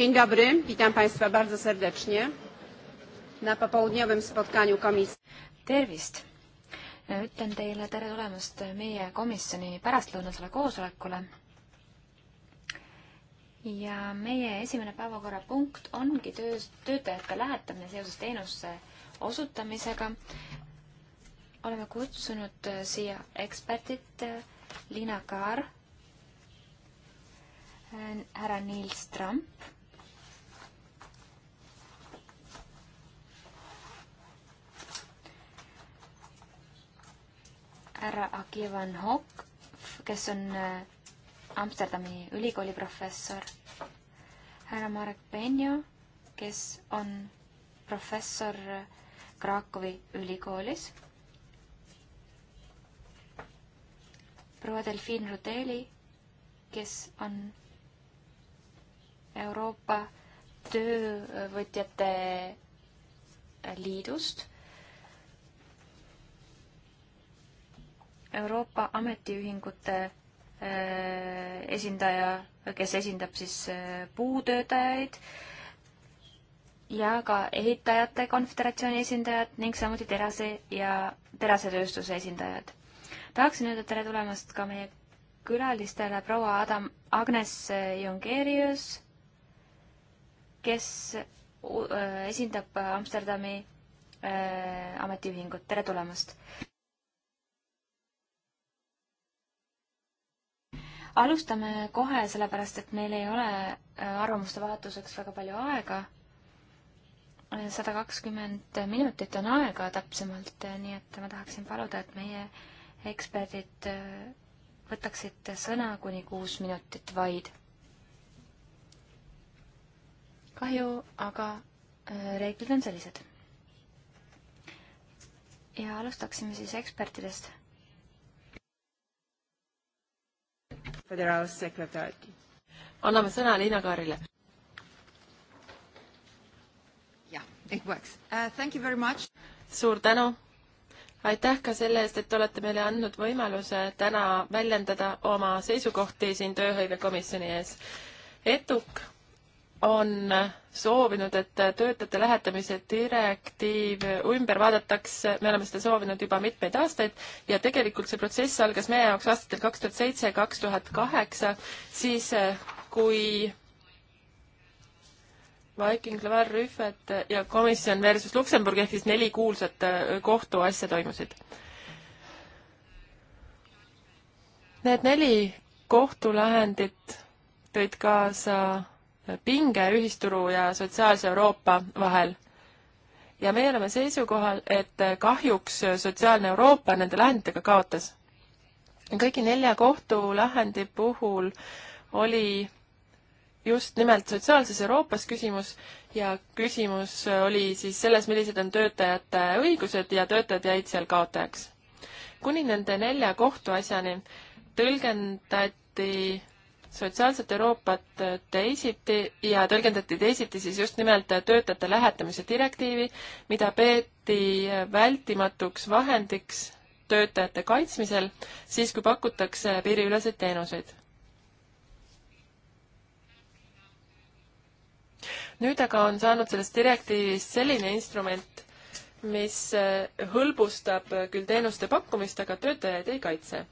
Dzień dobry, witam Państwa bardzo serdecznie na popołudniowym spotkaniu komisji. Tervist! Ütlen teile tere tulemast meie komisjoni pärastlõunasele koosolekule. Ja meie esimene päevakorrapunkt ongi töö, töötajate lähetamine seoses teenusse osutamisega. Oleme kutsunud siia ekspertid Liina Kaar, härra Niels Tramp härra Aki van Hokk, kes on äh, Amsterdami ülikooli professor, härra Marek Benjo, kes on professor äh, Krakowi ülikoolis, proua Delfin Rudeli, kes on Euroopa Töövõtjate Liidust Euroopa Ametiühingute äh, esindaja, kes esindab siis äh, puutöötajaid ja ka ehitajate konföderatsiooni esindajad ning samuti terase ja terasetööstuse esindajad. tahaksin öelda tere tulemast ka meie külalistele proua Adam Agnes äh, Jongeerius, kes esindab Amsterdami ametiühingut, tere tulemast! alustame kohe, sellepärast et meil ei ole äh, arvamuste vahetuseks väga palju aega. Äh, sada kakskümmend minutit on aega täpsemalt, äh, nii et ma tahaksin paluda, et meie eksperdid võtaksid sõna kuni kuus minutit vaid. kahju, aga reeglid on sellised. ja alustaksime siis ekspertidest föderaalsekretäri. anname sõna Liina Kaarile. jah, it works uh,. Thank you very much. suur tänu. aitäh ka selle eest, et olete meile andnud võimaluse täna väljendada oma seisukohti siin tööhõivekomisjoni ees. eduk on soovinud, et töötajate lähetamise direktiiv ümber vaadataks, me oleme seda soovinud juba mitmeid aastaid ja tegelikult see protsess algas meie jaoks aastatel kaks tuhat seitse, kaks tuhat kaheksa, siis eh, kui Viking, Laval, Rüffet ja komisjon versus Luksemburg ehk siis neli kuulsat eh, kohtuasja toimusid. Need neli kohtulahendit tõid kaasa pinge ühisturu ja sotsiaalse Euroopa vahel. ja meie oleme seisukohal, et kahjuks sotsiaalne Euroopa nende lahenditega kaotas. kõigi nelja kohtulahendi puhul oli just nimelt sotsiaalses Euroopas küsimus ja küsimus oli siis selles, millised on töötajate õigused ja töötajad jäid seal kaotajaks. kuni nende nelja kohtuasjani tõlgendati sotsiaalset Euroopat teisiti ja tõlgendati teisiti siis just nimelt töötajate lähetamise direktiivi, mida peeti vältimatuks vahendiks töötajate kaitsmisel, siis kui pakutakse piiriüleseid teenuseid. nüüd aga on saanud sellest direktiivist selline instrument, mis hõlbustab küll teenuste pakkumist, aga töötajaid ei kaitse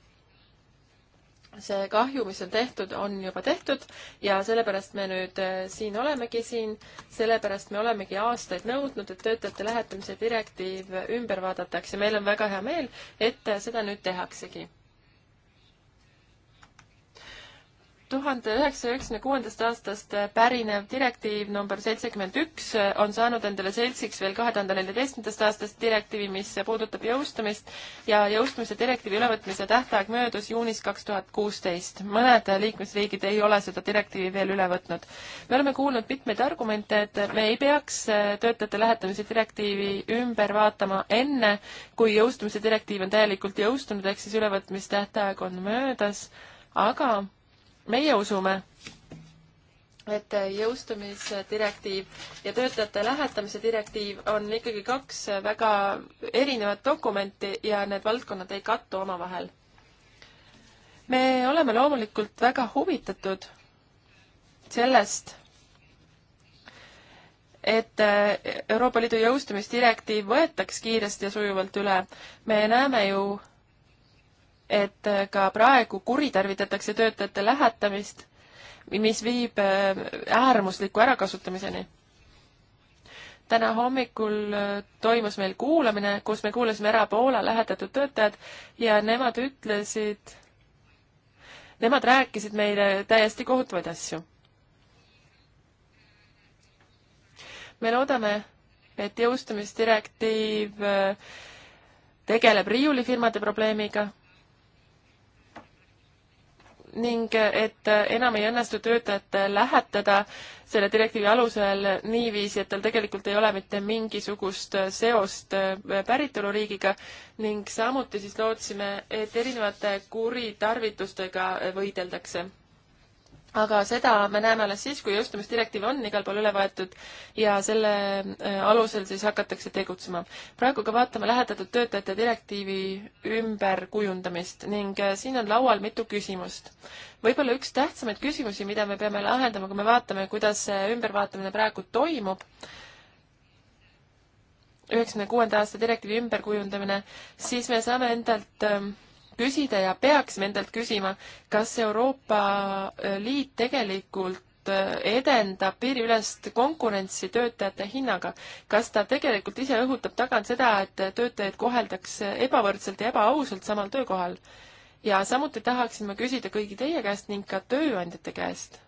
see kahju, mis on tehtud, on juba tehtud ja sellepärast me nüüd äh, siin olemegi siin, sellepärast me olemegi aastaid nõudnud, et töötajate lähetamise direktiiv ümber vaadatakse. meil on väga hea meel, et äh, seda nüüd tehaksegi. tuhande üheksasaja üheksakümne kuuendast aastast pärinev direktiiv number seitsekümmend üks on saanud endale seltsiks veel kahe tuhande neljateistkümnendast aastast direktiivi, mis puudutab jõustumist ja jõustumise direktiivi ülevõtmise tähtaeg möödus juunis kaks tuhat kuusteist. mõned liikmesriigid ei ole seda direktiivi veel üle võtnud. me oleme kuulnud mitmeid argumente, et me ei peaks töötajate lähetamise direktiivi ümber vaatama enne, kui jõustumise direktiiv on täielikult jõustunud, ehk siis ülevõtmistähtaeg on möödas, aga meie usume, et jõustumisdirektiiv ja töötajate lähetamise direktiiv on ikkagi kaks väga erinevat dokumenti ja need valdkonnad ei kattu omavahel. me oleme loomulikult väga huvitatud sellest, et Euroopa Liidu jõustumisdirektiiv võetaks kiiresti ja sujuvalt üle. me näeme ju et äh, ka praegu kuritarvitatakse töötajate lähetamist, mis viib äh, äärmusliku ärakasutamiseni. täna hommikul äh, toimus meil kuulamine, kus me kuulasime ära Poola lähetatud töötajad ja nemad ütlesid, nemad rääkisid meile täiesti kohutavaid asju. me loodame, et jõustumisdirektiiv tegeleb riiulifirmade probleemiga ning et enam ei õnnestu töötajat lähetada selle direktiivi alusel niiviisi, et tal tegelikult ei ole mitte mingisugust seost päritoluriigiga ning samuti siis lootsime, et erinevate kuritarvitustega võideldakse aga seda me näeme alles siis, kui jõustumisdirektiiv on igal pool üle võetud ja selle äh, alusel siis hakatakse tegutsema. praegu ka vaatame lähetatud töötajate direktiivi ümberkujundamist ning äh, siin on laual mitu küsimust. võib-olla üks tähtsamaid küsimusi, mida me peame lahendama, kui me vaatame, kuidas see ümbervaatamine praegu toimub, üheksakümne kuuenda aasta direktiivi ümberkujundamine, siis me saame endalt äh, küsida ja peaksime endalt küsima, kas Euroopa äh, Liit tegelikult äh, edendab piiriülest konkurentsi töötajate hinnaga. kas ta tegelikult ise õhutab tagant seda, et töötajaid koheldakse ebavõrdselt ja ebaausalt samal töökohal? ja samuti tahaksin ma küsida kõigi teie käest ning ka tööandjate käest.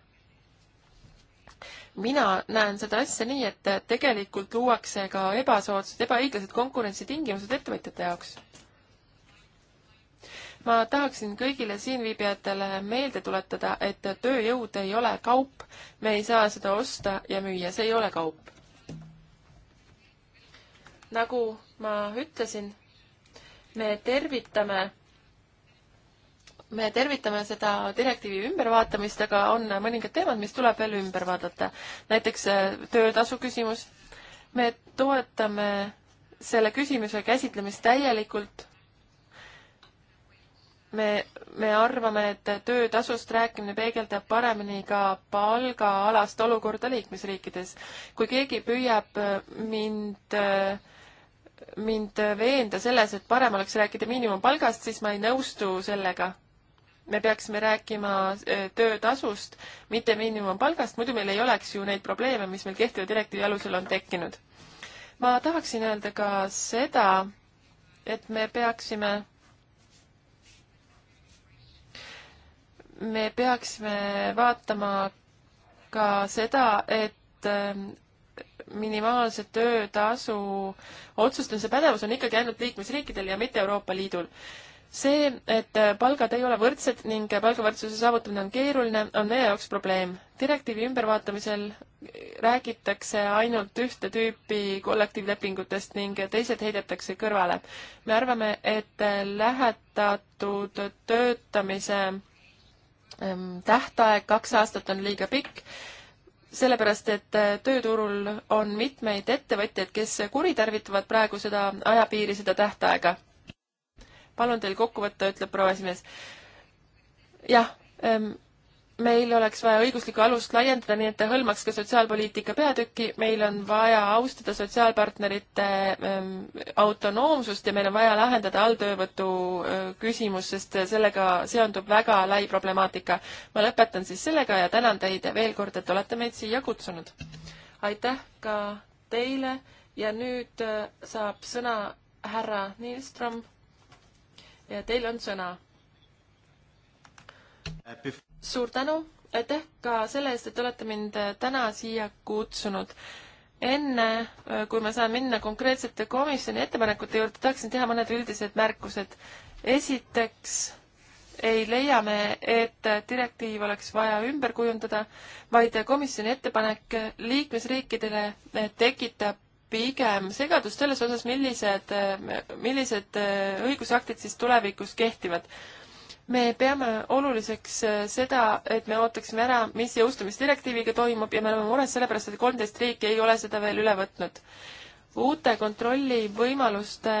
mina näen seda asja nii, et tegelikult luuakse ka ebasoodsad, ebaõiglased konkurentsitingimused ettevõtjate jaoks ma tahaksin kõigile siinviibijatele meelde tuletada, et tööjõud ei ole kaup, me ei saa seda osta ja müüa, see ei ole kaup. nagu ma ütlesin, me tervitame me tervitame seda direktiivi ümbervaatamist, aga on mõningad teemad, mis tuleb veel ümber vaadata. näiteks äh, töötasu küsimus. me toetame selle küsimuse käsitlemist täielikult me, me arvame, et töötasust rääkimine peegeldab paremini ka palgaalast olukorda liikmesriikides. kui keegi püüab mind, mind veenda selles, et parem oleks rääkida miinimumpalgast, siis ma ei nõustu sellega. me peaksime rääkima e, töötasust, mitte miinimumpalgast, muidu meil ei oleks ju neid probleeme, mis meil kehtiva direktiivi alusel on tekkinud. ma tahaksin öelda ka seda, et me peaksime me peaksime vaatama ka seda, et ähm, minimaalse töötasu otsustamise pädevus on ikkagi ainult liikmesriikidel ja mitte Euroopa Liidul. see, et äh, palgad ei ole võrdsed ning palgavõrdsuse saavutamine on keeruline, on meie jaoks probleem. direktiivi ümbervaatamisel räägitakse ainult ühte tüüpi kollektiivlepingutest ning teised heidetakse kõrvale. me arvame, et äh, lähetatud töötamise Ehm, tähtaeg, kaks aastat on liiga pikk, sellepärast et äh, tööturul on mitmeid ettevõtjaid, kes kuritarvitavad praegu seda ajapiiri, seda tähtaega. palun teil kokku võtta, ütleb proua esimees. jah ähm,, meil oleks vaja õiguslikku alust laiendada, nii et ta hõlmaks ka sotsiaalpoliitika peatüki, meil on vaja austada sotsiaalpartnerite ähm, autonoomsust ja meil on vaja lahendada alltöövõtu äh, küsimus, sest sellega seondub väga lai problemaatika. ma lõpetan siis sellega ja tänan teid veel kord, et olete meid siia kutsunud. aitäh ka teile ja nüüd äh, saab sõna härra Nilström ja teil on sõna. Äh, suur tänu, aitäh ka selle eest, et olete mind äh, täna siia kutsunud. enne, äh, kui ma saan minna konkreetsete komisjoni ettepanekute juurde, tahaksin teha mõned üldised märkused. esiteks ei leia me, et äh, direktiiv oleks vaja ümber kujundada, vaid komisjoni ettepanek liikmesriikidele tekitab pigem segadust selles osas, millised, millised õigusaktid siis tulevikus kehtivad me peame oluliseks äh, seda, et me ootaksime ära, mis jõustumisdirektiiviga toimub ja me oleme mures sellepärast, et kolmteist riiki ei ole seda veel üle võtnud. uute kontrollivõimaluste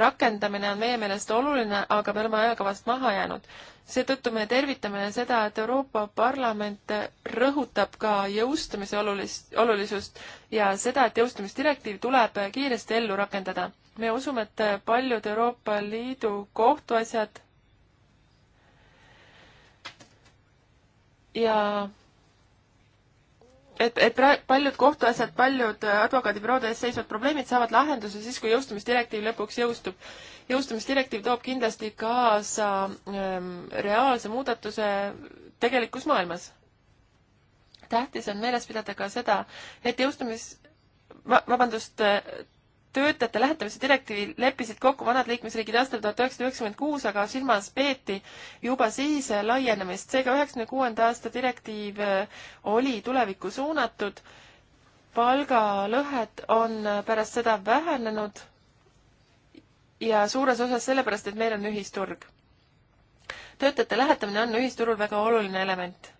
rakendamine on meie meelest oluline, aga me oleme ajakavast maha jäänud. seetõttu me tervitame seda, et Euroopa Parlament rõhutab ka jõustumise olulist, olulisust ja seda, et jõustumisdirektiiv tuleb kiiresti ellu rakendada. me usume, et paljud Euroopa Liidu kohtuasjad ja et, et pra-, paljud kohtuasjad, paljud advokaadibüroode ees seisvad probleemid saavad lahenduse siis, kui jõustumisdirektiiv lõpuks jõustub. jõustumisdirektiiv toob kindlasti kaasa ähm, reaalse muudatuse tegelikus maailmas. tähtis on meeles pidada ka seda, et jõustumis, vabandust, töötajate lähetamise direktiivi leppisid kokku vanad liikmesriigid aastal tuhat üheksasada üheksakümmend kuus, aga silmas peeti juba siis laienemist. seega üheksakümne kuuenda aasta direktiiv äh, oli tulevikku suunatud. palgalõhed on äh, pärast seda vähenenud ja suures osas sellepärast, et meil on ühisturg. töötajate lähetamine on ühisturul väga oluline element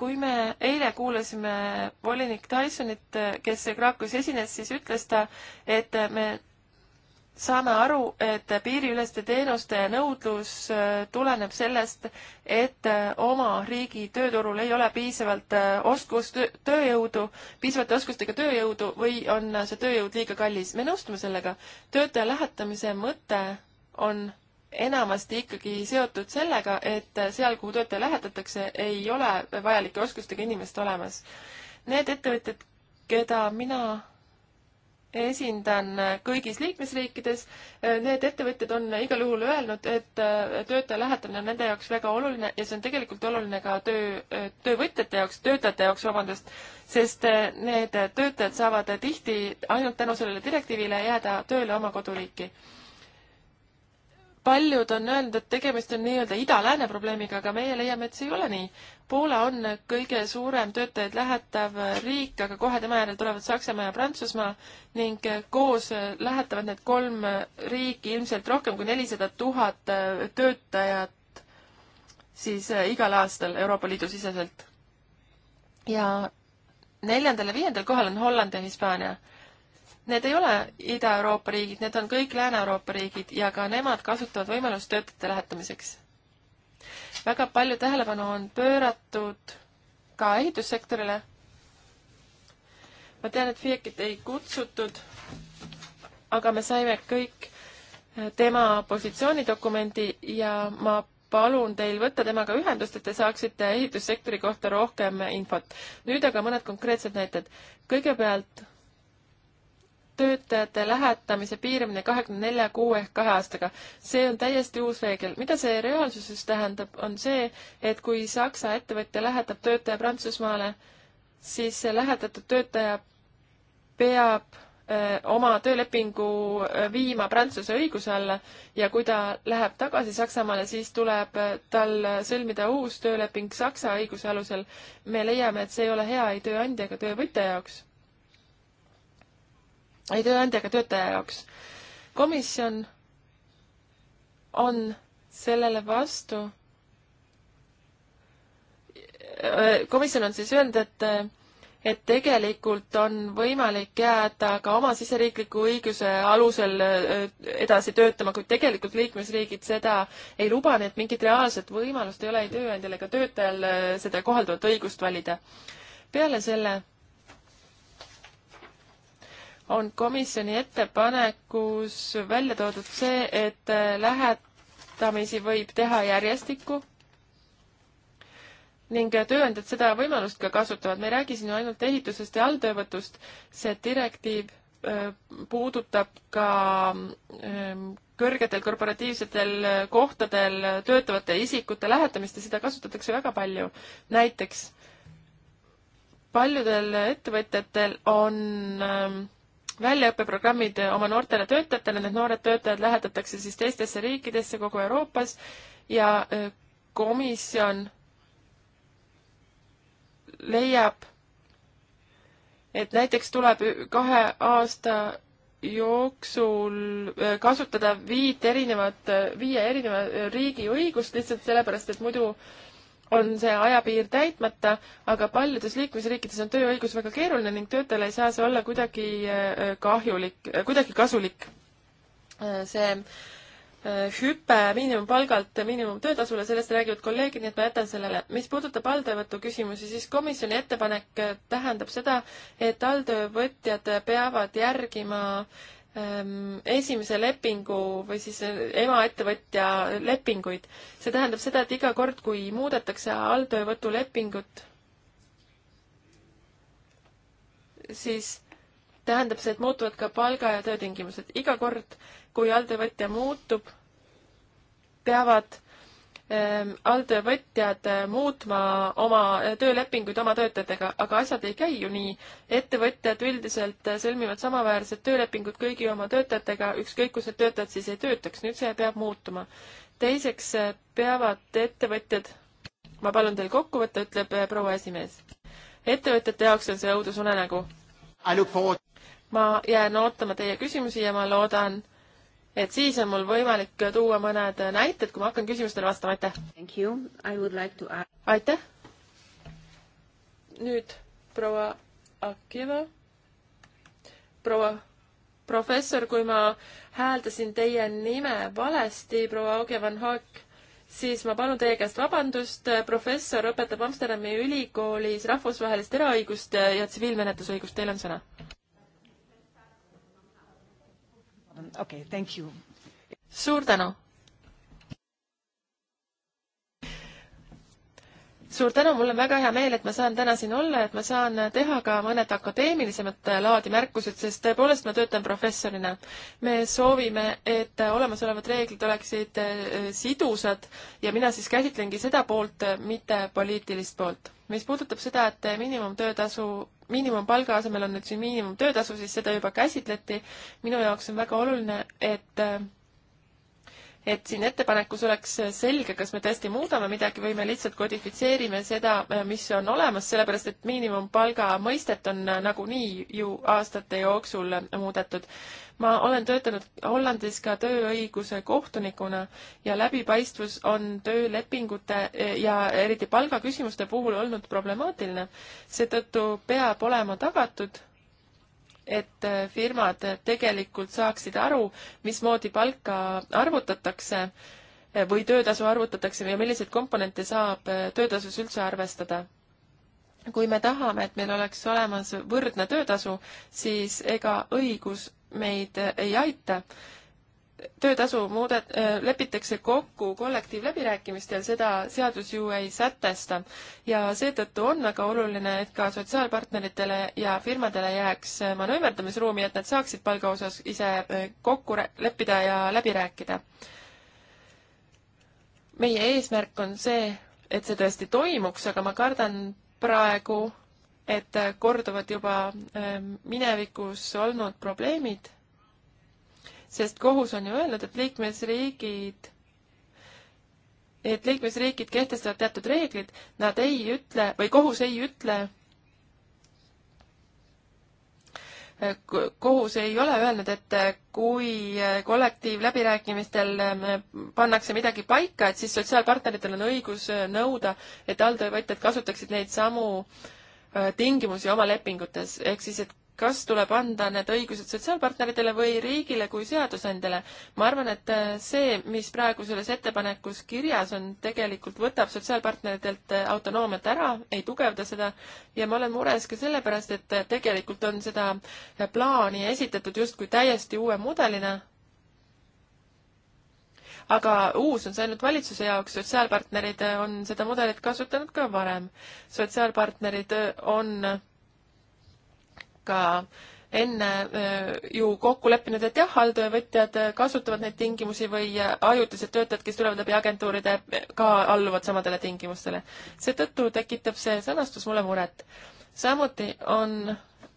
kui me eile kuulasime volinik Tysonit, kes Krakowis esines, siis ütles ta, et me saame aru, et piiriüleste teenuste nõudlus äh, tuleneb sellest, et äh, oma riigi tööturul ei ole piisavalt äh, oskustööjõudu, piisavate oskustega tööjõudu või on see tööjõud liiga kallis. me nõustume sellega. töötaja lähetamise mõte on enamasti ikkagi seotud sellega, et seal, kuhu töötaja lähetatakse, ei ole vajalike oskustega inimest olemas. Need ettevõtjad, keda mina esindan kõigis liikmesriikides, need ettevõtjad on igal juhul öelnud, et töötaja lähetamine on nende jaoks väga oluline ja see on tegelikult oluline ka töö, töövõtjate jaoks, töötajate jaoks, vabandust, sest need töötajad saavad tihti ainult tänu sellele direktiivile jääda tööle oma koduriiki paljud on öelnud, et tegemist on nii-öelda ida-lääne probleemiga, aga meie leiame, et see ei ole nii. Poola on kõige suurem töötajaid lähetav riik, aga kohe tema järel tulevad Saksamaa ja Prantsusmaa ning koos lähetavad need kolm riiki ilmselt rohkem kui nelisada tuhat töötajat siis igal aastal Euroopa Liidu siseselt. ja neljandal ja viiendal kohal on Holland ja Hispaania Need ei ole Ida-Euroopa riigid, need on kõik Lääne-Euroopa riigid ja ka nemad kasutavad võimalust töötajate lähetamiseks. väga palju tähelepanu on pööratud ka ehitussektorile. ma tean, et FIEC-it ei kutsutud, aga me saime kõik tema positsioonidokumendi ja ma palun teil võtta temaga ühendust, et te saaksite ehitussektori kohta rohkem infot. nüüd aga mõned konkreetsed näited. kõigepealt töötajate lähetamise piiramine kahekümne nelja kuu ehk kahe aastaga. see on täiesti uus reegel. mida see reaalsuses tähendab, on see, et kui Saksa ettevõtja lähetab töötaja Prantsusmaale, siis see lähetatud töötaja peab eh, oma töölepingu eh, viima Prantsuse õiguse alla ja kui ta läheb tagasi Saksamaale, siis tuleb eh, tal sõlmida uus tööleping Saksa õiguse alusel. me leiame, et see ei ole hea ei tööandja ega töövõtja jaoks ei tööandja ega töötaja jaoks. komisjon on sellele vastu. komisjon on siis öelnud, et et tegelikult on võimalik jääda ka oma siseriikliku õiguse alusel äh, edasi töötama, kuid tegelikult liikmesriigid seda ei luba, nii et mingit reaalset võimalust ei ole ei tööandjal ega töötajal äh, seda kohalduvat õigust valida. peale selle on komisjoni ettepanekus välja toodud see, et lähetamisi võib teha järjestikku ning tööandjad seda võimalust ka kasutavad. me ei räägi siin ju ainult ehitusest ja alltöövõtust, see direktiiv puudutab ka kõrgetel korporatiivsetel kohtadel töötavate isikute lähetamist ja seda kasutatakse väga palju. näiteks paljudel ettevõtjatel on väljaõppeprogrammid oma noortele töötajatele, need noored töötajad lähetatakse siis teistesse riikidesse kogu Euroopas ja äh, komisjon leiab, et näiteks tuleb kahe aasta jooksul äh, kasutada viit erinevat, äh, viie erineva riigi õigust lihtsalt sellepärast, et muidu äh, on see ajapiir täitmata, aga paljudes liikmesriikides on tööõigus väga keeruline ning töötajale ei saa see olla kuidagi äh, kahjulik, äh, kuidagi kasulik. Äh, see hüpe miinimumpalgalt miinimumtöötasule, sellest räägivad kolleegid, nii et ma jätan sellele. mis puudutab alltöövõtu küsimusi, siis komisjoni ettepanek tähendab seda, et alltöövõtjad peavad järgima äh, Ehm, esimese lepingu või siis äh, emaettevõtja lepinguid. see tähendab seda, et iga kord, kui muudetakse alltöövõtulepingut, siis tähendab see, et muutuvad ka palga ja töötingimused. iga kord, kui alltöövõtja muutub, peavad Ähm, alltöövõtjad äh, muutma oma äh, töölepinguid oma töötajatega, aga asjad ei käi ju nii. ettevõtjad üldiselt äh, sõlmivad samaväärsed töölepingud kõigi oma töötajatega, ükskõik kus need töötajad siis ei töötaks, nüüd see peab muutuma. teiseks peavad ettevõtjad, ma palun teil kokku võtta, ütleb proua esimees. ettevõtjate jaoks on see õudusunenägu. ma jään ootama teie küsimusi ja ma loodan, et siis on mul võimalik tuua mõned näited, kui ma hakkan küsimustele vastama, aitäh! Like to... aitäh! nüüd proua Akiva, proua professor, kui ma hääldasin teie nime valesti, proua Auge van Haak, siis ma palun teie käest vabandust, professor õpetab Amsterdami ülikoolis rahvusvahelist eraõigust ja tsiviilmenetlusõigust, teil on sõna okei okay,, thank you. suur tänu. suur tänu, mul on väga hea meel, et ma saan täna siin olla, et ma saan teha ka mõned akadeemilisemat laadi märkused, sest tõepoolest ma töötan professorina. me soovime, et olemasolevad reeglid oleksid eh, sidusad ja mina siis käsitlengi seda poolt, mitte poliitilist poolt. mis puudutab seda, et miinimumtöötasu miinimumpalga asemel on nüüd siin miinimumtöötasu, siis seda juba käsitleti. minu jaoks on väga oluline, et et siin ettepanekus oleks selge, kas me tõesti muudame midagi või me lihtsalt kodifitseerime seda, mis on olemas, sellepärast et miinimumpalga mõistet on nagunii ju aastate jooksul muudetud. ma olen töötanud Hollandis ka tööõiguse kohtunikuna ja läbipaistvus on töölepingute ja eriti palgaküsimuste puhul olnud problemaatiline. seetõttu peab olema tagatud et äh, firmad tegelikult saaksid aru, mismoodi palka arvutatakse äh, või töötasu arvutatakse ja milliseid komponente saab äh, töötasus üldse arvestada. kui me tahame, et meil oleks olemas võrdne töötasu, siis ega õigus meid ei aita töötasu muudet-, äh, lepitakse kokku kollektiivläbirääkimistel, seda seadus ju ei sätesta. ja seetõttu on väga oluline, et ka sotsiaalpartneritele ja firmadele jääks äh, manööverdamisruumi, et nad saaksid palga osas ise äh, kokku leppida ja läbi rääkida. meie eesmärk on see, et see tõesti toimuks, aga ma kardan praegu, et korduvad juba minevikus olnud probleemid sest kohus on ju öelnud, et liikmesriigid, et liikmesriigid kehtestavad teatud reeglid, nad ei ütle või kohus ei ütle, kohus ei ole öelnud, et kui kollektiivläbirääkimistel ähm, pannakse midagi paika, et siis sotsiaalpartneritel on õigus äh, nõuda, et alltöövõtjad kasutaksid neid samu äh, tingimusi oma lepingutes, ehk siis, et kas tuleb anda need õigused sotsiaalpartneritele või riigile kui seadusandjale. ma arvan, et äh, see, mis praegu selles ettepanekus kirjas on, tegelikult võtab sotsiaalpartneritelt äh, autonoomiat ära, ei tugevda seda ja ma olen mures ka sellepärast, et äh, tegelikult on seda plaani esitatud justkui täiesti uue mudelina, aga uus on see ainult valitsuse jaoks, sotsiaalpartnerid on seda mudelit kasutanud ka varem. sotsiaalpartnerid on ka enne ju kokku leppinud, et jah, alltöövõtjad kasutavad neid tingimusi või ajutised töötajad, kes tulevad läbi agentuuride, ka alluvad samadele tingimustele. seetõttu tekitab see sõnastus mulle muret. samuti on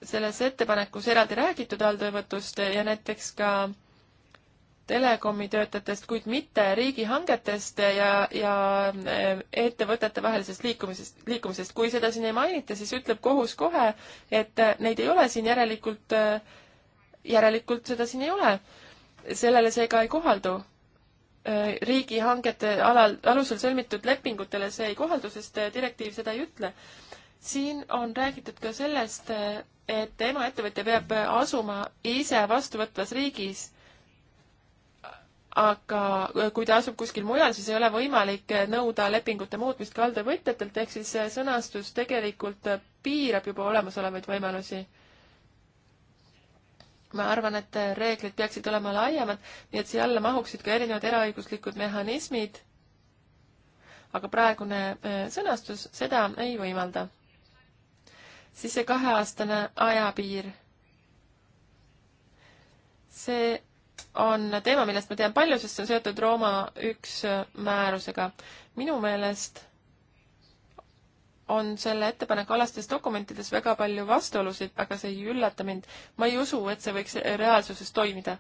selles ettepanekus eraldi räägitud alltöövõtust ja näiteks ka äh, telekomi töötajatest, kuid mitte riigihangetest ja, ja eh, ettevõtete vahelisest liikumisest, liikumisest. kui seda siin ei mainita, siis ütleb kohus kohe, et eh, neid ei ole siin järelikult, eh, järelikult seda siin ei ole. sellele seega ei kohaldu. riigihangete alal, alusel sõlmitud lepingutele see ei kohaldu, sest direktiiv seda ei ütle. siin on räägitud ka sellest, et emaettevõtja peab asuma ise vastuvõtvas riigis aga äh, kui ta asub kuskil mujal, siis ei ole võimalik äh, nõuda lepingute muutmist kaldavõtjatelt, ehk siis äh, sõnastus tegelikult piirab juba olemasolevaid võimalusi. ma arvan, et reeglid peaksid olema laiemad, nii et siia alla mahuksid ka erinevad eraõiguslikud mehhanismid, aga praegune sõnastus seda ei võimalda. siis see kaheaastane ajapiir. see on teema, millest ma tean palju, sest see on seotud Rooma üks määrusega. minu meelest on selle ettepaneku alastes dokumentides väga palju vastuolusid, aga see ei üllata mind. ma ei usu, et see võiks reaalsuses toimida.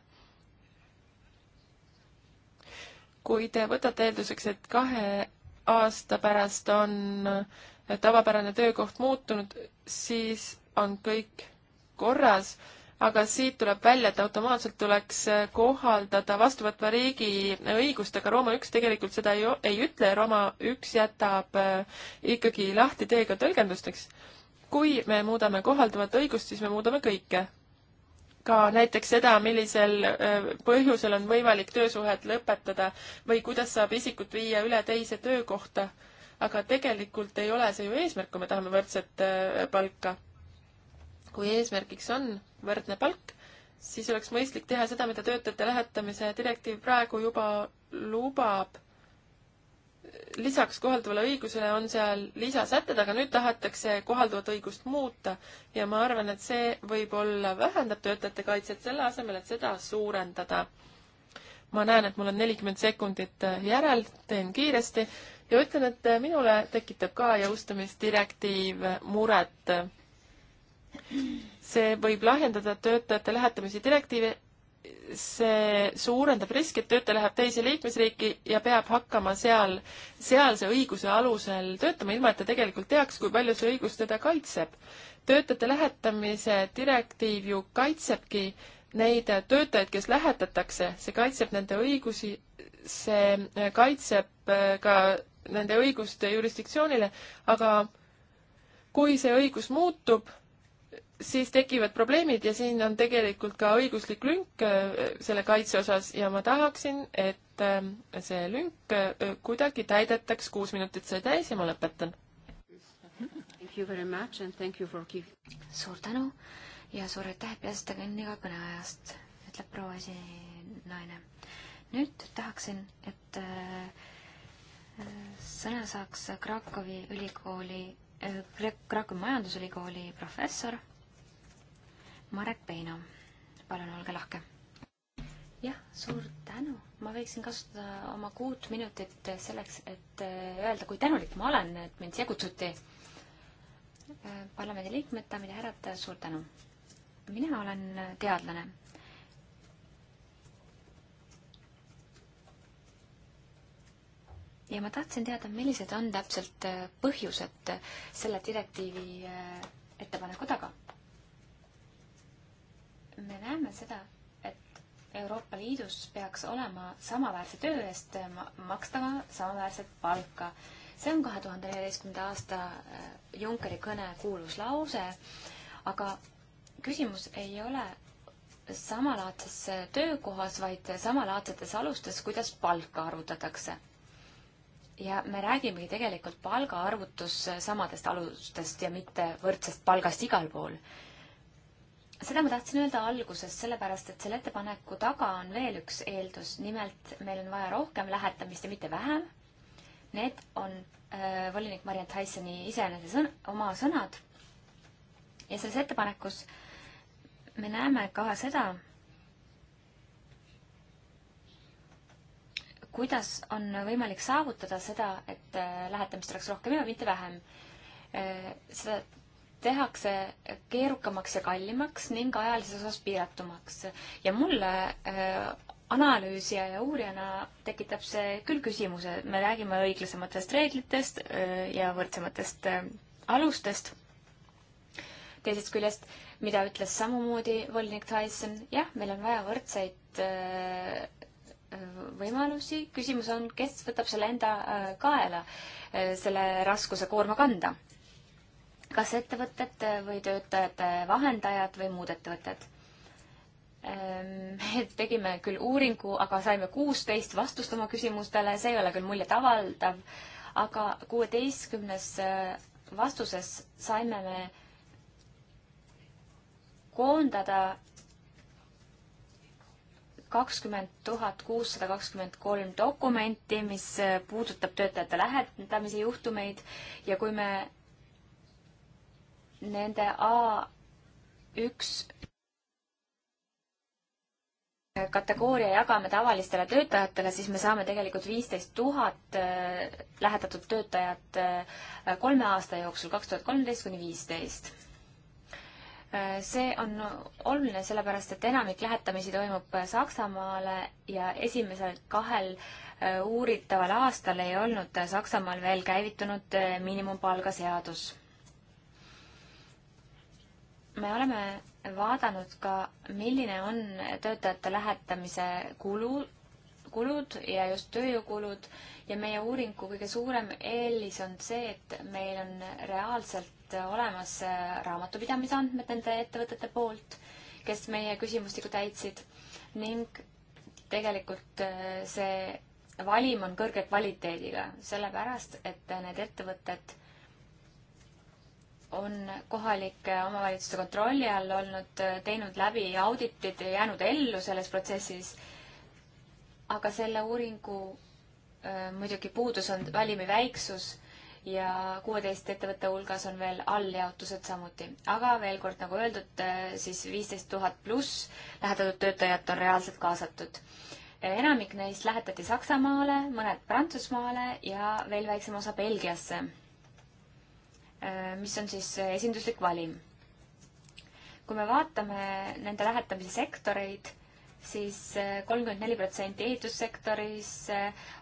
kui te võtate eelduseks, et kahe aasta pärast on tavapärane töökoht muutunud, siis on kõik korras aga siit tuleb välja, et automaatselt tuleks äh, kohaldada vastuvõtva riigi õigust, aga Rooma üks tegelikult seda ei, ei ütle, Rooma üks jätab äh, ikkagi lahti teega tõlgendusteks. kui me muudame kohalduvat õigust, siis me muudame kõike. ka näiteks seda, millisel äh, põhjusel on võimalik töösuhet lõpetada või kuidas saab isikut viia üle teise töökohta. aga tegelikult ei ole see ju eesmärk, kui me tahame võrdset palka. kui eesmärgiks on võrdne palk, siis oleks mõistlik teha seda, mida töötajate lähetamise direktiiv praegu juba lubab. lisaks kohalduvale õigusele on seal lisasätted, aga nüüd tahetakse kohalduvat õigust muuta ja ma arvan, et see võib-olla vähendab töötajate kaitset selle asemel, et seda suurendada. ma näen, et mul on nelikümmend sekundit järel, teen kiiresti ja ütlen, et minule tekitab ka jõustumisdirektiiv muret see võib lahjendada töötajate lähetamise direktiivi, see suurendab riski, et töötaja läheb teise liikmesriiki ja peab hakkama seal, sealse õiguse alusel töötama, ilma et ta tegelikult teaks, kui palju see õigus teda kaitseb. töötajate lähetamise direktiiv ju kaitsebki neid töötajaid, kes lähetatakse, see kaitseb nende õigusi, see äh, kaitseb äh, ka nende õiguste jurisdiktsioonile, aga kui see õigus muutub, siis tekivad probleemid ja siin on tegelikult ka õiguslik lünk äh, selle kaitse osas ja ma tahaksin, et äh, see lünk äh, kuidagi täidetaks, kuus minutit sai täis ja ma lõpetan. suur tänu ja suur aitäh, peaasjata kinni ka kõneajast, ütleb proua esinaine. nüüd tahaksin, et sõna saaks Krakowi ülikooli Krakowi Majandusülikooli professor Marek Peino. palun, olge lahke. jah, suur tänu. ma võiksin kasutada oma kuut minutit selleks, et äh, öelda, kui tänulik ma olen, et mind siia kutsuti. Äh, parlamendiliikmed, daamid ja härrad, suur tänu. mina olen äh, teadlane ja ma tahtsin teada, millised on täpselt äh, põhjused äh, selle direktiivi äh, ettepaneku taga. me näeme seda, et Euroopa Liidus peaks olema samaväärse töö eest makstava samaväärset palka. see on kahe tuhande neljateistkümnenda aasta Junckeri kõne kuulus lause, aga küsimus ei ole samalaadses töökohas, vaid samalaadsetes alustes, kuidas palka arvutatakse ja me räägimegi tegelikult palgaarvutus samadest alustest ja mitte võrdsest palgast igal pool. seda ma tahtsin öelda alguses, sellepärast et selle ettepaneku taga on veel üks eeldus, nimelt meil on vaja rohkem lähetamist ja mitte vähem. Need on äh, volinik Mariann Tysoni iseenese sõn-, oma sõnad. ja selles ettepanekus me näeme ka seda, kuidas on võimalik saavutada seda, et äh, lähetamist oleks rohkem ja mitte vähem. Äh, seda tehakse keerukamaks ja kallimaks ning ajalises osas piiratumaks. ja mulle äh, analüüsija ja uurijana tekitab see küll küsimuse, me räägime õiglasematest reeglitest ja võrdsematest alustest. teisest küljest, mida ütles samamoodi volinik Tyson, jah, meil on vaja võrdseid võimalusi, küsimus on, kes võtab selle enda äh, kaela, äh, selle raskuse koorma kanda. kas ettevõtted või töötajate vahendajad või muud ettevõtted? Ehm, me tegime küll uuringu, aga saime kuusteist vastust oma küsimustele, see ei ole küll muljetavaldav, aga kuueteistkümnes äh, vastuses saime me koondada kakskümmend tuhat kuussada kakskümmend kolm dokumenti, mis äh, puudutab töötajate lähetamise juhtumeid ja kui me nende A üks kategooria jagame tavalistele töötajatele, siis me saame tegelikult viisteist tuhat äh, lähetatud töötajat äh, kolme aasta jooksul, kaks tuhat kolmteist kuni viisteist Äh, see on oluline sellepärast, et enamik lähetamisi toimub äh, Saksamaale ja esimesel kahel äh, uuritaval aastal ei olnud Saksamaal veel käivitunud miinimumpalga seadus. me oleme vaadanud ka, milline on töötajate lähetamise kulu, kulud ja just tööjõukulud ja meie uuringu kõige suurem eelis on see, et meil on reaalselt olemas äh, raamatupidamise andmed nende ettevõtete poolt, kes meie küsimustiku täitsid ning tegelikult äh, see valim on kõrge kvaliteediga, sellepärast et need ettevõtted on kohalike omavalitsuste kontrolli all olnud, äh, teinud läbi auditid ja jäänud ellu selles protsessis. aga selle uuringu Äh, muidugi puudus on välimi väiksus ja kuueteist ettevõtte hulgas on veel alljaotused samuti. aga veel kord, nagu öeldud, äh, siis viisteist tuhat pluss lähetatud töötajat on reaalselt kaasatud. Äh, enamik neist lähetati Saksamaale, mõned Prantsusmaale ja veel väiksem osa Belgiasse, mis on siis esinduslik valim. kui me vaatame nende lähetamise sektoreid siis eh, kolmkümmend neli protsenti ehitussektoris,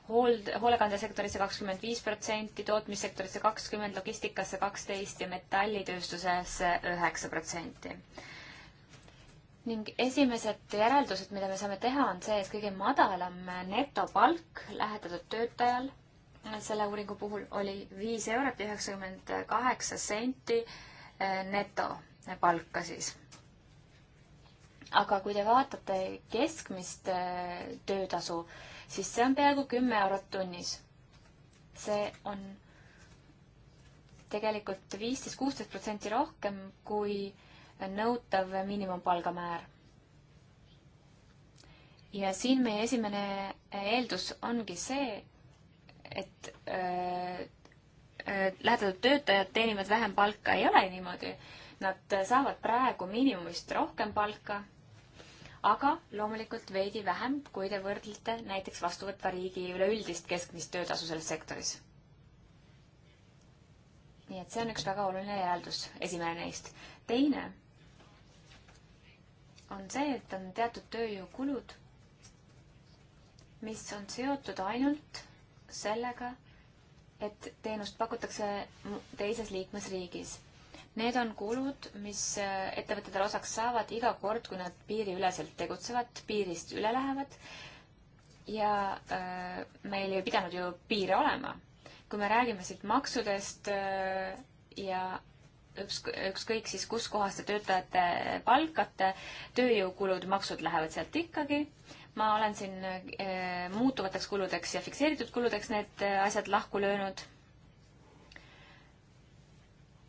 hool-, hoolekandesektorisse kakskümmend viis protsenti, tootmissektorisse kakskümmend, logistikasse kaksteist ja metallitööstusesse üheksa protsenti. ning esimesed järeldused, mida me saame teha, on see, et kõige madalam netopalk lähetatud töötajal eh, selle uuringu puhul oli viis eurot ja üheksakümmend kaheksa senti eh, netopalka siis aga kui te vaatate keskmist äh, töötasu, siis see on peaaegu kümme eurot tunnis. see on tegelikult viisteist, kuusteist protsenti rohkem kui nõutav miinimumpalgamäär. ja siin meie esimene äh, eeldus ongi see, et äh, äh, lähedatud töötajad teenivad vähem palka, ei ole niimoodi nad äh, saavad praegu miinimumist rohkem palka aga loomulikult veidi vähem, kui te võrdlete näiteks vastuvõtva riigi üleüldist keskmist töötasu selles sektoris. nii et see on üks väga oluline järeldus, esimene neist. teine on see, et on teatud tööjõukulud, mis on seotud ainult sellega, et teenust pakutakse teises liikmesriigis Need on kulud, mis äh, ettevõtetele osaks saavad iga kord, kui nad piiriüleselt tegutsevad, piirist üle lähevad. ja äh, meil ei pidanud ju piire olema. kui me räägime siit maksudest äh, ja üks, ükskõik siis kuskohast te töötajate palkate, tööjõukulud, maksud lähevad sealt ikkagi. ma olen siin äh, muutuvateks kuludeks ja fikseeritud kuludeks need äh, asjad lahku löönud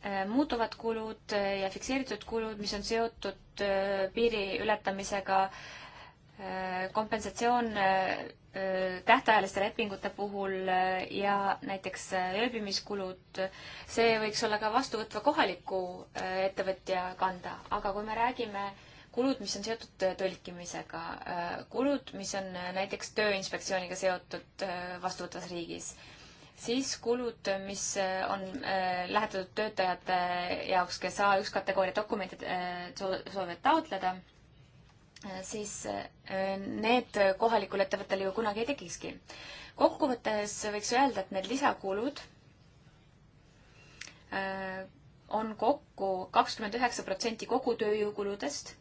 Äh, muutuvad kulud äh, ja fikseeritud kulud, mis on seotud äh, piiri ületamisega, kompensatsioon tähtajaliste lepingute puhul ja näiteks ööbimiskulud, see võiks olla ka vastuvõtva kohaliku ettevõtja kanda, aga kui me räägime kulud, mis on seotud tõlkimisega, kulud, mis on näiteks Tööinspektsiooniga seotud vastuvõtvas riigis siis kulud, mis äh, on äh, lähetatud töötajate jaoks, kes A1 kategooria dokumente äh, soovivad taotleda, siis need kohalikul ettevõttel ju kunagi ei tekikski. kokkuvõttes võiks öelda, et need lisakulud on kokku kakskümmend üheksa protsenti kogu tööjõukuludest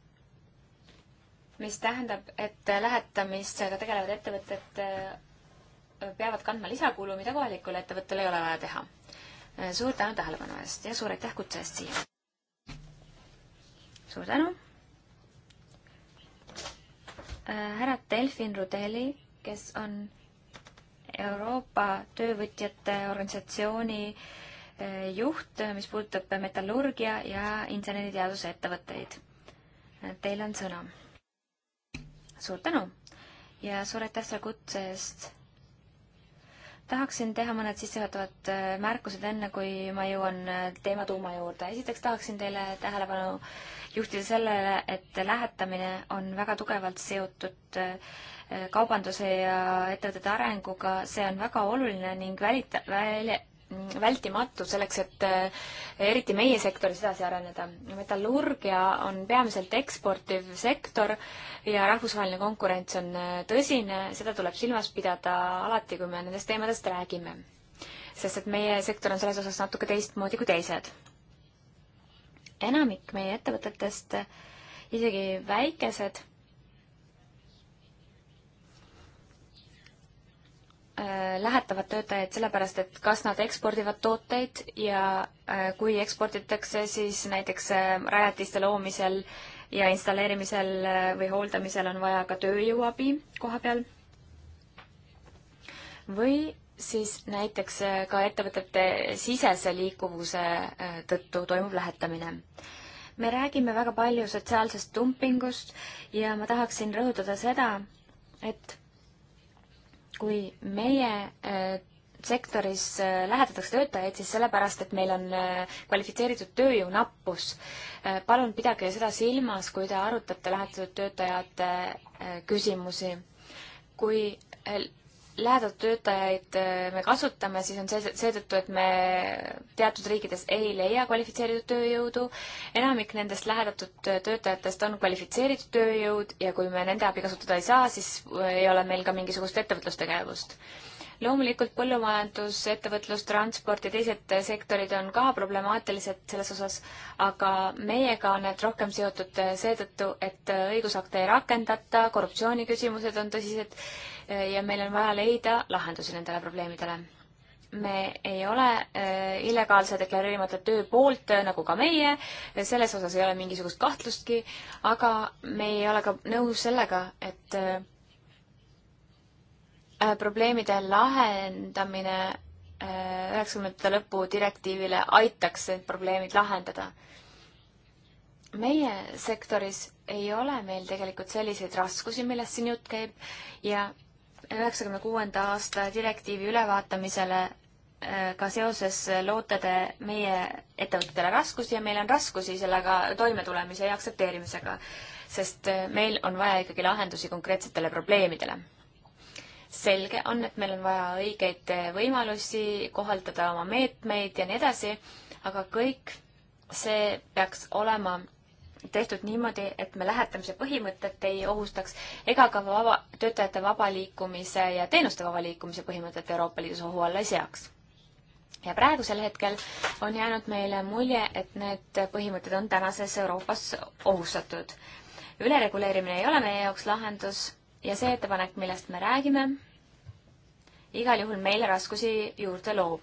mis tähendab, et lähetamisega tegelevad ettevõtted peavad kandma lisakulu, mida kohalikul ettevõttel ei ole vaja teha. suur tänu tähelepanu eest ja suur aitäh kutse eest siia. suur tänu. Äh, härra Delfin Rudeli, kes on Euroopa Töövõtjate Organisatsiooni äh, juht, mis puudutab metallurgia ja inseneriteaduse ettevõtteid. Äh, teil on sõna. suur tänu ja suur aitäh selle kutse eest tahaksin teha mõned sissejuhatavad äh, märkused, enne kui ma jõuan äh, teema tuuma juurde. esiteks tahaksin teile tähelepanu juhtida sellele, et lähetamine on väga tugevalt seotud äh, kaubanduse ja ettevõtete arenguga, see on väga oluline ning välita-, välja, vältimatu selleks, et äh, eriti meie sektoris edasi areneda. metallurgia on peamiselt eksportiv sektor ja rahvusvaheline konkurents on äh, tõsine, seda tuleb silmas pidada alati, kui me nendest teemadest räägime. sest et meie sektor on selles osas natuke teistmoodi kui teised. enamik meie ettevõtetest, isegi väikesed Äh, lähetavad töötajaid sellepärast, et kas nad ekspordivad tooteid ja äh, kui eksporditakse, siis näiteks äh, rajatiste loomisel ja installeerimisel või hooldamisel on vaja ka tööjõuabi koha peal. või siis näiteks ka ettevõtete sisese liikuvuse tõttu toimub lähetamine. me räägime väga palju sotsiaalsest dumpingust ja ma tahaksin rõhutada seda, et kui meie äh, sektoris äh, lähetatakse töötajaid, siis sellepärast, et meil on äh, kvalifitseeritud tööjõu nappus. palun pidage seda silmas, kui te arutate lähetatud töötajate küsimusi. kui lähedatud töötajaid äh, me kasutame, siis on see seetõttu, et me teatud riikides ei leia kvalifitseeritud tööjõudu. enamik nendest lähedatud äh, töötajatest on kvalifitseeritud tööjõud ja kui me nende abi kasutada ei saa, siis äh, ei ole meil ka mingisugust ettevõtlustegevust. loomulikult põllumajandus, ettevõtlus, transport ja teised sektorid on ka problemaatilised selles osas, aga meiega on need rohkem seotud seetõttu, et õigusakte ei rakendata, korruptsiooniküsimused on tõsised ja meil on vaja leida lahendusi nendele probleemidele. me ei ole äh, illegaalse deklareerimata töö poolt, äh, nagu ka meie, selles osas ei ole mingisugust kahtlustki, aga me ei ole ka nõus sellega, et äh, probleemide lahendamine üheksakümnendate lõpu direktiivile aitaks need probleemid lahendada. meie sektoris ei ole meil tegelikult selliseid raskusi, millest siin jutt käib ja üheksakümne kuuenda aasta direktiivi ülevaatamisele äh, ka seoses lootede meie ettevõtetele raskusi ja meil on raskusi sellega toimetulemise ja aktsepteerimisega, sest äh, meil on vaja ikkagi lahendusi konkreetsetele probleemidele. selge on, et meil on vaja õigeid äh, võimalusi kohaldada oma meetmeid ja nii edasi, aga kõik see peaks olema tehtud niimoodi, et me lähetamise põhimõtet ei ohustaks ega ka vaba, töötajate vaba liikumise ja teenuste vaba liikumise põhimõtet Euroopa Liidus ohu alla ei seaks. ja praegusel hetkel on jäänud meile mulje, et need põhimõtted on tänases Euroopas ohustatud. ülereguleerimine ei ole meie jaoks lahendus ja see ettepanek, millest me räägime, igal juhul meile raskusi juurde loob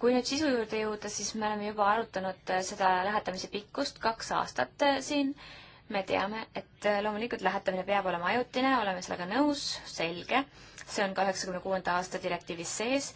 kui nüüd sisu juurde jõuda, siis me oleme juba arutanud äh, seda lähetamise pikkust kaks aastat äh, siin. me teame, et äh, loomulikult lähetamine peab olema ajutine, oleme sellega nõus, selge. see on ka üheksakümne kuuenda aasta direktiivis sees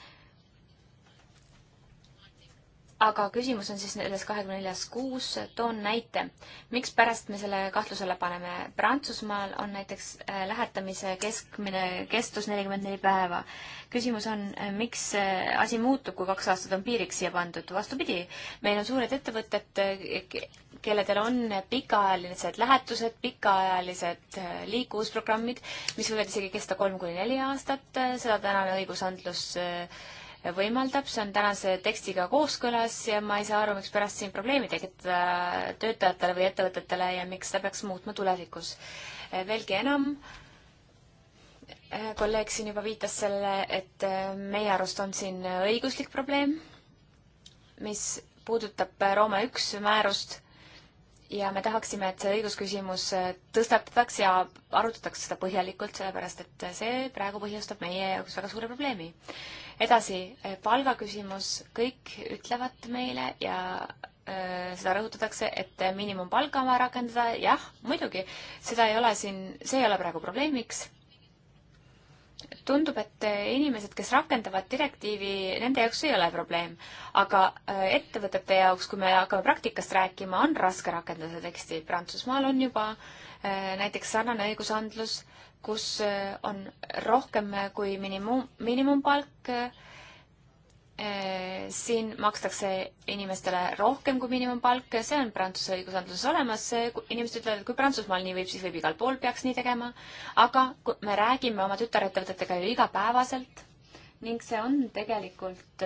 aga küsimus on siis selles kahekümne neljas kuus, toon näite. mikspärast me selle kahtluse alla paneme? Prantsusmaal on näiteks äh, lähetamise keskmine kestus nelikümmend neli päeva. küsimus on, äh, miks äh, asi muutub, kui kaks aastat on piiriks siia pandud? vastupidi, meil on suured ettevõtted, kelledel on pikaajalised lähetused, pikaajalised liikuvusprogrammid, mis võivad isegi kesta kolm kuni neli aastat, seda tänane õigusandlus võimaldab, see on tänase tekstiga kooskõlas ja ma ei saa aru, miks pärast siin probleemi tekitada töötajatele või ettevõtetele ja miks seda peaks muutma tulevikus. veelgi enam, kolleeg siin juba viitas sellele, et meie arust on siin õiguslik probleem, mis puudutab Rooma üks määrust ja me tahaksime, et see õigusküsimus tõstatataks ja arutataks seda põhjalikult, sellepärast et see praegu põhjustab meie jaoks väga suure probleemi edasi, eh, palgaküsimus, kõik ütlevad meile ja eh, seda rõhutatakse, et eh, miinimumpalka on vaja rakendada, jah, muidugi, seda ei ole siin, see ei ole praegu probleemiks. tundub, et inimesed, kes rakendavad direktiivi, nende jaoks ei ole probleem, aga ettevõtete jaoks, kui me hakkame praktikast rääkima, on raske rakendada teksti. Prantsusmaal on juba näiteks sarnane õigusandlus, kus eh, on rohkem eh, kui minimum, miinimumpalk. Eh, siin makstakse inimestele rohkem kui miinimumpalk, see on Prantsuse õigusandluses olemas, inimesed ütlevad, et kui Prantsusmaal nii võib, siis võib igal pool peaks nii tegema, aga me räägime oma tütarettevõtetega ju igapäevaselt ning see on tegelikult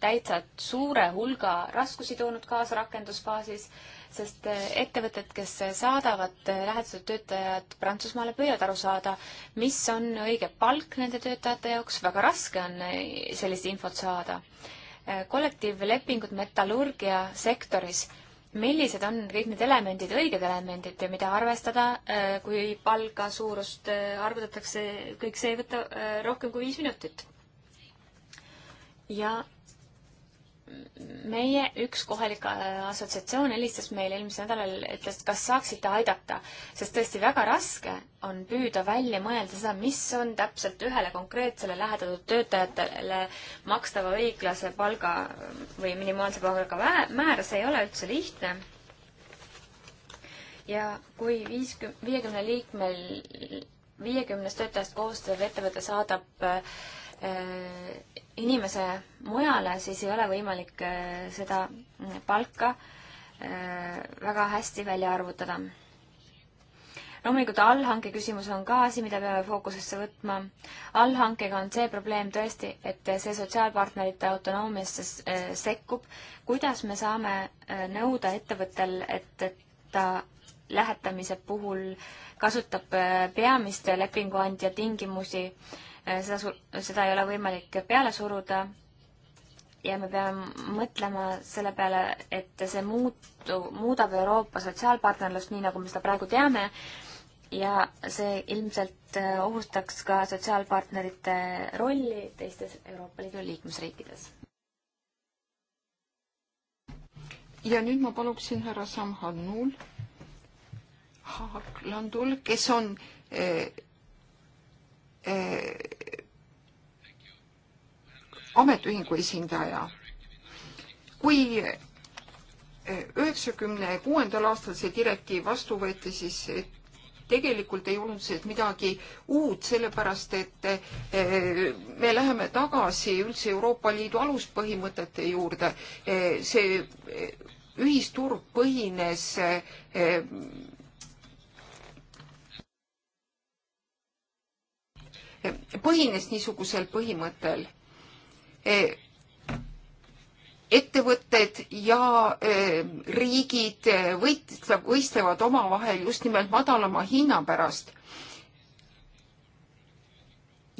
täitsa suure hulga raskusi toonud kaasa rakendusfaasis sest eh, ettevõtted, kes eh, saadavad eh, lähetatud töötajad Prantsusmaale, püüavad aru saada, mis on õige palk nende töötajate jaoks, väga raske on sellist infot saada. kollektiivlepingud metallurgia sektoris, millised on kõik need elemendid, õiged elemendid ja mida arvestada, kui palga suurust arvutatakse, kõik see ei võta rohkem kui viis minutit ja meie üks kohalik äh, assotsiatsioon helistas meile eelmisel nädalal, ütles, kas saaksite aidata, sest tõesti väga raske on püüda välja mõelda seda, mis on täpselt ühele konkreetsele lähedatud töötajatele makstava õiglase palga või minimaalse palga määr, see ei ole üldse lihtne. ja kui viiskümmend, viiekümne liikmel, viiekümnest töötajast koostav ettevõte saadab äh, Äh, inimese mujale, siis ei ole võimalik äh, seda äh, palka väga hästi välja arvutada. loomulikult allhanke küsimus on ka asi, mida peame fookusesse võtma. allhankega on see probleem tõesti, et see sotsiaalpartnerite autonoomiasse sekkub. kuidas me saame nõuda ettevõttel, et ta lähetamise puhul kasutab peamiste lepinguandja tingimusi äh, Äh, seda, seda ei ole võimalik peale suruda ja me peame mõtlema selle peale, et see muutu, muudab Euroopa sotsiaalpartnerlust, nii nagu me seda praegu teame, ja see ilmselt äh, ohustaks ka sotsiaalpartnerite rolli teistes Euroopa Liidu liikmesriikides. ja nüüd ma paluksin härra Samhanul Haaglandul, kes on eh, Eh, ametiühingu esindaja. kui eh, üheksakümne kuuendal aastal see direktiiv vastu võeti, siis eh, tegelikult ei olnud see midagi uut, sellepärast et me läheme tagasi üldse Euroopa Liidu aluspõhimõtete juurde. see ühisturg põhines põhines niisugusel põhimõttel. E, ettevõtted ja e, riigid e, võitlevad, võistlevad omavahel just nimelt madalama hinna pärast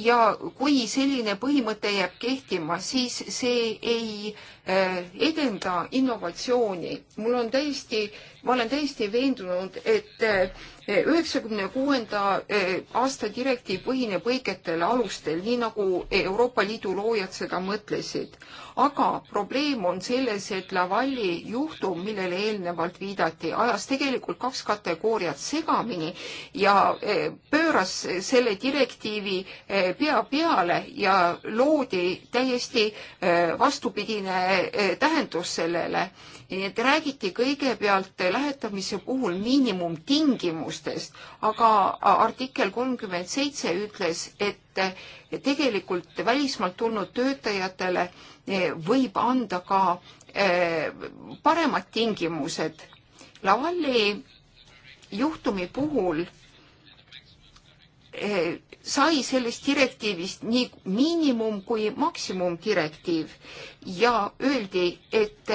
ja kui selline põhimõte jääb kehtima, siis see ei Äh, edenda innovatsiooni. mul on täiesti, ma olen täiesti veendunud, et äh, üheksakümne kuuenda äh, aasta direktiiv põhineb õigetel alustel, nii nagu Euroopa Liidu loojad seda mõtlesid. aga probleem on selles, et Lavalli juhtum, millele eelnevalt viidati, ajas tegelikult kaks kategooriat segamini ja pööras selle direktiivi pea peale ja loodi täiesti vastupidine Eh, eh, tähendus sellele. nii et räägiti kõigepealt lähetamise puhul miinimumtingimustest, aga artikkel kolmkümmend seitse ütles, et tegelikult välismaalt tulnud töötajatele eh, võib anda ka paremad tingimused. Lavalli juhtumi puhul sai sellest direktiivist nii miinimum kui maksimumdirektiiv ja öeldi, et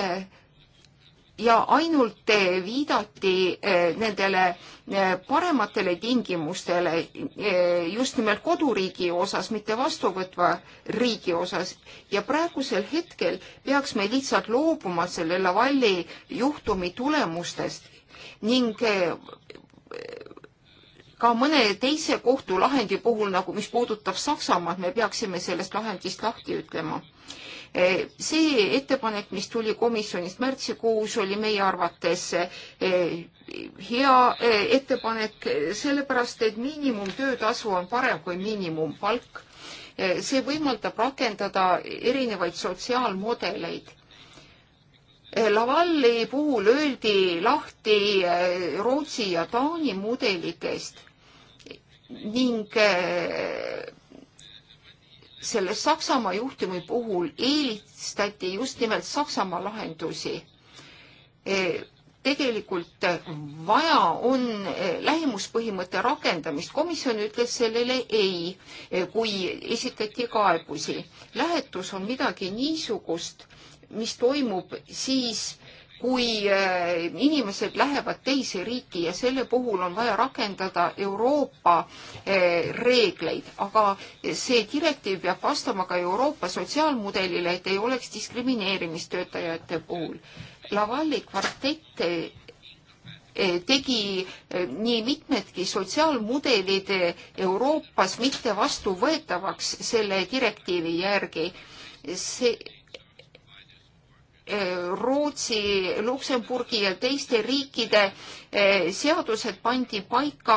ja ainult viidati eh, nendele eh, parematele tingimustele eh, just nimelt koduriigi osas, mitte vastuvõtva riigi osas ja praegusel hetkel peaks me lihtsalt loobuma selle Lavalli juhtumi tulemustest ning ka mõne teise kohtulahendi puhul, nagu mis puudutab Saksamaad, me peaksime sellest lahendist lahti ütlema. E, see ettepanek, mis tuli komisjonist märtsikuus, oli meie arvates e, hea e, ettepanek, sellepärast et miinimumtöötasu on parem kui miinimumpalk. see võimaldab rakendada erinevaid sotsiaalmudeleid Lavalli puhul öeldi lahti Rootsi ja Taani mudelitest ning äh, selle Saksamaa juhtumi puhul eelistati just nimelt Saksamaa lahendusi. Äh, tegelikult vaja on äh, lähimuspõhimõtte rakendamist, komisjon ütles sellele ei, kui esitati kaebusi. lähetus on midagi niisugust, mis toimub siis, kui äh, inimesed lähevad teise riiki ja selle puhul on vaja rakendada Euroopa äh, reegleid, aga see direktiiv peab vastama ka Euroopa sotsiaalmudelile, et ei oleks diskrimineerimist töötajate puhul. Lavalli kvartett äh, tegi nii mitmedki sotsiaalmudelid Euroopas mitte vastuvõetavaks selle direktiivi järgi. see Eh, Rootsi, Luksemburgi ja teiste riikide eh, seadused pandi paika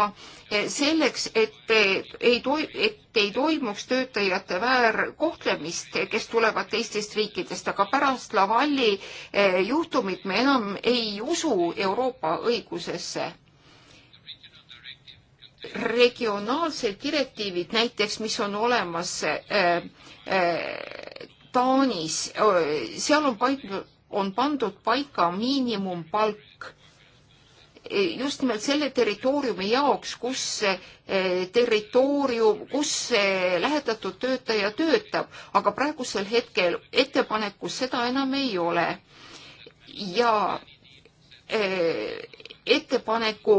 eh, selleks, et ei, et ei toimuks töötajate väärkohtlemist, kes tulevad teistest riikidest, aga pärast Lavalli juhtumit me enam ei usu Euroopa õigusesse. regionaalsed direktiivid näiteks, mis on olemas Taanis, seal on paik, on pandud paika miinimumpalk e, just nimelt selle territooriumi jaoks, kus e, territoorium, kus lähetatud töötaja töötab, aga praegusel hetkel ettepanekus seda enam ei ole. ja e, ettepaneku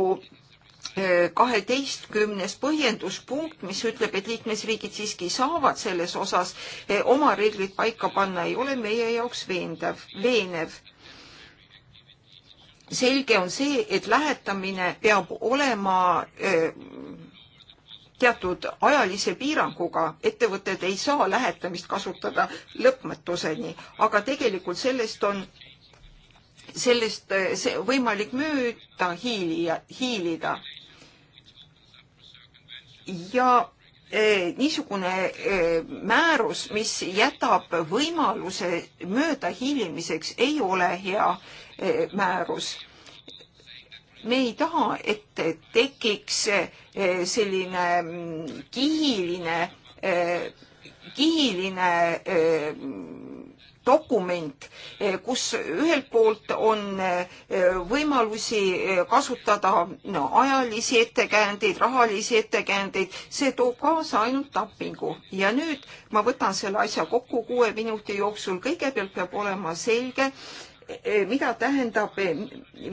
kaheteistkümnes põhjenduspunkt, mis ütleb, et liikmesriigid siiski saavad selles osas eh, oma reeglid paika panna, ei ole meie jaoks veendav, veenev. selge on see, et lähetamine peab olema eh, teatud ajalise piiranguga, ettevõtted ei saa lähetamist kasutada lõpmatuseni, aga tegelikult sellest on sellest eh, võimalik mööda hiilida, hiilida ja e, niisugune e, määrus, mis jätab võimaluse mööda hiilimiseks, ei ole hea e, määrus. me ei taha, et tekiks selline mm, kihiline, kihiline dokument, eh, kus ühelt poolt on eh, võimalusi eh, kasutada no, ajalisi ettekäändeid, rahalisi ettekäändeid, see toob kaasa ainult nappingu. ja nüüd ma võtan selle asja kokku kuue minuti jooksul, kõigepealt peab olema selge, Eh, mida tähendab eh,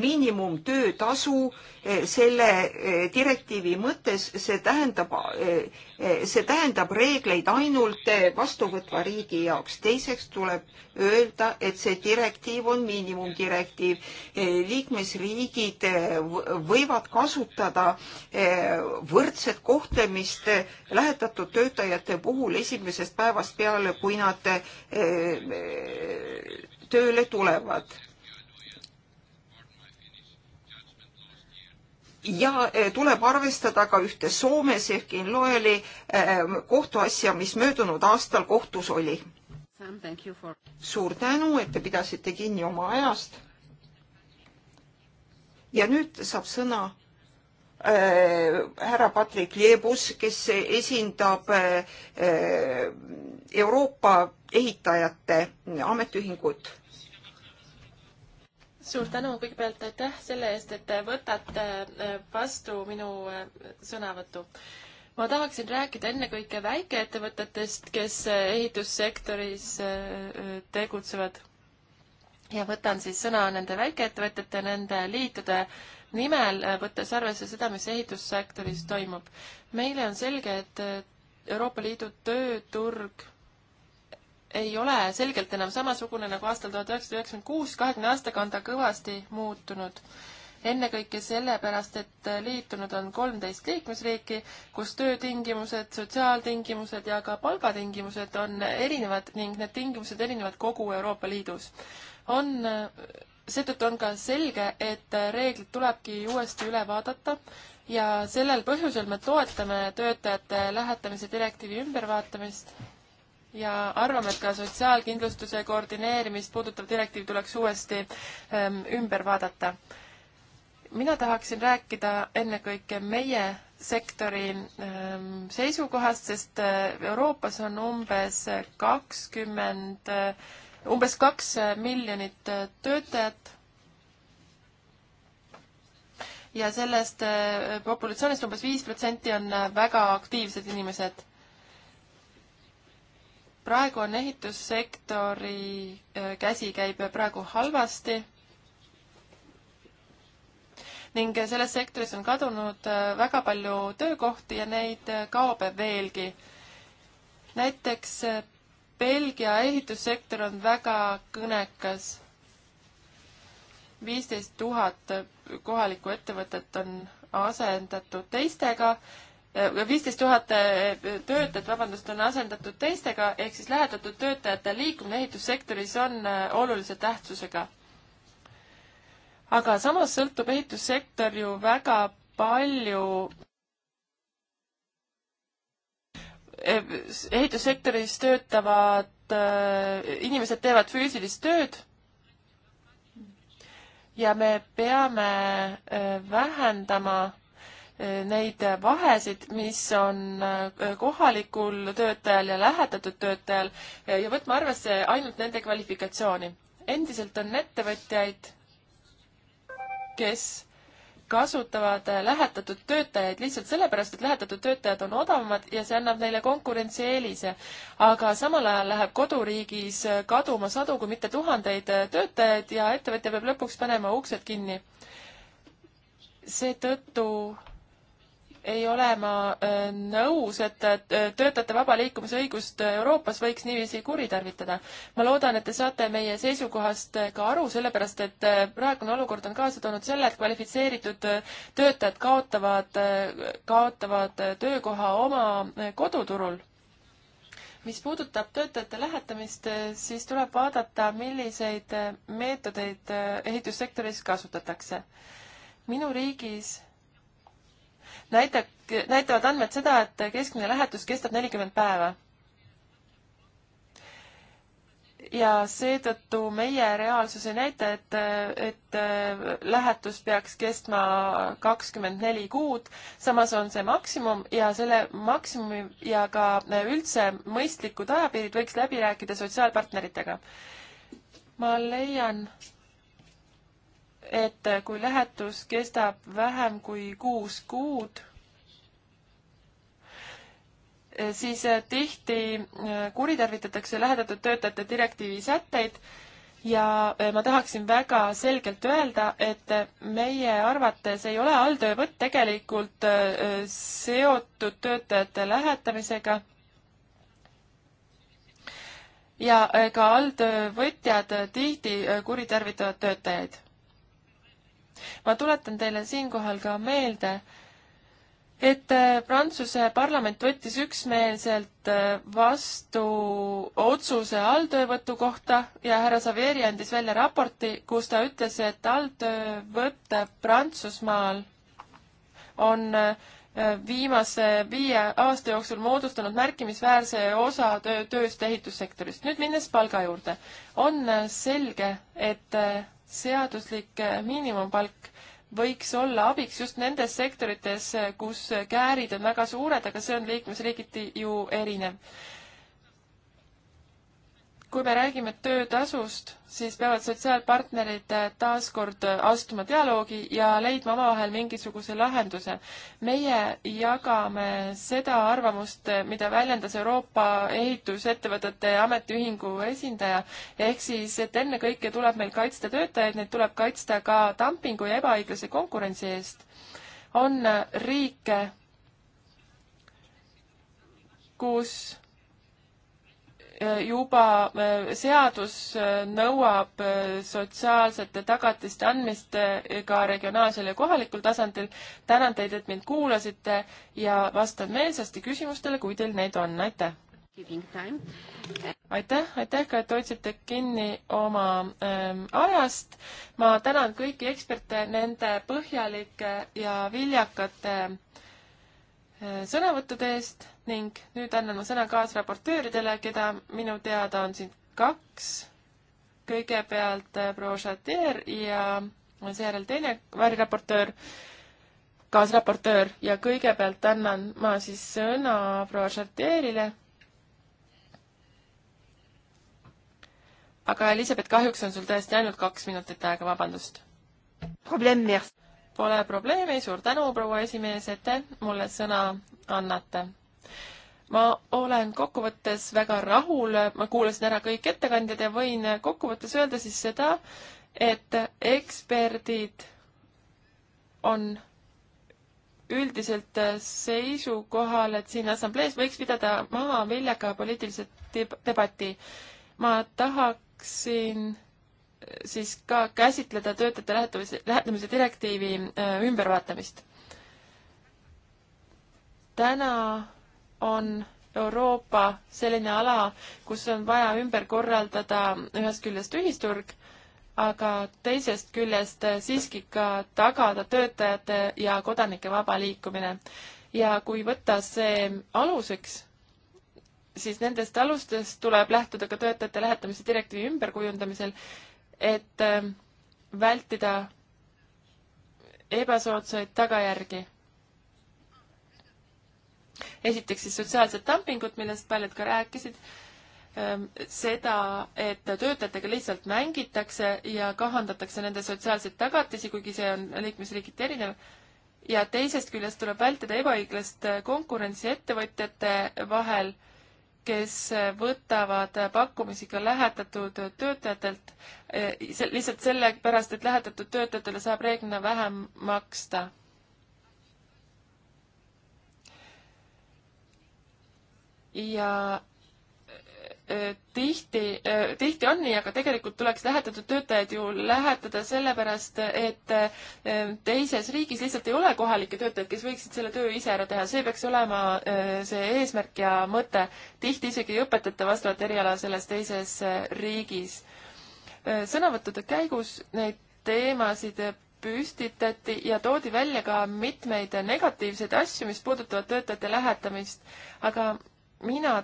miinimumtöötasu eh, selle direktiivi mõttes, see tähendab, see tähendab reegleid ainult vastuvõtva riigi jaoks. teiseks tuleb öelda, et see direktiiv on miinimumdirektiiv. liikmesriigid võivad kasutada võrdset kohtlemist lähetatud töötajate puhul esimesest päevast peale, kui nad tööle tulevad. ja eh, tuleb arvestada ka ühte Soomes ehk Inloeli eh, kohtuasja, mis möödunud aastal kohtus oli. For... suur tänu, et te pidasite kinni oma ajast. ja nüüd saab sõna Äh, härra Patrick Liebus, kes esindab äh, Euroopa Ehitajate Ametiühingut. suur tänu kõigepealt, aitäh selle eest, et te võtate äh, vastu minu sõnavõtu ma tahaksin rääkida ennekõike väikeettevõtetest, kes ehitussektoris tegutsevad ja võtan siis sõna nende väikeettevõtete, nende liitude nimel, äh, võttes arvesse seda, mis ehitussektoris toimub. meile on selge, et äh, Euroopa Liidu tööturg ei ole selgelt enam samasugune nagu aastal tuhat üheksasada üheksakümmend kuus, kahekümne aastaga on ta kõvasti muutunud ennekõike sellepärast, et äh, liitunud on kolmteist liikmesriiki, kus töötingimused, sotsiaaltingimused ja ka palgatingimused on erinevad ning need tingimused erinevad kogu Euroopa Liidus. on seetõttu on ka selge, et reeglid tulebki uuesti üle vaadata ja sellel põhjusel me toetame töötajate lähetamise direktiivi ümbervaatamist ja arvame, et ka sotsiaalkindlustuse koordineerimist puudutav direktiiv tuleks uuesti ehm, ümber vaadata. mina tahaksin rääkida ennekõike meie sektori ehm, seisukohast, sest ehm, Euroopas on umbes kakskümmend 20 umbes kaks miljonit äh, töötajat ja sellest äh, populatsioonist umbes viis protsenti on äh, väga aktiivsed inimesed. praegu on ehitussektori käsi käib praegu halvasti ning selles sektoris on kadunud väga palju töökohti ja neid kaob veelgi. näiteks Belgia ehitussektor on väga kõnekas. viisteist tuhat kohalikku ettevõtet on asendatud teistega, viisteist tuhat töötajat, vabandust, on asendatud teistega, ehk siis lähetatud töötajate liikumine ehitussektoris on olulise tähtsusega. aga samas sõltub ehitussektor ju väga palju ehitussektoris töötavad äh, inimesed teevad füüsilist tööd ja me peame äh, vähendama äh, neid vahesid, mis on kohalikul töötajal ja lähetatud töötajal ja võtma arvesse ainult nende kvalifikatsiooni. endiselt on ettevõtjaid, kes kasutavad äh, lähetatud töötajaid lihtsalt sellepärast, et lähetatud töötajad on odavamad ja see annab neile konkurentsieelise. aga samal ajal läheb koduriigis äh, kaduma sadu, kui mitte tuhandeid äh, töötajaid ja ettevõtja peab lõpuks panema uksed kinni. seetõttu ei ole ma äh, nõus, et äh, töötajate vaba liikumise õigust äh, Euroopas võiks niiviisi kuritarvitada. ma loodan, et te saate meie seisukohast ka aru, sellepärast et praegune olukord on kaasa toonud selle, et kvalifitseeritud töötajad kaotavad, kaotavad töökoha oma koduturul mis puudutab töötajate lähetamist, siis tuleb vaadata, milliseid meetodeid ehitussektoris kasutatakse. minu riigis näitab, näitavad andmed seda, et keskmine lähetus kestab nelikümmend päeva. ja seetõttu meie reaalsus ei näita, et, et lähetus peaks kestma kakskümmend neli kuud, samas on see maksimum ja selle maksimumi ja ka üldse mõistlikud ajapiirid võiks läbi rääkida sotsiaalpartneritega. ma leian et kui lähetus kestab vähem kui kuus kuud, siis tihti äh, kuritarvitatakse lähedatud töötajate direktiivi sätteid ja äh, ma tahaksin väga selgelt öelda, et meie arvates ei ole alltöövõtt tegelikult äh, seotud töötajate lähetamisega. ja ka alltöövõtjad tihti kuritarvitavad töötajaid ma tuletan teile siinkohal ka meelde, et äh, Prantsuse parlament võttis üksmeelselt äh, vastu otsuse alltöövõtu kohta ja härra Savieri andis välja raporti, kus ta ütles, et alltöövõte Prantsusmaal on äh, viimase viie aasta jooksul moodustanud märkimisväärse osa töö, tööst ehitussektorist. nüüd minnes palga juurde, on selge, et seaduslik eh, miinimumpalk võiks olla abiks just nendes sektorites, eh, kus käärid on väga suured, aga see on liikmesriigiti ju erinev kui me räägime töötasust, siis peavad sotsiaalpartnerid äh, taaskord äh, astuma dialoogi ja leidma omavahel mingisuguse lahenduse. meie jagame seda arvamust, äh, mida väljendas Euroopa Ehitusettevõtete Ametiühingu esindaja, ehk siis, et ennekõike tuleb meil kaitsta töötajaid, neid tuleb kaitsta ka dumpingu ja ebaõiglase konkurentsi eest. on riike, kus Äh, juba äh, seadus äh, nõuab sotsiaalsete tagatiste andmist ka regionaalsel ja kohalikul tasandil. tänan teid, et mind kuulasite ja vastan meelsasti küsimustele, kui teil neid on, aitäh! aitäh, aitäh ka, et hoidsite kinni oma ähm, ajast. ma tänan kõiki eksperte nende põhjalike ja viljakate äh, sõnavõttude eest ning nüüd annan ma sõna kaasraportööridele, keda minu teada on siin kaks. kõigepealt äh, proua Chatier ja seejärel teine variraportöör, kaasraportöör ja kõigepealt annan ma siis sõna proua Chartierile. aga Elizabeth, kahjuks on sul tõesti ainult kaks minutit aega, vabandust. probleem, jah. Pole probleemi, suur tänu, proua esimees, et te mulle sõna annate ma olen kokkuvõttes väga rahul, ma kuulasin ära kõik ettekandjad ja võin kokkuvõttes öelda siis seda, et eksperdid on üldiselt seisukohal, et siin assamblees võiks pidada maha viljaka poliitilise debati. ma tahaksin siis ka käsitleda töötajate lähetamise, lähetamise direktiivi äh, ümbervaatamist. täna on Euroopa selline ala, kus on vaja ümber korraldada ühest küljest ühisturg, aga teisest küljest siiski ka tagada töötajate ja kodanike vaba liikumine. ja kui võtta see aluseks, siis nendest alustest tuleb lähtuda ka töötajate lähetamise direktiivi ümberkujundamisel, et ähm, vältida ebasoodsaid tagajärgi esiteks siis sotsiaalset dumpingut, millest paljud ka rääkisid, ehm, seda, et töötajatega lihtsalt mängitakse ja kahandatakse nende sotsiaalseid tagatisi, kuigi see on liikmesriigiti erinev, ja teisest küljest tuleb vältida ebaõiglast konkurentsi ettevõtjate vahel, kes võtavad pakkumisi ka lähetatud töötajatelt, e, lihtsalt sellepärast, et lähetatud töötajatele saab reeglina vähem maksta ja äh, äh, tihti, äh, tihti on nii, aga tegelikult tuleks lähetatud töötajaid ju lähetada sellepärast, et teises riigis lihtsalt ei ole kohalikke töötajaid, kes võiksid selle töö ise ära teha, see peaks olema see eesmärk ja mõte. tihti isegi ei õpetata vastavat eriala selles teises riigis. sõnavõttude käigus neid teemasid püstitati ja toodi välja ka mitmeid negatiivseid asju, mis puudutavad töötajate lähetamist, aga mina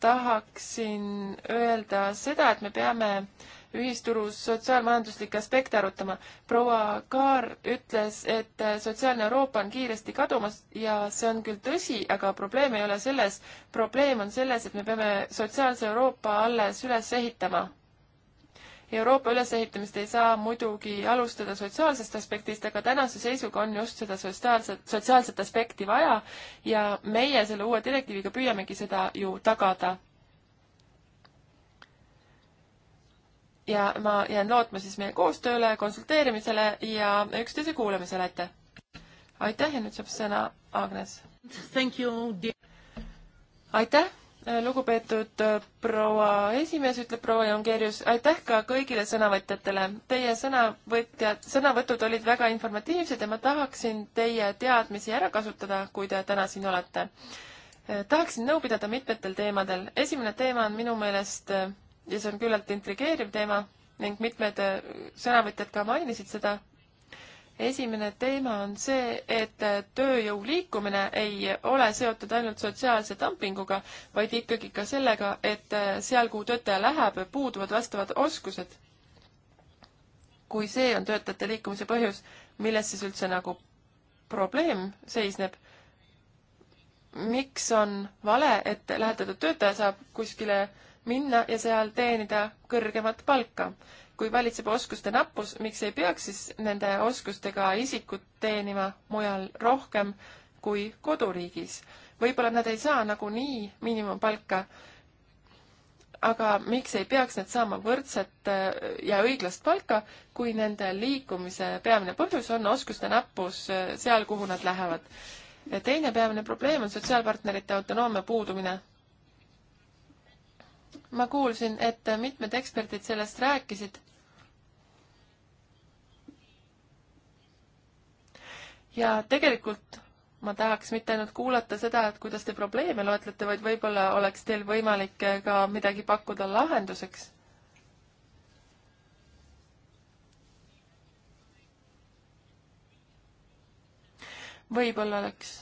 tahaksin öelda seda, et me peame ühisturus sotsiaalmajanduslikke aspekte arutama. proua Kaar ütles, et sotsiaalne Euroopa on kiiresti kadumas ja see on küll tõsi, aga probleem ei ole selles. probleem on selles, et me peame sotsiaalse Euroopa alles üles ehitama Euroopa ülesehitamist ei saa muidugi alustada sotsiaalsest aspektist, aga tänase seisuga on just seda sotsiaalset, sotsiaalset aspekti vaja ja meie selle uue direktiiviga püüamegi seda ju tagada. ja ma jään lootma siis meie koostööle, konsulteerimisele ja üksteise kuulamisele, aitäh! aitäh ja nüüd saab sõna Agnes. aitäh! lugupeetud äh, proua esimees, ütleb proua Jongeerius, aitäh ka kõigile sõnavõtjatele. Teie sõnavõtjad, sõnavõtud olid väga informatiivsed ja ma tahaksin teie teadmisi ära kasutada, kui te täna siin olete. Äh, tahaksin nõu pidada mitmetel teemadel. esimene teema on minu meelest äh, ja see on küllalt intrigeeriv teema ning mitmed sõnavõtjad ka mainisid seda esimene teema on see, et tööjõu liikumine ei ole seotud ainult sotsiaalse dumpinguga, vaid ikkagi ka sellega, et seal, kuhu töötaja läheb, puuduvad vastavad oskused. kui see on töötajate liikumise põhjus, milles siis üldse nagu probleem seisneb? miks on vale, et lähetatud töötaja saab kuskile minna ja seal teenida kõrgemat palka? kui valitseb oskuste nappus, miks ei peaks siis nende oskustega isikut teenima mujal rohkem kui koduriigis? võib-olla nad ei saa nagunii miinimumpalka, aga miks ei peaks need saama võrdset äh, ja õiglast palka, kui nende liikumise peamine põhjus on oskuste nappus äh, seal, kuhu nad lähevad? teine peamine probleem on sotsiaalpartnerite autonoomia puudumine ma kuulsin, et mitmed eksperdid sellest rääkisid, ja tegelikult ma tahaks mitte ainult kuulata seda, et kuidas te probleeme loetlete, vaid võib-olla oleks teil võimalik eh, ka midagi pakkuda lahenduseks. võib-olla oleks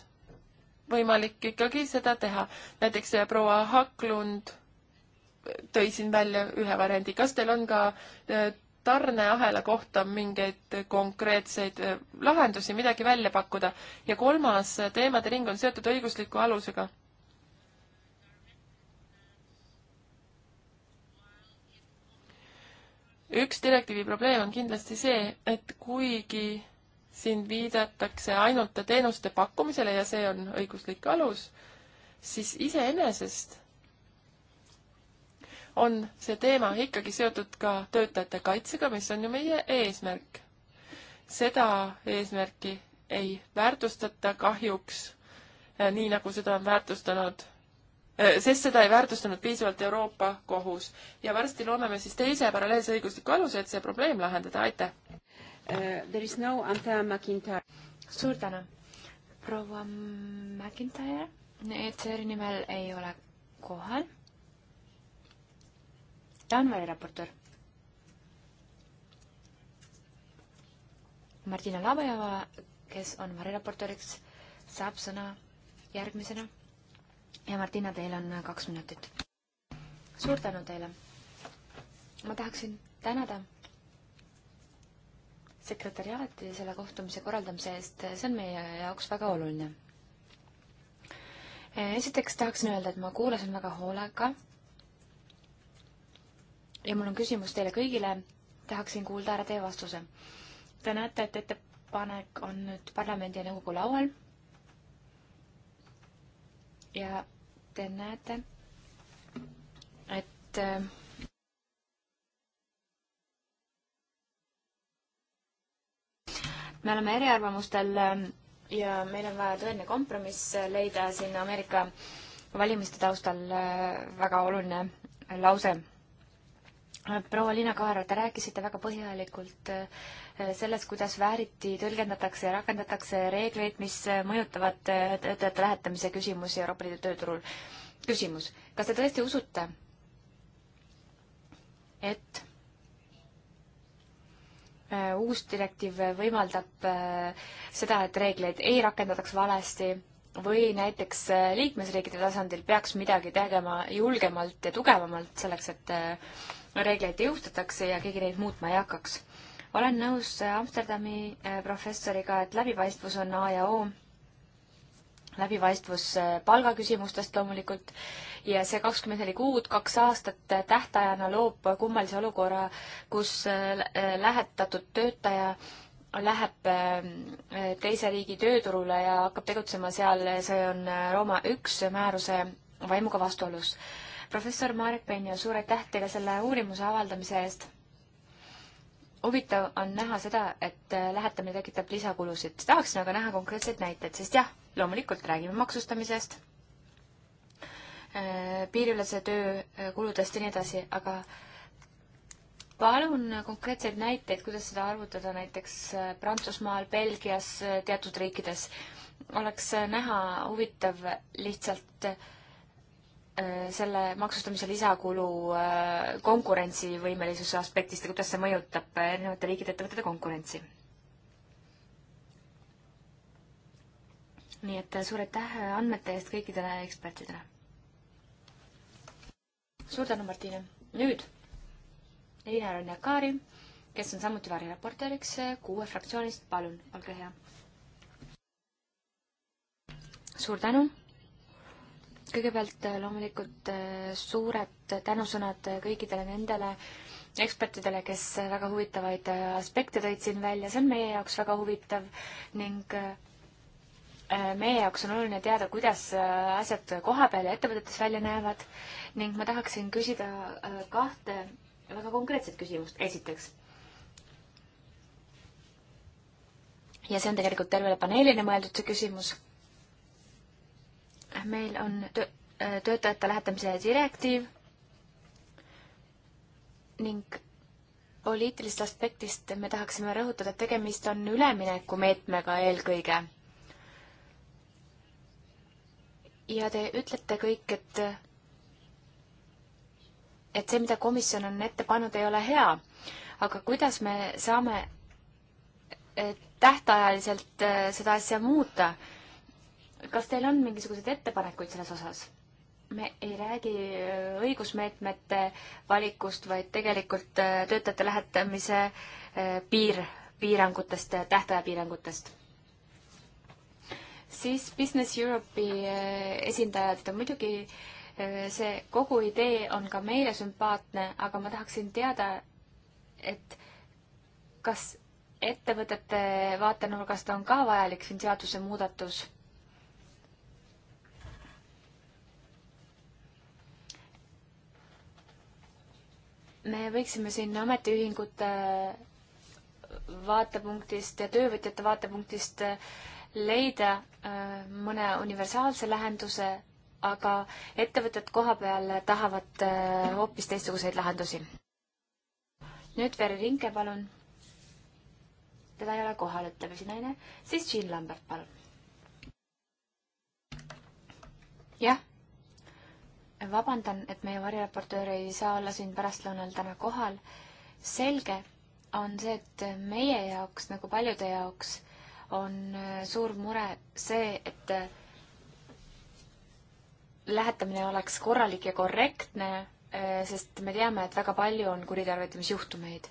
võimalik ikkagi seda teha. näiteks eh, proua Haklund eh, tõi siin välja ühe variandi. kas teil on ka tarneahela kohta mingeid konkreetseid eh, lahendusi, midagi välja pakkuda. ja kolmas eh, teemade ring on seotud õigusliku alusega. üks direktiivi probleem on kindlasti see, et kuigi siin viidatakse ainult teenuste pakkumisele ja see on õiguslik alus, siis iseenesest on see teema ikkagi seotud ka töötajate kaitsega, mis on ju meie eesmärk. seda eesmärki ei väärtustata kahjuks eh, nii, nagu seda on väärtustanud eh, sest seda ei väärtustanud piisavalt Euroopa Kohus ja varsti loome me siis teise paralleelse õigusliku aluse, et see probleem lahendada, aitäh uh,! No suur tänu! proua McIntyre ECR-i nimel ei ole kohal ta on variraportöör. Martina Labajava, kes on variraportööriks, saab sõna järgmisena. ja Martina, teil on kaks minutit. suur tänu teile. ma tahaksin tänada sekretäriaati selle kohtumise korraldamise eest, see on meie jaoks väga oluline. esiteks tahaksin öelda, et ma kuulasin väga hoolega ja mul on küsimus teile kõigile, tahaksin kuulda ära teie vastuse. Te näete, et ettepanek on nüüd parlamendi ja nõukogu laual. ja te näete, et äh, me oleme eriarvamustel ähm, ja meil on vaja tõeline kompromiss leida siin Ameerika valimiste taustal äh, väga oluline lause proua Liina Kaaro, te rääkisite väga põhjalikult äh, sellest, kuidas vääriti tõlgendatakse ja rakendatakse reegleid, mis äh, mõjutavad äh, töötajate lähetamise küsimusi Euroopa Liidu tööturul. küsimus, kas te tõesti usute, et uus direktiiv võimaldab seda, et reegleid ei rakendataks valesti või näiteks äh, liikmesriikide tasandil peaks midagi tegema julgemalt ja tugevamalt selleks, et äh, reegleid jõustatakse ja keegi neid muutma ei hakkaks. olen nõus äh, Amsterdami professoriga, et läbipaistvus on A ja O läbipaistvus palgaküsimustest loomulikult ja see kakskümmend neli kuud, kaks aastat tähtajana loob kummalise olukorra, kus lähetatud töötaja läheb ähm, teise riigi tööturule ja hakkab tegutsema seal, see on äh, Rooma üks määruse vaimuga vastuolus. professor Marek Penja, suur aitäh teile selle uurimuse avaldamise eest. huvitav on näha seda, et äh, lähetamine tekitab lisakulusid. tahaksin aga näha konkreetseid näiteid, sest jah, loomulikult räägime maksustamisest, äh, piiriülese töö kuludest ja nii edasi, aga äh, palun konkreetseid näiteid, kuidas seda arvutada näiteks äh, Prantsusmaal, Belgias, äh, teatud riikides. oleks äh, näha huvitav lihtsalt selle maksustamise lisakulu konkurentsivõimelisuse aspektist ja kuidas see mõjutab erinevate riikide ettevõtete konkurentsi. nii et suur aitäh andmete eest kõikidele ekspertidele. suur tänu, Martina. nüüd Liina Rannakari, kes on samuti variraportööriks kuue fraktsioonist, palun, olge hea. suur tänu kõigepealt eh, loomulikult eh, suured tänusõnad eh, kõikidele nendele ekspertidele, kes väga huvitavaid aspekte tõid siin välja, see on meie jaoks väga huvitav ning meie jaoks on oluline teada, kuidas asjad kohapeal ja ettevõtetes välja näevad ning ma tahaksin küsida kahte väga konkreetset küsimust. esiteks, ja see on tegelikult tervele paneelile mõeldud, see küsimus, meil on tö-, äh, töötajate lähetamise direktiiv ning poliitilisest aspektist me tahaksime rõhutada, et tegemist on üleminekumeetmega eelkõige. ja te ütlete kõik, et et see, mida komisjon on ette pannud, ei ole hea. aga kuidas me saame eh, tähtajaliselt eh, seda asja muuta? kas teil on mingisuguseid ettepanekuid selles osas? me ei räägi eh, õigusmeetmete valikust, vaid tegelikult töötajate lähetamise piir, piirangutest, tähtajapiirangutest. siis Business Europe'i esindajad muidugi äh, see kogu idee on ka meile sümpaatne, aga ma tahaksin teada, et kas ettevõtete vaatenurgast on ka vajalik siin seadusemuudatus? me võiksime siin ametiühingute vaatepunktist ja töövõtjate vaatepunktist leida äh, mõne universaalse lahenduse aga ettevõtted koha peal tahavad äh, hoopis teistsuguseid lahendusi. nüüd Veri Rinke, palun. teda ei ole kohal, ütleb esinaine. siis Jean Lambert, palun. jah. vabandan, et meie variraportöör ei saa olla siin pärastlõunal täna kohal. selge on see, et meie jaoks nagu paljude jaoks on äh, suur mure see, et äh, lähetamine oleks korralik ja korrektne, eh, sest me teame, et väga palju on kuritarvitamisjuhtumeid.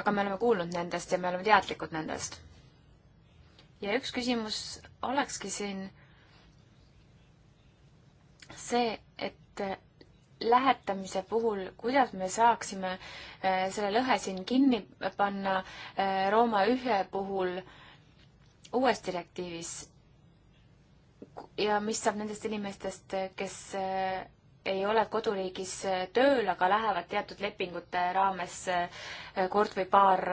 aga me oleme kuulnud nendest ja me oleme teadlikud nendest. ja üks küsimus olekski siin see, et eh, lähetamise puhul, kuidas me saaksime eh, selle lõhe siin kinni panna Rooma ühe puhul uues direktiivis ja mis saab nendest inimestest, kes eh, ei ole koduriigis eh, tööl, aga lähevad teatud lepingute raames eh, kord või paar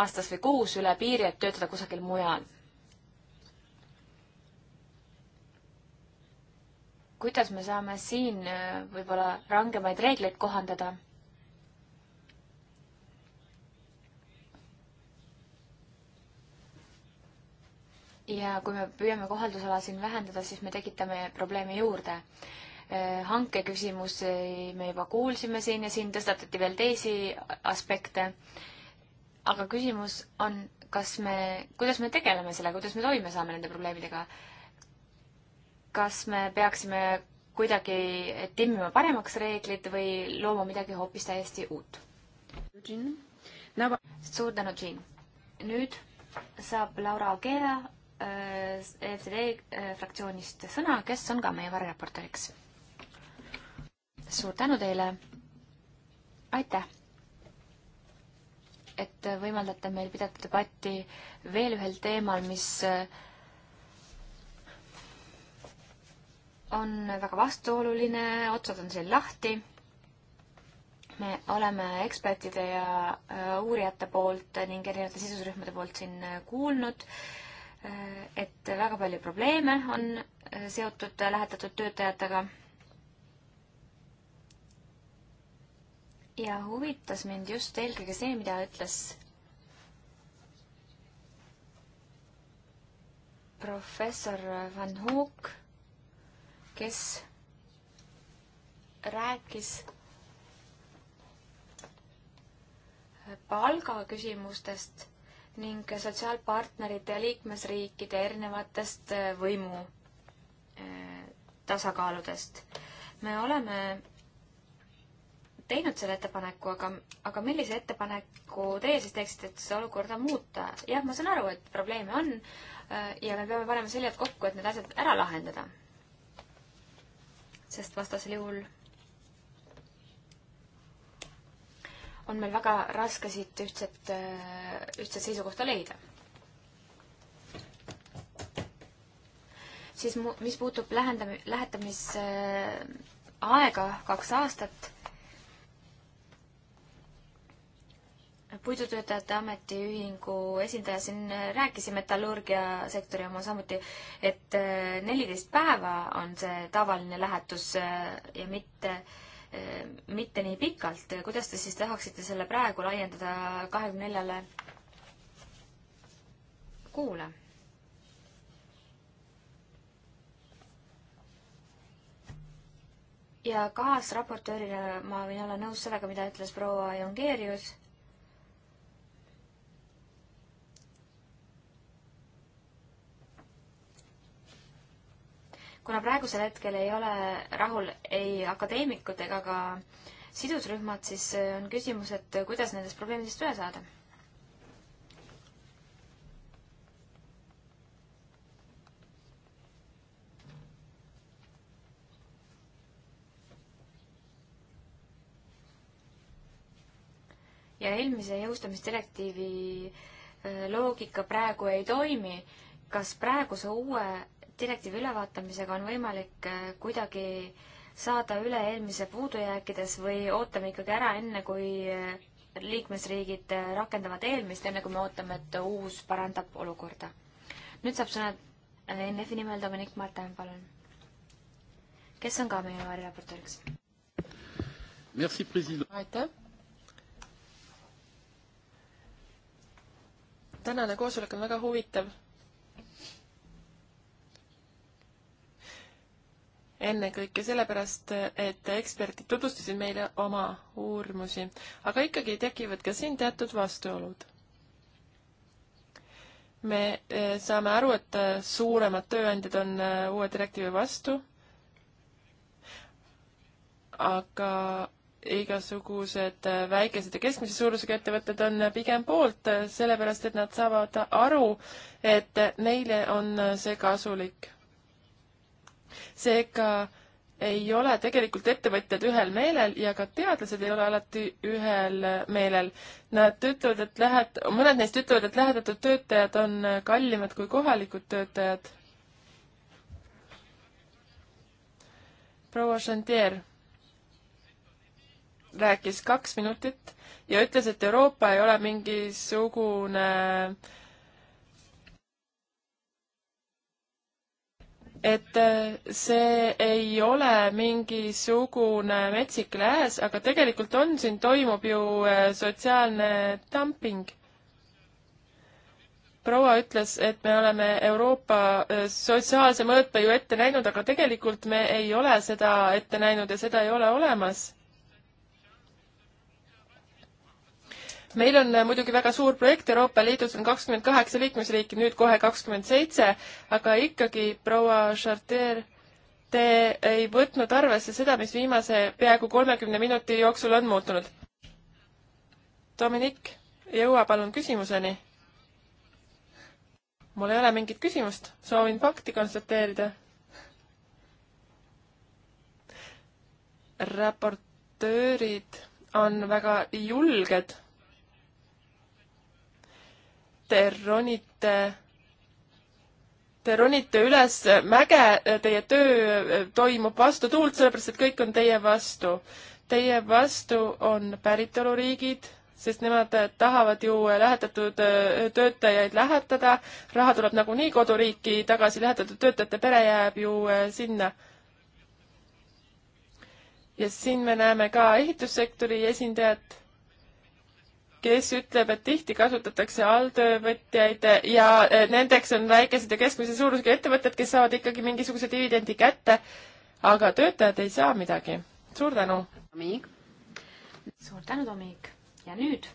aastas või kuus üle piiri, et töötada kusagil mujal? kuidas me saame siin võib-olla rangemaid reegleid kohandada? ja kui me püüame kohaldusala siin vähendada, siis me tekitame probleeme juurde. Äh, hanke küsimusi me juba kuulsime siin ja siin tõstatati veel teisi aspekte. aga küsimus on, kas me, kuidas me tegeleme sellega, kuidas me toime saame nende probleemidega? kas me peaksime kuidagi timmima paremaks reeglid või looma midagi hoopis täiesti uut? suur tänu, Jean. nüüd saab Laura Agea Äh, EFTD äh, fraktsioonist sõna, kes on ka meie variraportoriks. suur tänu teile, aitäh, et võimaldate meil pidada debatti veel ühel teemal, mis äh, on väga vastuoluline, otsad on siin lahti me oleme ekspertide ja uurijate poolt ning erinevate sisusrühmade poolt siin kuulnud et väga palju probleeme on äh, seotud lähetatud töötajatega. ja huvitas mind just eelkõige see, mida ütles professor Van Hook, kes rääkis palgaküsimustest ning sotsiaalpartnerite ja liikmesriikide erinevatest äh, võimu äh, tasakaaludest. me oleme teinud selle ettepaneku, aga, aga millise ettepaneku teie siis teeksite, et seda olukorda muuta? jah, ma saan aru, et probleeme on äh, ja me peame panema seljad kokku, et need asjad ära lahendada. sest vastasel juhul on meil väga raske siit ühtset, äh, ühtset seisukohta leida. siis mu-, mis puutub lähendam-, lähetamisaega äh, kaks aastat, puidutöötajate ametiühingu esindaja siin rääkis ja metallurgiasektori oma samuti, et äh, neliteist päeva on see tavaline lähetus ja mitte äh, Äh, mitte nii pikalt, kuidas te siis tahaksite selle praegu laiendada kahekümne neljale kuule? ja kaasraportöörina ma võin olla nõus sellega, mida ütles proua Jongeerius kuna praegusel hetkel ei ole rahul ei akadeemikud ega ka sidusrühmad, siis on küsimus, et kuidas nendest probleemidest üle saada. ja eelmise jõustamisdirektiivi äh, loogika praegu ei toimi. kas praeguse uue direktiivi ülevaatamisega on võimalik äh, kuidagi saada üle eelmise puudujääkides või ootame ikkagi ära, enne kui äh, liikmesriigid äh, rakendavad eelmist, enne kui me ootame, et uus parandab olukorda. nüüd saab sõna NF-i nimel Dominic Martin, palun. kes on ka meie variraportööriks? aitäh. tänane koosolek on väga huvitav ennekõike sellepärast, et eksperdid tutvustasid meile oma uurimusi, aga ikkagi tekivad ka siin teatud vastuolud. me e, saame aru, et e, suuremad tööandjad on e, uue direktiivi vastu, aga igasugused väikesed ja keskmise suurusega ettevõtted on pigem poolt, sellepärast et nad saavad aru, et neile on see kasulik seega ei ole tegelikult ettevõtjad ühel meelel ja ka teadlased ei ole alati ühel meelel. Nad ütlevad, et lähed-, mõned neist ütlevad, et lähedatud töötajad on kallimad kui kohalikud töötajad. proua Chantier rääkis kaks minutit ja ütles, et Euroopa ei ole mingisugune äh, et äh, see ei ole mingisugune metsik lääs, aga tegelikult on, siin toimub ju äh, sotsiaalne dumping. proua ütles, et me oleme Euroopa äh, sotsiaalse mõõtme ju ette näinud, aga tegelikult me ei ole seda ette näinud ja seda ei ole olemas meil on äh, muidugi väga suur projekt Euroopa Liidus, on kakskümmend kaheksa liikmesriiki, nüüd kohe kakskümmend seitse, aga ikkagi, proua Chartier, te ei võtnud arvesse seda, mis viimase peaaegu kolmekümne minuti jooksul on muutunud. Dominik, jõua palun küsimuseni. mul ei ole mingit küsimust, soovin fakti konstateerida. raportöörid on väga julged te ronite te ronite üles mäge, äh, teie töö äh, toimub vastu tuult, sellepärast et kõik on teie vastu. Teie vastu on päritoluriigid, sest nemad äh, tahavad ju lähetatud töötajaid lähetada, raha tuleb nagunii koduriiki tagasi, lähetatud töötajate pere jääb ju sinna. ja siin me näeme ka ehitussektori esindajat kes ütleb, et tihti kasutatakse alltöövõtjaid ja eh, nendeks on väikesed ja keskmise suurusega ettevõtted, kes saavad ikkagi mingisuguse dividendi kätte, aga töötajad ei saa midagi. suur tänu! suur tänu, Tomik! ja nüüd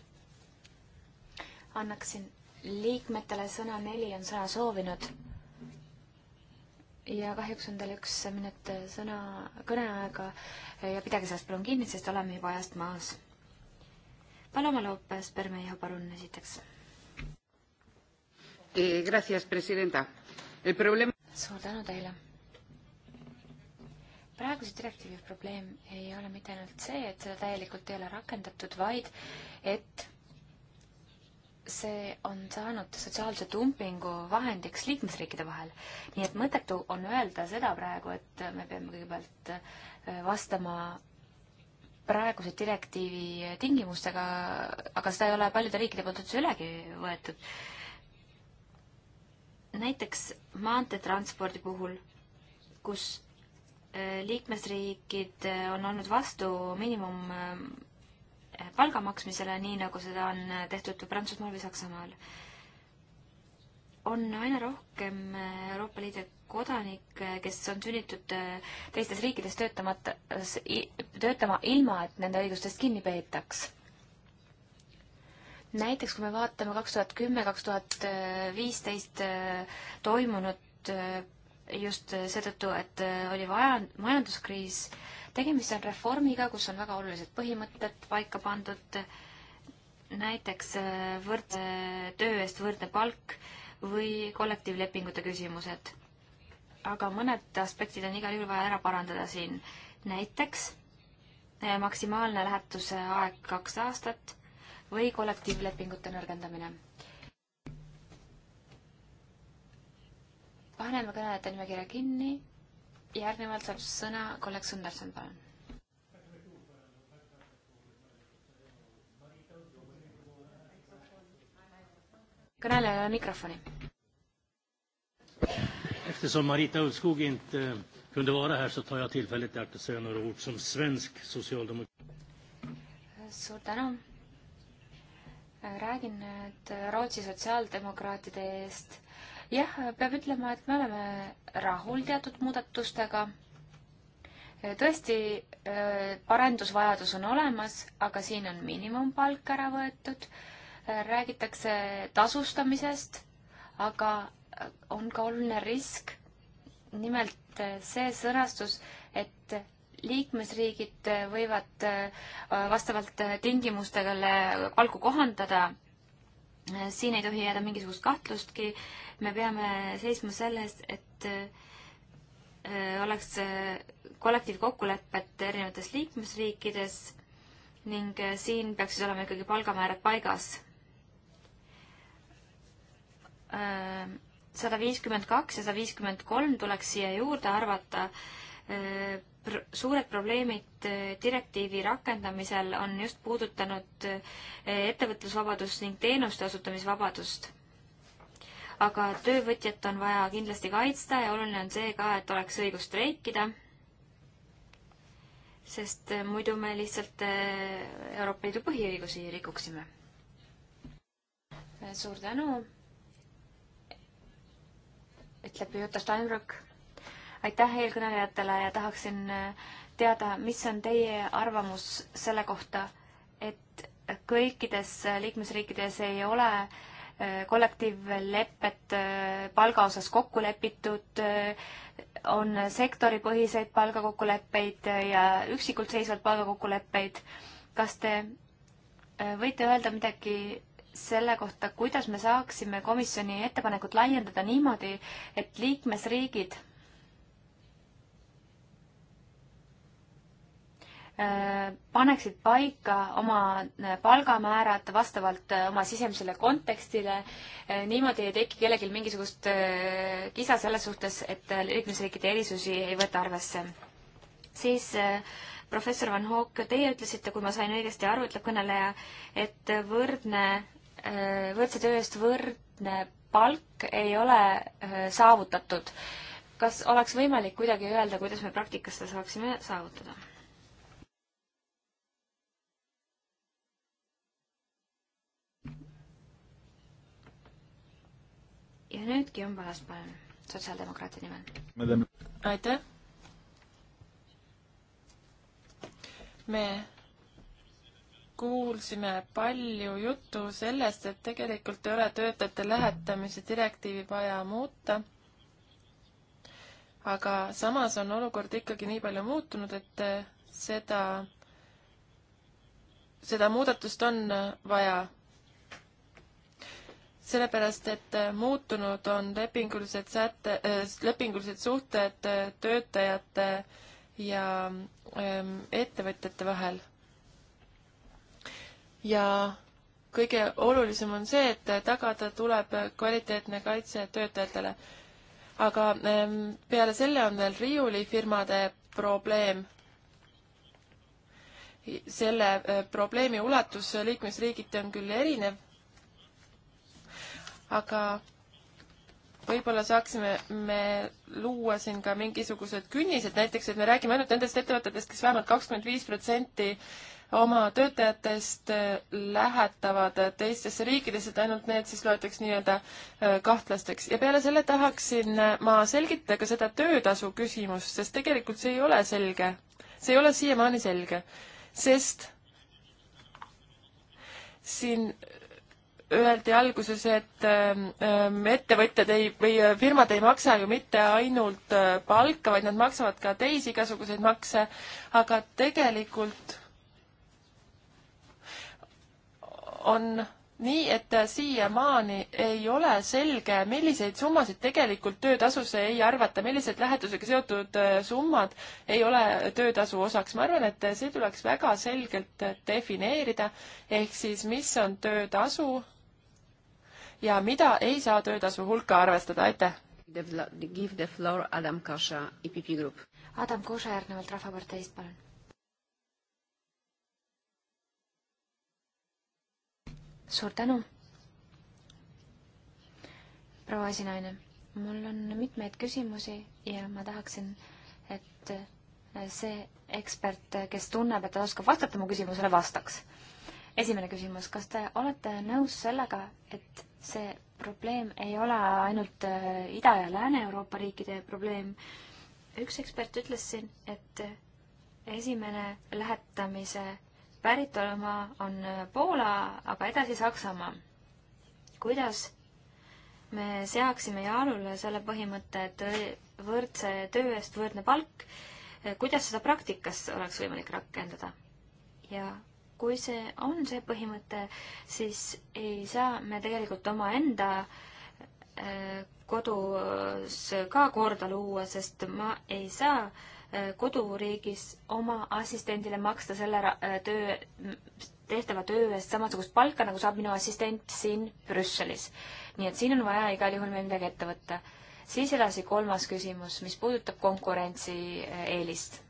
annaksin liikmetele sõna, neli on sõna soovinud. ja kahjuks on teil üks minut sõna kõneaega ja pidage sellest palun kinni, sest oleme juba ajast maas Paloma López Bermejo, palun esiteks eh,. Gracias, presidenta. El problem... suur tänu teile. praeguse direktiivi probleem ei ole mitte ainult see, et seda täielikult ei ole rakendatud, vaid et see on saanud sotsiaalse dumpingu vahendiks liikmesriikide vahel. nii et mõttetu on öelda seda praegu, et me peame kõigepealt eh, vastama praeguse direktiivi tingimustega, aga seda ei ole paljude riikide poolt üldse ülegi võetud. näiteks maanteetranspordi puhul, kus äh, liikmesriigid äh, on olnud vastu miinimum äh, palga maksmisele, nii nagu seda on tehtud Prantsusmaal või Saksamaal. on aina rohkem Euroopa Liidu kodanik, kes on sunnitud äh, teistes riikides töötamata, töötama ilma, et nende õigustest kinni peetaks näiteks kui me vaatame kaks tuhat kümme, kaks tuhat äh, viisteist äh, toimunut just seetõttu, et oli vaja majanduskriis, tegemist on reformiga, kus on väga olulised põhimõtted paika pandud, näiteks võrdse töö eest võrdne palk või kollektiivlepingute küsimused aga mõned aspektid on igal juhul vaja ära parandada siin. näiteks eh, maksimaalne lähetuse aeg kaks aastat või kollektiivlepingute nõrgendamine. paneme kõnelejate nimekirja kinni. järgnevalt saab sõna kolleeg Sunderson, palun. kõnelejale mikrofoni Eftersom Marita Ulvskog inte eh, kunde vara här så tar jag tillfället i akt att säga några ord som svensk socialdemokrat. Suur tänu. Räägin nüüd Rootsi sotsiaaldemokraatide eest. Jah, peab ütlema, et me oleme rahul teatud muudatustega. Tõesti, eh, parendusvajadus on olemas, aga siin on miinimumpalk ära võetud. Räägitakse tasustamisest, aga on ka oluline risk, nimelt eh, see sõnastus, et liikmesriigid eh, võivad eh, vastavalt tingimustele palku kohandada. siin ei tohi jääda mingisugust kahtlustki. me peame seisma selle eest, et oleks kollektiivkokkulepped erinevates liikmesriikides ning siin peaks siis olema ikkagi palgamäärad paigas sada viiskümmend kaks ja sada viiskümmend kolm tuleks siia juurde arvata. Äh, suured probleemid äh, direktiivi rakendamisel on just puudutanud äh, ettevõtlusvabadust ning teenuste osutamisvabadust. aga töövõtjat on vaja kindlasti kaitsta ja oluline on see ka, et oleks õigus streikida sest muidu me lihtsalt Euroopa Liidu põhiõigusi rikuksime. suur tänu ütleb Jutta Steinbrück. aitäh eelkõnelejatele ja tahaksin äh, teada, mis on teie arvamus selle kohta, et kõikides äh, liikmesriikides ei ole äh, kollektiivlepet palga osas kokku lepitud, on sektoripõhiseid palgakokkuleppeid ja üksikult seisvaid palgakokkuleppeid. kas te võite öelda midagi selle kohta, kuidas me saaksime komisjoni ettepanekut laiendada niimoodi, et liikmesriigid äh, paneksid paika oma äh, palgamäärad vastavalt äh, oma sisemisele kontekstile, niimoodi ei teki kellelgi mingisugust kisa selles suhtes, et liikmesriikide erisusi ei võta arvesse. siis professor Van Hook, teie ütlesite, kui ma sain õigesti aru, ütleb kõneleja, et võrdne Äh, võrdse töö eest võrdne palk ei ole äh, saavutatud. kas oleks võimalik kuidagi öelda, kuidas me praktikas seda saaksime saavutada? ja nüüd Guillaume Palas, palun, sotsiaaldemokraatide nimel. aitäh. me kuulsime palju juttu sellest, et tegelikult ei ole töötajate lähetamise direktiivi vaja muuta. aga samas on olukord ikkagi nii palju muutunud, et seda, seda muudatust on vaja sellepärast, et muutunud on lepingulised säte, äh, lepingulised suhted töötajate ja ähm, ettevõtjate vahel ja kõige olulisem on see, et tagada tuleb kvaliteetne kaitse töötajatele. aga ehm, peale selle on veel riiulifirmade probleem. selle eh, probleemi ulatus liikmesriigiti on küll erinev, aga võib-olla saaksime me luua siin ka mingisugused künnised, näiteks et me räägime ainult nendest ettevõtetest, kes vähemalt kakskümmend viis protsenti oma töötajatest äh, lähetavad teistesse riikidesse, et ainult need siis loetaks nii-öelda äh, kahtlasteks. ja peale selle tahaksin äh, ma selgitada ka seda töötasu küsimust, sest tegelikult see ei ole selge. see ei ole siiamaani selge, sest siin öeldi alguses, et ähm, ähm, ettevõtjad ei, või äh, firmad ei maksa ju mitte ainult äh, palka, vaid nad maksavad ka teisi igasuguseid makse, aga tegelikult on nii, et äh, siiamaani ei ole selge, milliseid summasid tegelikult töötasusse ei arvata, millised lähetusega seotud summad ei ole töötasu osaks. ma arvan, et see tuleks väga selgelt defineerida, ehk siis mis on töötasu ja mida ei saa töötasu hulka arvestada, aitäh! Give the floor Adam Koša, EPP Group. Adam Koša järgnevalt Rahvaparteist, palun. suur tänu, proua esinaine. mul on mitmeid küsimusi ja ma tahaksin, et see ekspert, kes tunneb, et ta oskab vastata mu küsimusele, vastaks. esimene küsimus, kas te olete nõus sellega, et see probleem ei ole ainult äh, Ida- ja Lääne-Euroopa riikide probleem. üks ekspert ütles siin, et äh, esimene lähetamise päritolumaa on äh, Poola, aga edasi Saksamaa. kuidas me seaksime jaalule selle põhimõtte, et võrdse töö eest võrdne palk, kuidas seda praktikas oleks võimalik rakendada? ja kui see on see põhimõte, siis ei saa me tegelikult omaenda äh, kodus ka korda luua, sest ma ei saa äh, koduriigis oma assistendile maksta selle äh, töö, tehtava töö eest samasugust palka, nagu saab minu assistent siin Brüsselis. nii et siin on vaja igal juhul meil midagi ette võtta. siis edasi kolmas küsimus, mis puudutab konkurentsieelist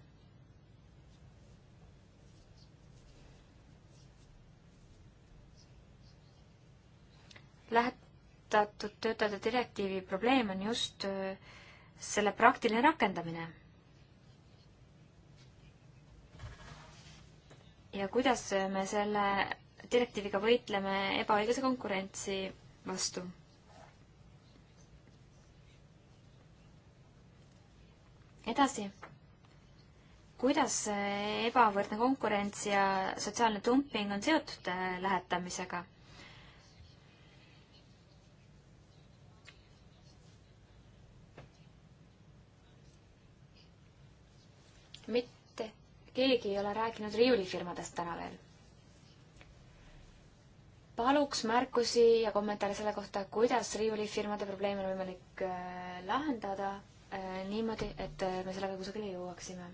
lähetatud töötajate direktiivi probleem on just äh, selle praktiline rakendamine. ja kuidas me selle direktiiviga võitleme ebaõiglase konkurentsi vastu edasi. kuidas ebavõrdne konkurents ja sotsiaalne dumping on seotud äh, lähetamisega? mitte keegi ei ole rääkinud riiulifirmadest täna veel. paluks märkusi ja kommentaare selle kohta, kuidas riiulifirmade probleeme on võimalik äh, lahendada äh, niimoodi, et äh, me sellega kusagile jõuaksime.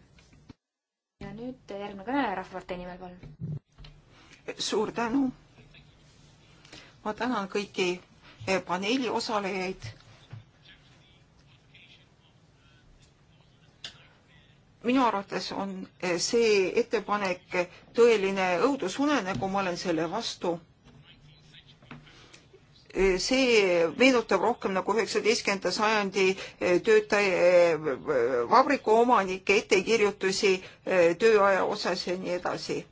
ja nüüd järgmine kõneleja Rahvapartei nimel, palun. suur tänu. ma tänan kõiki paneeli osalejaid minu arvates on eh, see ettepanek tõeline õudusunenägu, ma olen selle vastu. Eh, see meenutab rohkem nagu üheksateistkümnenda sajandi eh, töötaja, vabrikuomanike ettekirjutusi tööaja osas ja nii edasi.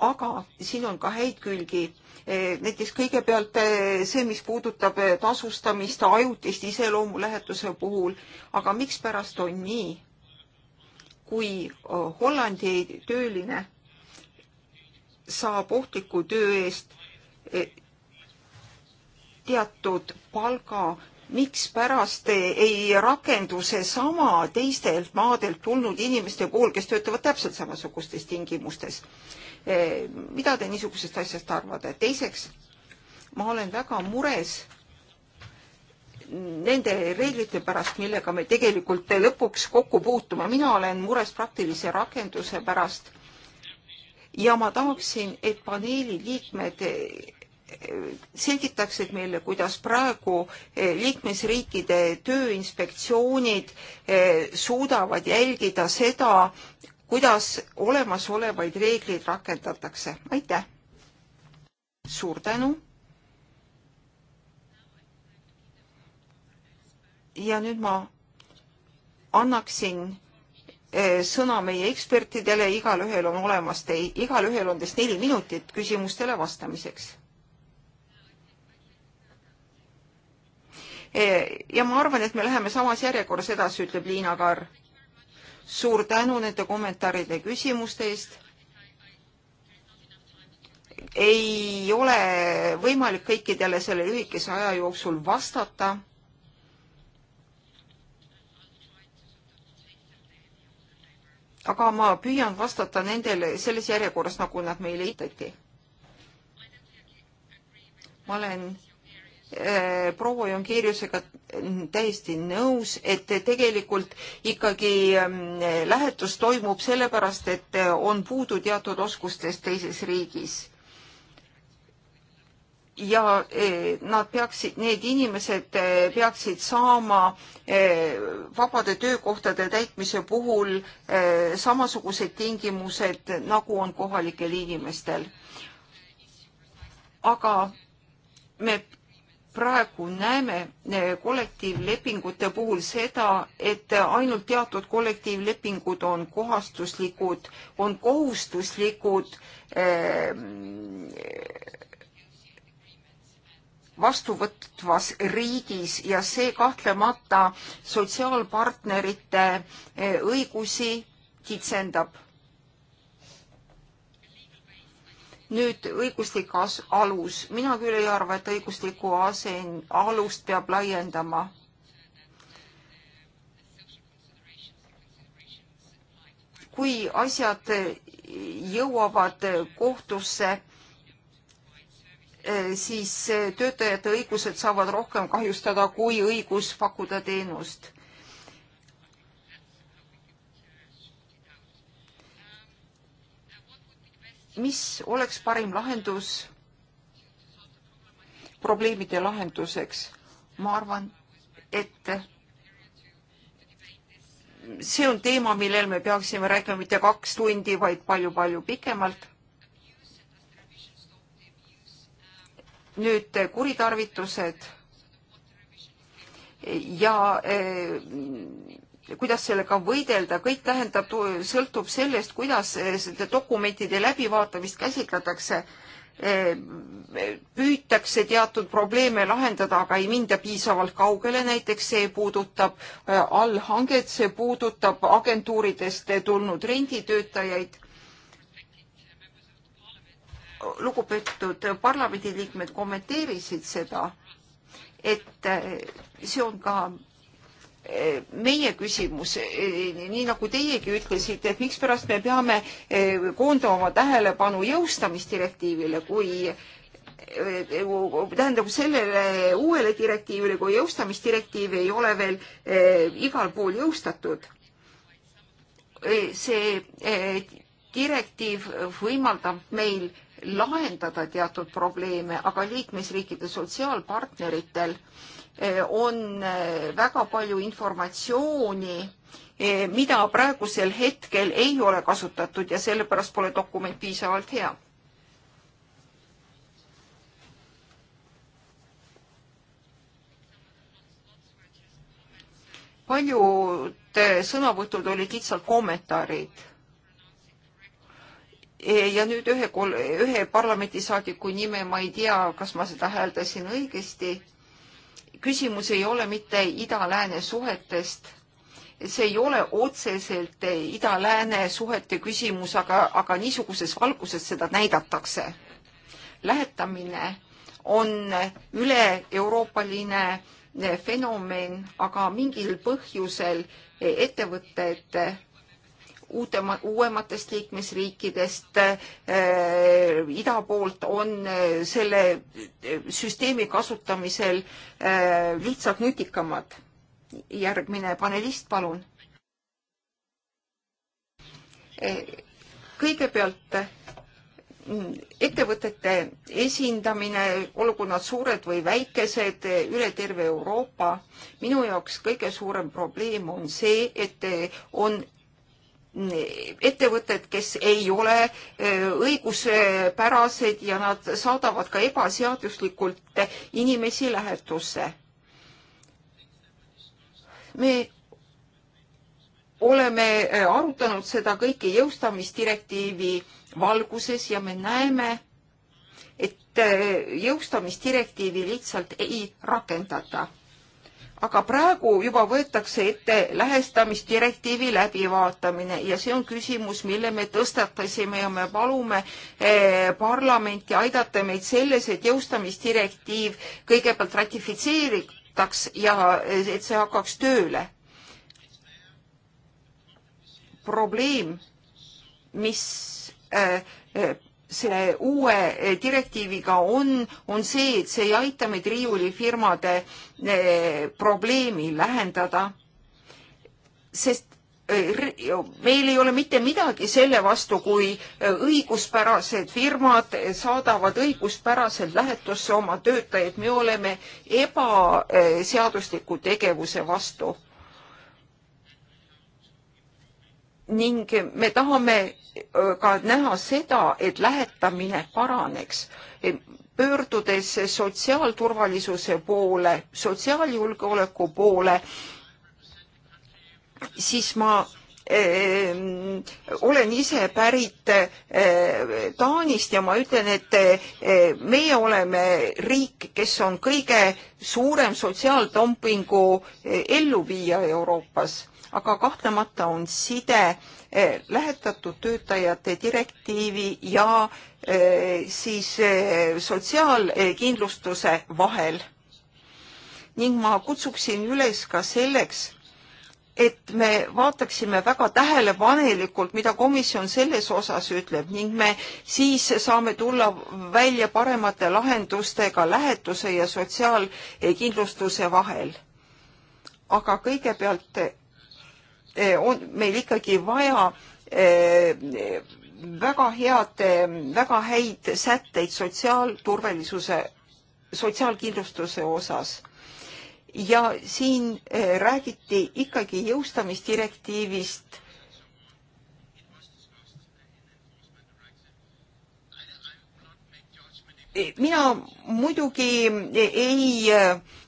aga siin on ka häid külgi Eh, näiteks kõigepealt eh, see, mis puudutab eh, tasustamist ajutist iseloomu lähetuse puhul, aga mikspärast on nii, kui Hollandi tööline saab ohtliku töö eest teatud palga, mikspärast ei rakendu seesama teistelt maadelt tulnud inimeste puhul, kes töötavad täpselt samasugustes tingimustes. Eh, mida te niisugusest asjast arvate? teiseks, ma olen väga mures nende reeglite pärast, millega me tegelikult lõpuks kokku puutume. mina olen mures praktilise rakenduse pärast ja ma tahaksin, et paneeli liikmed eh, selgitaksid meile, kuidas praegu eh, liikmesriikide tööinspektsioonid suudavad jälgida seda, kuidas olemasolevaid reegleid rakendatakse. aitäh! suur tänu! ja nüüd ma annaksin eh, sõna meie ekspertidele, igalühel on olemas tei-, igalühel on teist neli minutit küsimustele vastamiseks. Eh, ja ma arvan, et me läheme samas järjekorras edasi, ütleb Liina Kaar suur tänu nende kommentaaride ja küsimuste eest. ei ole võimalik kõikidele selle lühikese aja jooksul vastata aga ma püüan vastata nendele selles järjekorras, nagu nad meile esitati. ma olen Äh, proua Jongeeriusega täiesti nõus, et tegelikult ikkagi ähm, lähetus toimub sellepärast, et äh, on puudu teatud oskustest teises riigis. ja äh, nad peaksid, need inimesed peaksid saama vabade töökohtade täitmise puhul samasugused tingimused, nagu on kohalikel inimestel. aga me praegu näeme eh, kollektiivlepingute puhul seda, et ainult teatud kollektiivlepingud on kohastuslikud, on kohustuslikud eh, vastuvõtvas riigis ja see kahtlemata sotsiaalpartnerite eh, õigusi kitsendab nüüd õiguslik as-, alus, mina küll ei arva, et õiguslikku asen-, alust peab laiendama. kui asjad jõuavad kohtusse, eh, siis töötajate õigused saavad rohkem kahjustada kui õigus pakkuda teenust mis oleks parim lahendus probleemide lahenduseks? ma arvan, et see on teema, millel me peaksime rääkima mitte kaks tundi, vaid palju-palju pikemalt. nüüd kuritarvitused ja eh, kuidas sellega võidelda, kõik tähendab, sõltub sellest, kuidas eh, seda dokumentide läbivaatamist käsitletakse. Eh, püütakse teatud probleeme lahendada, aga ei minda piisavalt kaugele, näiteks see puudutab eh, allhanget, see puudutab agentuuridest tulnud renditöötajaid lugupeetud parlamendiliikmed kommenteerisid seda, et see on ka meie küsimus, e, nii nagu teiegi ütlesite, et mikspärast me peame e, koondama oma tähelepanu jõustamisdirektiivile, kui e, tähendab sellele uuele direktiivile, kui jõustamisdirektiiv ei ole veel igal pool jõustatud. see direktiiv võimaldab meil lahendada teatud probleeme, aga liikmesriikide sotsiaalpartneritel äh, on äh, väga palju informatsiooni, äh, mida praegusel hetkel ei ole kasutatud ja sellepärast pole dokument piisavalt hea. paljud äh, sõnavõtud olid lihtsalt kommentaarid e, ja nüüd ühe, ühe parlamendisaadiku nime ma ei tea, kas ma seda hääldasin õigesti küsimus ei ole mitte ida-lääne suhetest, see ei ole otseselt ida-lääne suhete küsimus, aga, aga niisuguses valguses seda näidatakse. lähetamine on üle-euroopaline fenomen, aga mingil põhjusel ettevõtted et uutema, uuematest liikmesriikidest äh, ida poolt on eh, selle eh, süsteemi kasutamisel äh, lihtsalt nutikamad. järgmine panelist, palun. kõigepealt mm, ettevõtete esindamine, olgu nad suured või väikesed, üle terve Euroopa. minu jaoks kõige suurem probleem on see, et on ettevõtted, kes ei ole e, õiguspärased ja nad saadavad ka ebaseaduslikult inimesi lähetusse. me oleme e, arutanud seda kõike jõustamisdirektiivi valguses ja me näeme, et e, jõustamisdirektiivi lihtsalt ei rakendata aga praegu juba võetakse ette lähestamisdirektiivi läbivaatamine ja see on küsimus, mille me tõstatasime ja me palume eh, parlamenti aidata meid selles, et jõustamisdirektiiv kõigepealt ratifitseeritaks ja eh, et see hakkaks tööle. probleem, mis äh, see uue eh, direktiiviga on, on see, et see ei aita meid riiulifirmade eh, probleemi lähendada, sest eh, meil ei ole mitte midagi selle vastu, kui õiguspärased firmad saadavad õiguspäraselt lähetusse oma töötajaid, me oleme ebaseadusliku tegevuse vastu ning me tahame ka näha seda, et lähetamine paraneks, pöördudes sotsiaalturvalisuse poole, sotsiaaljulgeoleku poole, siis ma äh, olen ise pärit äh, Taanist ja ma ütlen, et äh, meie oleme riik, kes on kõige suurem sotsiaaldumpingu elluviija Euroopas aga kahtlemata on side eh, lähetatud töötajate direktiivi ja eh, siis eh, sotsiaalkindlustuse vahel. ning ma kutsuksin üles ka selleks, et me vaataksime väga tähelepanelikult, mida komisjon selles osas ütleb ning me siis saame tulla välja paremate lahendustega lähetuse ja sotsiaalkindlustuse vahel. aga kõigepealt Eh, on meil ikkagi vaja eh, väga head, eh, väga häid sätteid sotsiaalturvalisuse, sotsiaalkindlustuse osas. ja siin räägiti ikkagi jõustamisdirektiivist mina muidugi ei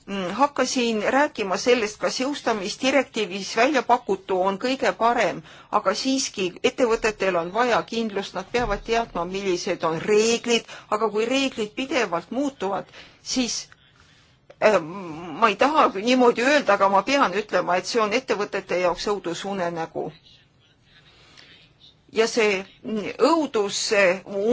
Mm, hakkasin rääkima sellest, kas jõustamisdirektiivis välja pakutu on kõige parem, aga siiski ettevõtetel on vaja kindlust, nad peavad teadma, millised on reeglid, aga kui reeglid pidevalt muutuvad, siis äh, ma ei taha niimoodi öelda, aga ma pean ütlema, et see on ettevõtete jaoks õudusunenägu ja see õudus,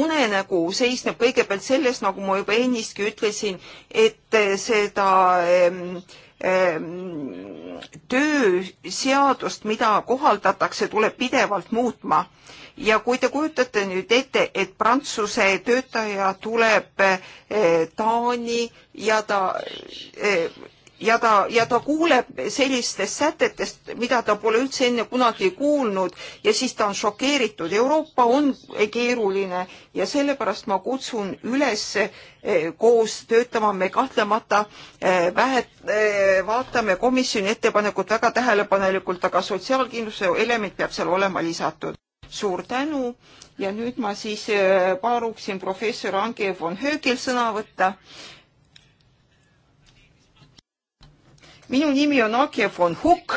unenägu seisneb kõigepealt selles, nagu ma juba ennistki ütlesin, et seda ähm, ähm, tööseadust, mida kohaldatakse, tuleb pidevalt muutma. ja kui te kujutate nüüd ette, et Prantsuse töötaja tuleb äh, Taani ja ta äh, ja ta, ja ta kuuleb sellistest sätetest, mida ta pole üldse enne kunagi kuulnud ja siis ta on šokeeritud. Euroopa on keeruline ja sellepärast ma kutsun üles eh, koos töötama, me kahtlemata eh, vähe eh, vaatame komisjoni ettepanekut väga tähelepanelikult, aga sotsiaalkindlustuse element peab seal olema lisatud. suur tänu ja nüüd ma siis paluksin professor Ange von Höögil sõna võtta minu nimi on Aki von Hukk.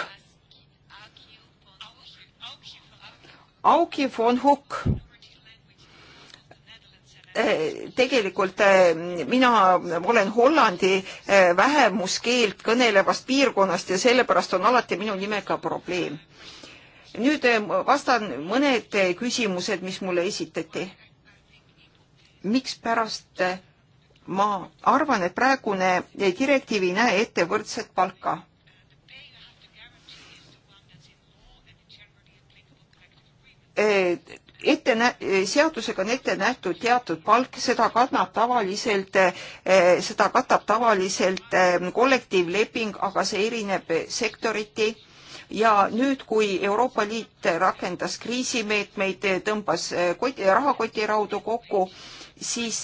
Auki von Hukk eh, tegelikult eh, mina olen hollandi eh, vähemuskeelt kõnelevast piirkonnast ja sellepärast on alati minu nimega probleem. nüüd vastan mõned küsimused, mis mulle esitati. mikspärast ma arvan, et praegune direktiiv ei näe ette võrdset palka. ette nä-, seadusega on ette nähtud teatud palk, seda kannab tavaliselt, seda katab tavaliselt ehm, kollektiivleping, aga see erineb sektoriti ja nüüd, kui Euroopa Liit rakendas kriisimeetmeid, tõmbas eh, koti, rahakoti raudu kokku, siis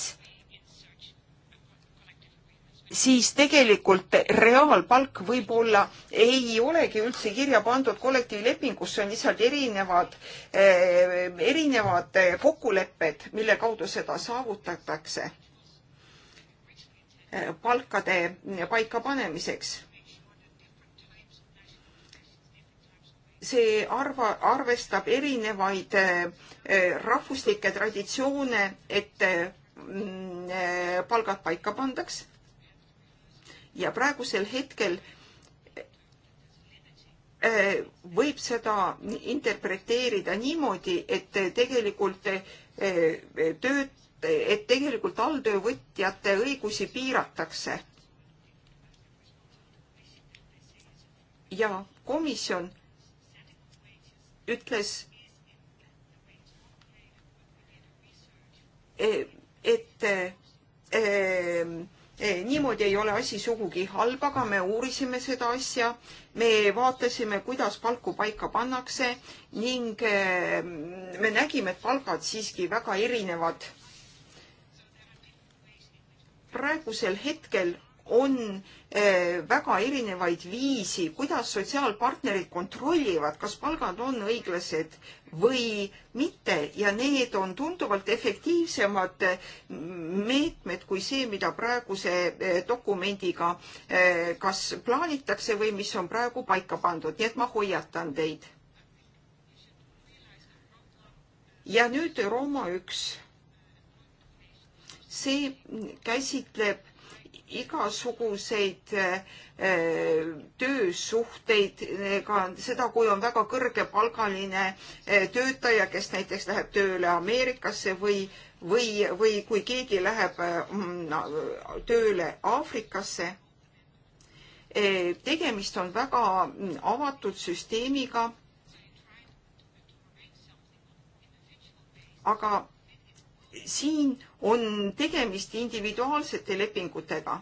siis tegelikult reaalpalk võib-olla ei olegi üldse kirja pandud kollektiivlepingus, see on lihtsalt erinevad, eh, erinevad kokkulepped, mille kaudu seda saavutatakse eh, palkade paikapanemiseks. see arva, arvestab erinevaid eh, rahvuslikke traditsioone, et mm, palgad paika pandaks ja praegusel hetkel äh, võib seda interpreteerida niimoodi, et tegelikult äh, tööd, et tegelikult alltöövõtjate õigusi piiratakse. ja komisjon ütles, äh, et, et Eh, niimoodi ei ole asi sugugi halb, aga me uurisime seda asja, me vaatasime, kuidas palku paika pannakse ning eh, me nägime, et palgad siiski väga erinevad. praegusel hetkel on eh, väga erinevaid viisi, kuidas sotsiaalpartnerid kontrollivad, kas palgad on õiglased või mitte ja need on tunduvalt efektiivsemad mm, meetmed kui see, mida praeguse eh, dokumendiga eh, kas plaanitakse või mis on praegu paika pandud, nii et ma hoiatan teid. ja nüüd Rooma üks. see käsitleb igasuguseid äh, töösuhteid, ka seda, kui on väga kõrgepalgaline äh, töötaja, kes näiteks läheb tööle Ameerikasse või, või, või kui keegi läheb mm, tööle Aafrikasse. Äh, tegemist on väga mm, avatud süsteemiga. aga siin on tegemist individuaalsete lepingutega,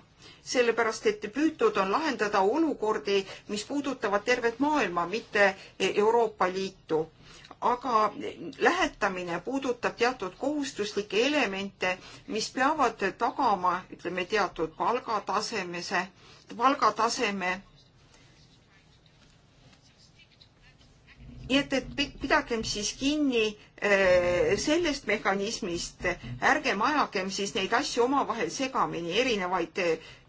sellepärast et püütud on lahendada olukordi, mis puudutavad tervet maailma, mitte Euroopa Liitu. aga lähetamine puudutab teatud kohustuslikke elemente, mis peavad tagama, ütleme, teatud palgatasemese, palgataseme nii et, et pidagem siis kinni äh, sellest mehhanismist, ärgem ajagem siis neid asju omavahel segamini, erinevaid,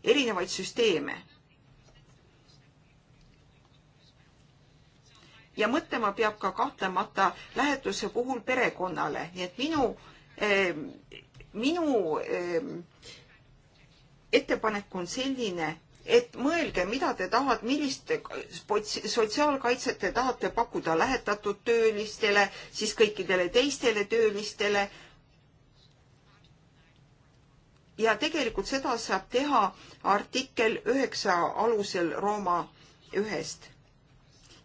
erinevaid süsteeme. ja mõtlema peab ka kahtlemata lähetuse puhul perekonnale, nii et minu, äh, minu äh, ettepanek on selline et mõelge, mida te tahate, millist sotsiaalkaitset te tahate pakkuda lähetatud töölistele, siis kõikidele teistele töölistele. ja tegelikult seda saab teha artikkel üheksa alusel Rooma ühest.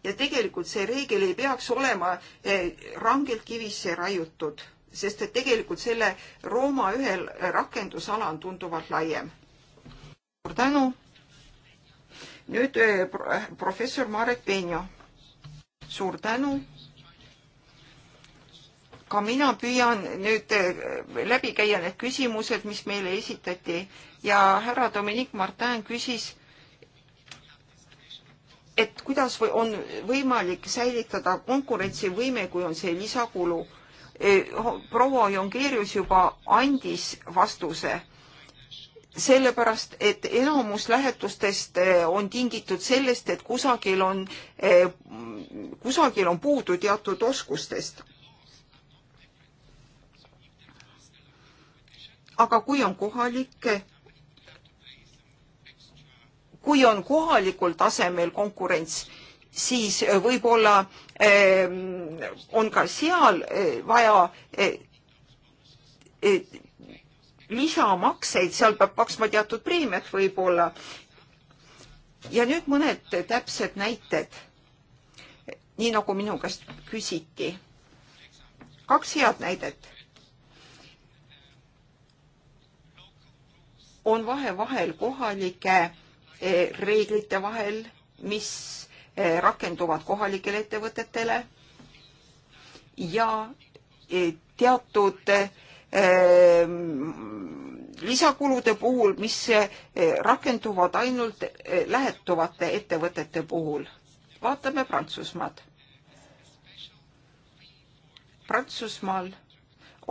ja tegelikult see reegel ei peaks olema eh, rangelt kivisse raiutud, sest et tegelikult selle Rooma ühel rakendusala on tunduvalt laiem. suur tänu nüüd eh, eh, professor Marek Penjo. suur tänu. ka mina püüan nüüd eh, läbi käia need küsimused, mis meile esitati ja härra Dominique Martin küsis et kuidas või on võimalik säilitada konkurentsivõime, kui on see lisakulu. proua Jongeerius juba andis vastuse sellepärast, et enamus lähetustest eh, on tingitud sellest, et kusagil on, eh, kusagil on puudu teatud oskustest. aga kui on kohalik, kui on kohalikul tasemel konkurents, siis eh, võib-olla on ka seal vaja lisamakseid, seal peab maksma teatud preemiat võib-olla. ja nüüd mõned täpsed näited. nii nagu minu käest küsiti. kaks head näidet. on vahe vahel kohalike eh, reeglite vahel, mis eh, rakenduvad kohalikele ettevõtetele ja eh, teatud Ehm, lisakulude puhul, mis eh, rakenduvad ainult eh, lähetuvate ettevõtete puhul. vaatame Prantsusmaad. Prantsusmaal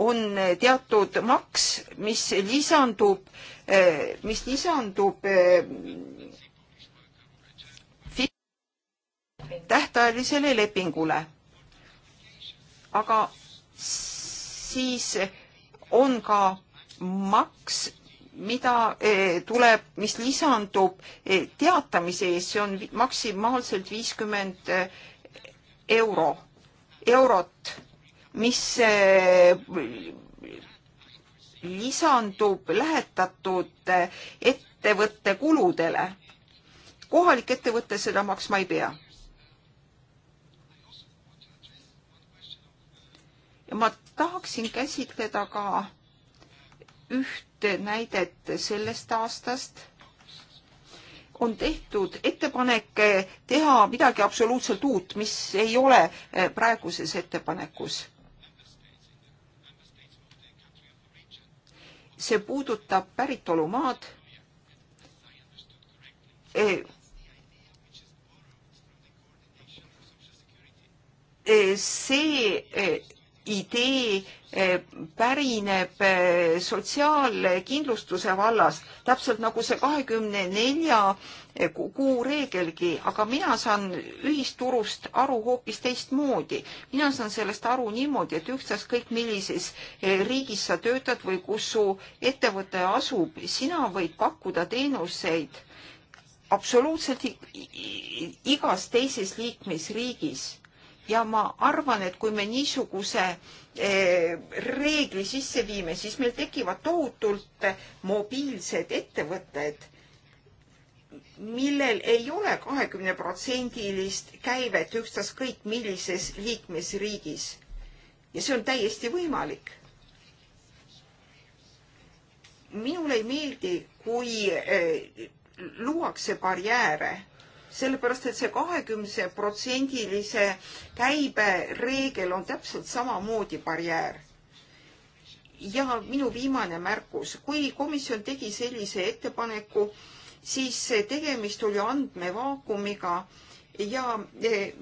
on eh, teatud maks, mis lisandub, mis lisandub tähtajalisele lepingule. aga siis on ka maks, mida eh, tuleb, mis lisandub eh, teatamise eest, see on maksimaalselt viiskümmend eh, euro, eurot, mis lisandub lähetatud ettevõtte kuludele. kohalik ettevõte seda maksma ei pea ma tahaksin käsitleda ka ühte näidet sellest aastast. on tehtud ettepanek teha midagi absoluutselt uut, mis ei ole eh, praeguses ettepanekus. see puudutab päritolumaad eh, eh, see idee eh, pärineb eh, sotsiaalkindlustuse vallas, täpselt nagu see kahekümne nelja eh, kuu reegelgi, aga mina saan ühisturust aru hoopis teistmoodi. mina saan sellest aru niimoodi, et ükstaskõik millises riigis sa töötad või kus su ettevõte asub, sina võid pakkuda teenuseid absoluutselt igas teises liikmesriigis ja ma arvan, et kui me niisuguse eh, reegli sisse viime, siis meil tekivad tohutult mobiilsed ettevõtted, millel ei ole kahekümneprotsendilist käivet ükstaskõik millises liikmesriigis. ja see on täiesti võimalik minule ei meeldi, kui eh, luuakse barjääre sellepärast et see kahekümne protsendilise käibereegel on täpselt samamoodi barjäär ja minu viimane märkus, kui komisjon tegi sellise ettepaneku, siis tegemist oli andmevaakumiga ja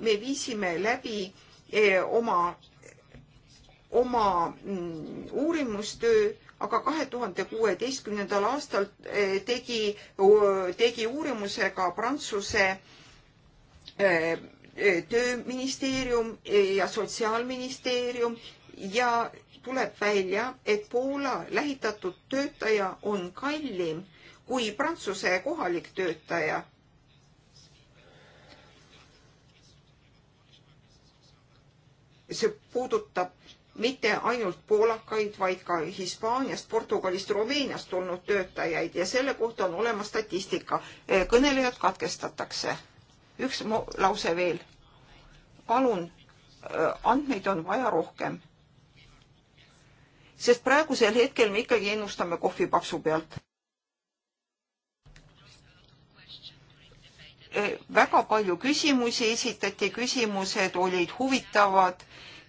me viisime läbi eh, oma, oma mm, uurimustöö, aga kahe tuhande kuueteistkümnendal aastal eh, tegi, tegi uurimuse ka Prantsuse eh, eh, tööministeerium ja sotsiaalministeerium ja tuleb välja, et Poola lähitatud töötaja on kallim kui Prantsuse kohalik töötaja. see puudutab mitte ainult poolakaid, vaid ka Hispaaniast, Portugalist, Rumeeniast tulnud töötajaid ja selle kohta on olemas statistika. kõnelejad katkestatakse. üks lause veel. palun, äh, andmeid on vaja rohkem. sest praegusel hetkel me ikkagi ennustame kohvipaksu pealt. Äh, väga palju küsimusi esitati, küsimused olid huvitavad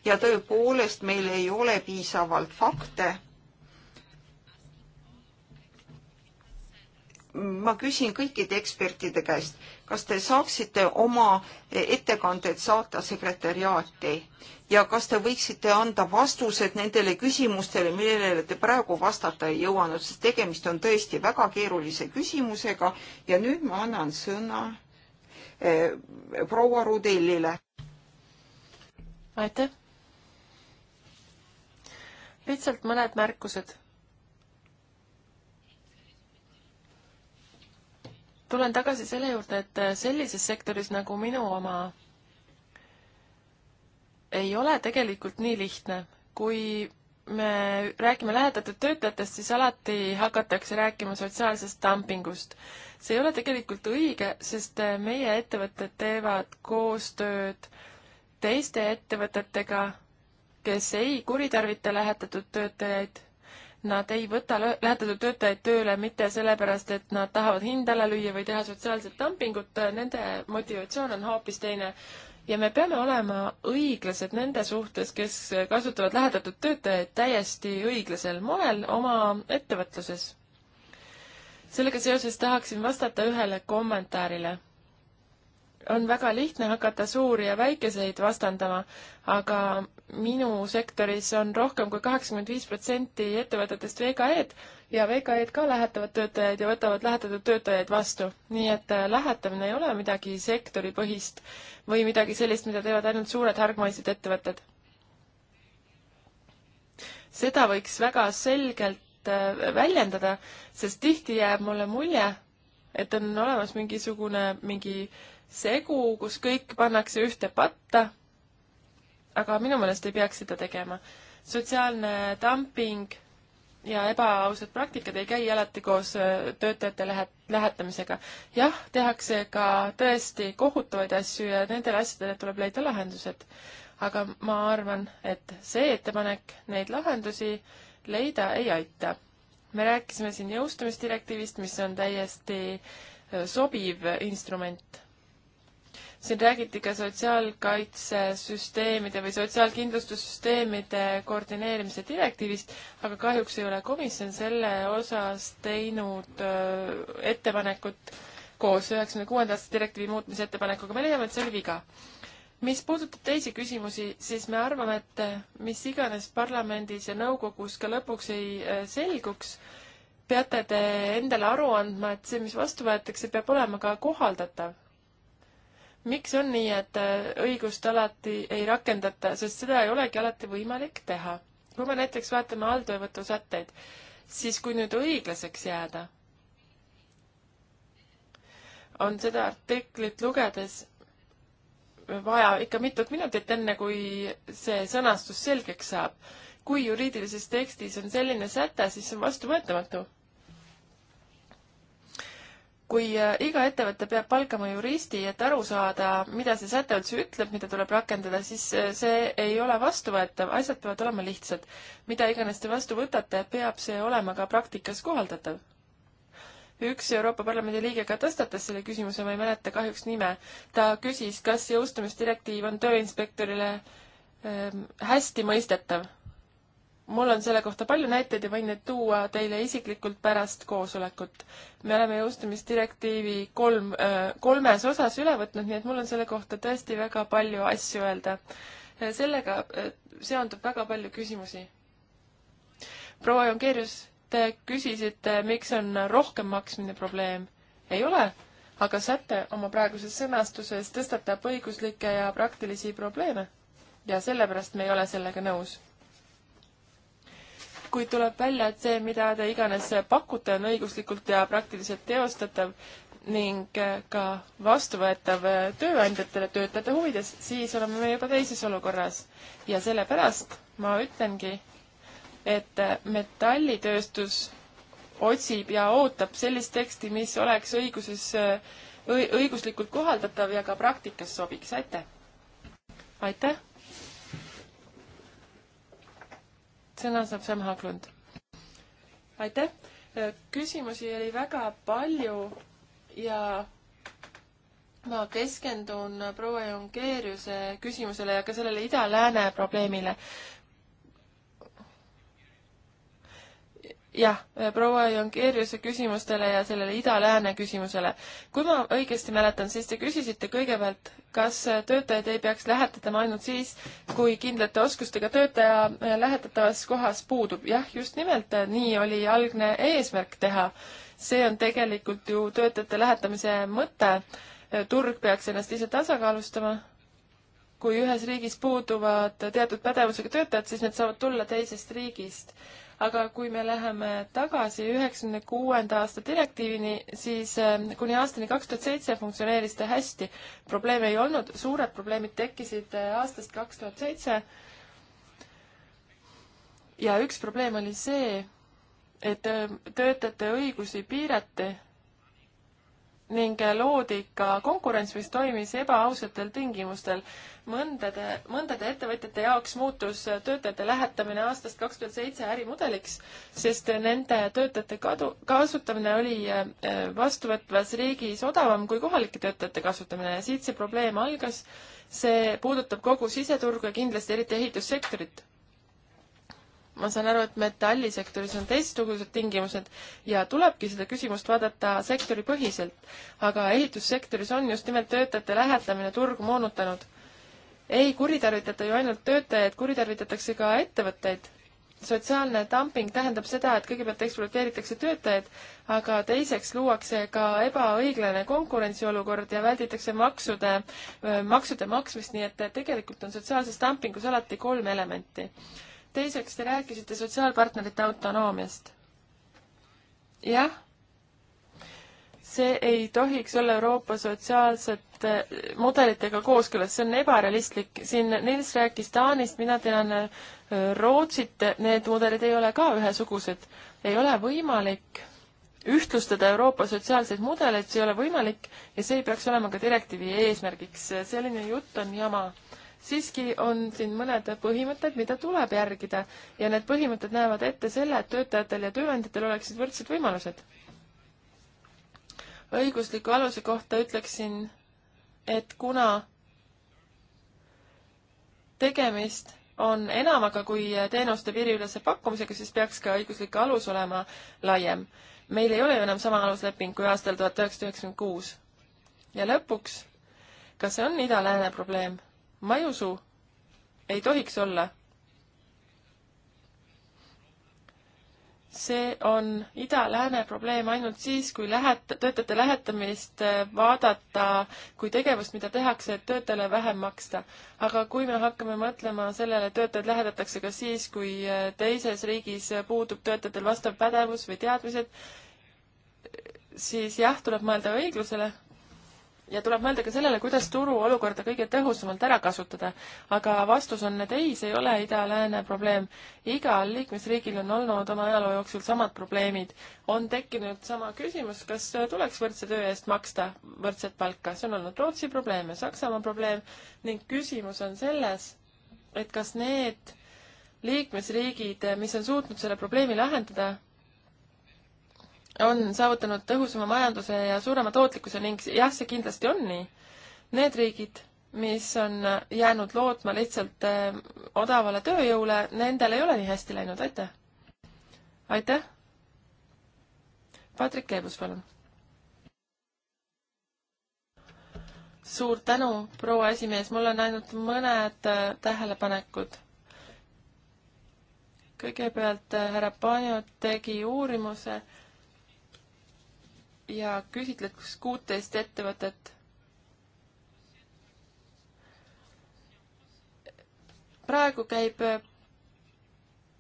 ja tõepoolest meil ei ole piisavalt fakte. ma küsin kõikide ekspertide käest, kas te saaksite oma ettekanded saata sekretäriaati ja kas te võiksite anda vastused nendele küsimustele, millele te praegu vastata ei jõuanud, sest tegemist on tõesti väga keerulise küsimusega ja nüüd ma annan sõna eh, proua Rudellile. aitäh lihtsalt mõned märkused. tulen tagasi selle juurde, et äh, sellises sektoris nagu minu oma ei ole tegelikult nii lihtne. kui me räägime lähetatud töötajatest, siis alati hakatakse rääkima sotsiaalsest dumpingust. see ei ole tegelikult õige, sest äh, meie ettevõtted teevad koostööd teiste ettevõtetega kes ei kuritarvita lähetatud töötajaid. Nad ei võta lähetatud töötajaid tööle mitte sellepärast, et nad tahavad hind alla lüüa või teha sotsiaalset dumpingut, nende motivatsioon on hoopis teine. ja me peame olema õiglased nende suhtes, kes kasutavad lähetatud töötajaid täiesti õiglasel moel oma ettevõtluses. sellega seoses tahaksin vastata ühele kommentaarile on väga lihtne hakata suuri ja väikeseid vastandama, aga minu sektoris on rohkem kui kaheksakümmend viis protsenti ettevõtetest VKE-d ja VKE-d ka lähetavad töötajaid ja võtavad lähetatud töötajaid vastu. nii et äh, lähetamine ei ole midagi sektoripõhist või midagi sellist, mida teevad ainult suured hargmaised ettevõtted. seda võiks väga selgelt äh, väljendada, sest tihti jääb mulle mulje, et on olemas mingisugune, mingi äh, segu, kus kõik pannakse ühte patta. aga minu meelest ei peaks seda tegema. sotsiaalne dumping ja ebaausad praktikad ei käi alati koos äh, töötajate lähet-, lähetamisega. jah, tehakse ka tõesti kohutavaid asju ja nendele asjadele tuleb leida lahendused. aga ma arvan, et see ettepanek neid lahendusi leida ei aita. me rääkisime siin jõustumisdirektiivist, mis on täiesti äh, sobiv instrument siin räägiti ka sotsiaalkaitsesüsteemide või sotsiaalkindlustussüsteemide koordineerimise direktiivist, aga kahjuks ei ole komisjon selle osas teinud äh, ettepanekut koos üheksakümne kuuenda aasta direktiivi muutmise ettepanekuga, me leiame, et see oli viga. mis puudutab teisi küsimusi, siis me arvame, et äh, mis iganes parlamendis ja nõukogus ka lõpuks ei äh, selguks, peate te endale aru andma, et see, mis vastu võetakse, peab olema ka kohaldatav miks on nii, et äh, õigust alati ei rakendata, sest seda ei olegi alati võimalik teha. kui me näiteks vaatame alltöövõtu sätteid, siis kui nüüd õiglaseks jääda, on seda artiklit lugedes vaja ikka mitut minutit, enne kui see sõnastus selgeks saab. kui juriidilises tekstis on selline säte, siis see on vastuvõetamatu kui äh, iga ettevõte peab palkama juristi, et aru saada, mida see säte üldse ütleb, mida tuleb rakendada, siis äh, see ei ole vastuvõetav, asjad peavad olema lihtsad. mida iganes te vastu võtate, peab see olema ka praktikas kohaldatav üks Euroopa Parlamendi liige ka tõstatas selle küsimuse, ma ei mäleta kahjuks nime. ta küsis, kas jõustumisdirektiiv on tööinspektorile ähm, hästi mõistetav mul on selle kohta palju näiteid ja võin need tuua teile isiklikult pärast koosolekut. me oleme jõustumisdirektiivi kolm, kolmes osas üle võtnud, nii et mul on selle kohta tõesti väga palju asju öelda. sellega seondub väga palju küsimusi. proua Jongeerius, te küsisite, miks on rohkem maksmine probleem. ei ole, aga säte oma praeguses sõnastuses tõstatab õiguslikke ja praktilisi probleeme. ja sellepärast me ei ole sellega nõus kuid tuleb välja, et see, mida te iganes pakute, on õiguslikult ja praktiliselt teostatav ning äh, ka vastuvõetav äh, tööandjatele töötajate huvides, siis oleme me juba teises olukorras. ja sellepärast ma ütlengi, et äh, metallitööstus otsib ja ootab sellist teksti, mis oleks õiguses, õiguslikult kohaldatav ja ka praktikas sobiks, aitäh! aitäh! sõna saab Sam Haaglund. aitäh, küsimusi oli väga palju ja ma keskendun proua Jongeeriuse küsimusele ja ka sellele ida-lääne probleemile. jah, äh, proua Jongeeriuse küsimustele ja sellele ida-lääne küsimusele. kui ma õigesti mäletan, siis te küsisite kõigepealt, kas äh, töötajaid ei peaks lähetatama ainult siis, kui kindlate oskustega töötaja äh, lähetatavas kohas puudub. jah, just nimelt, nii oli algne eesmärk teha. see on tegelikult ju töötajate lähetamise mõte. turg peaks ennast ise tasakaalustama kui ühes riigis puuduvad teatud pädevusega töötajad, siis need saavad tulla teisest riigist aga kui me läheme tagasi üheksakümne kuuenda aasta direktiivini, siis äh, kuni aastani kaks tuhat seitse funktsioneeris ta hästi. probleeme ei olnud, suured probleemid tekkisid äh, aastast kaks tuhat seitse. ja üks probleem oli see, et äh, töötajate õigusi piirati ning loodi ka konkurents, mis toimis ebaausatel tingimustel. mõndade, mõndade ettevõtjate jaoks muutus töötajate lähetamine aastast kaks tuhat seitse ärimudeliks, sest nende töötajate kadu, kasutamine oli äh, vastuvõtvas riigis odavam kui kohalike töötajate kasutamine ja siit see probleem algas. see puudutab kogu siseturgu ja kindlasti eriti ehitussektorit ma saan aru, et metallisektoris on teistsugused tingimused ja tulebki seda küsimust vaadata sektoripõhiselt. aga ehitussektoris on just nimelt töötajate lähetamine turgu moonutanud. ei kuritarvitata ju ainult töötajaid, kuritarvitatakse ka ettevõtteid. sotsiaalne dumping tähendab seda, et kõigepealt ekspluateeritakse töötajaid, aga teiseks luuakse ka ebaõiglane konkurentsiolukord ja välditakse maksude, maksude maksmist, nii et tegelikult on sotsiaalses dumpingus alati kolm elementi teiseks, te rääkisite sotsiaalpartnerite autonoomiast. jah, see ei tohiks olla Euroopa sotsiaalsete mudelitega kooskõlas, see on ebarealistlik. siin Nils rääkis Taanist, mina tean äh, Rootsit, need mudelid ei ole ka ühesugused. ei ole võimalik ühtlustada Euroopa sotsiaalseid mudeleid, see ei ole võimalik ja see ei peaks olema ka direktiivi eesmärgiks. selline jutt on jama siiski on siin mõned põhimõtted, mida tuleb järgida ja need põhimõtted näevad ette selle, et töötajatel ja tööandjatel oleksid võrdsed võimalused. õigusliku aluse kohta ütleksin, et kuna tegemist on enamaga kui teenuste piiriülese pakkumisega, siis peaks ka õiguslik alus olema laiem. meil ei ole ju enam sama alusleping kui aastal tuhat üheksasada üheksakümmend kuus. ja lõpuks, kas see on ida-lääne probleem? ma ei usu, ei tohiks olla. see on ida-lääne probleem ainult siis, kui lähet-, töötajate lähetamist äh, vaadata kui tegevust, mida tehakse, et töötajale vähem maksta. aga kui me hakkame mõtlema sellele, et töötajad lähetatakse ka siis, kui äh, teises riigis puudub töötajatel vastav pädevus või teadmised, siis jah, tuleb mõelda õiglusele ja tuleb mõelda ka sellele, kuidas turuolukorda kõige tõhusamalt ära kasutada. aga vastus on, et ei, see ei ole ida-lääne probleem. igal liikmesriigil on olnud oma ajaloo jooksul samad probleemid. on tekkinud sama küsimus, kas tuleks võrdse töö eest maksta võrdset palka. see on olnud Rootsi probleem ja Saksamaa probleem ning küsimus on selles, et kas need liikmesriigid, mis on suutnud selle probleemi lahendada, on saavutanud tõhusama majanduse ja suurema tootlikkuse ning jah, see kindlasti on nii. Need riigid, mis on jäänud lootma lihtsalt äh, odavale tööjõule, nendel ei ole nii hästi läinud, aitäh. aitäh. Patrick Leebus, palun. suur tänu, proua esimees, mul on ainult mõned äh, tähelepanekud kõigepealt äh, härra Panjot tegi uurimuse ja küsitles kuuteist ettevõtet. praegu käib äh,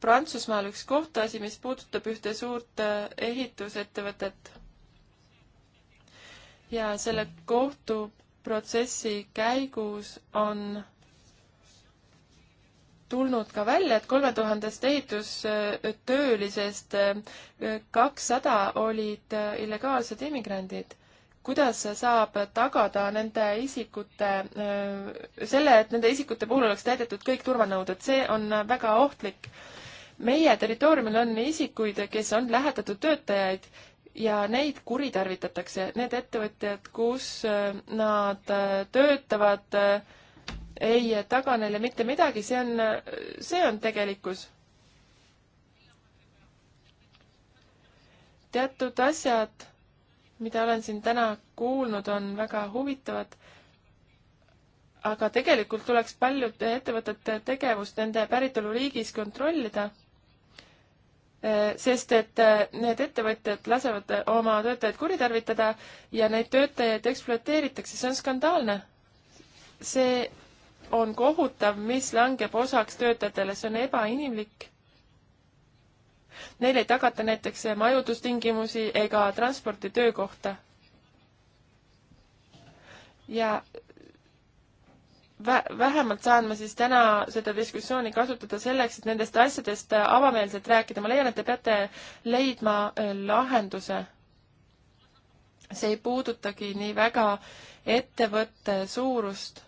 Prantsusmaal üks kohtuasi, mis puudutab ühte suurt äh, ehitusettevõtet. ja selle kohtuprotsessi käigus on tulnud ka välja, et kolme tuhandest ehitustöölisest äh, kakssada olid äh, illegaalsed immigrandid. kuidas saab tagada nende isikute, äh, selle, et nende isikute puhul oleks täidetud kõik turvanõuded, see on väga ohtlik. meie territooriumil on isikuid, kes on lähetatud töötajaid ja neid kuritarvitatakse, need ettevõtjad, kus nad töötavad äh, ei taga neile mitte midagi, see on, see on tegelikkus. teatud asjad, mida olen siin täna kuulnud, on väga huvitavad aga tegelikult tuleks paljude ettevõtete tegevust nende päritoluriigis kontrollida, sest et need ettevõtjad lasevad oma töötajaid kuritarvitada ja neid töötajaid ekspluateeritakse, see on skandaalne. see on kohutav, mis langeb osaks töötajatele, see on ebainimlik. Neile ei tagata näiteks majutustingimusi ega transporti töökohta. ja vä-, vähemalt saan ma siis täna seda diskussiooni kasutada selleks, et nendest asjadest avameelselt rääkida, ma leian, et te peate leidma äh, lahenduse. see ei puudutagi nii väga ettevõtte suurust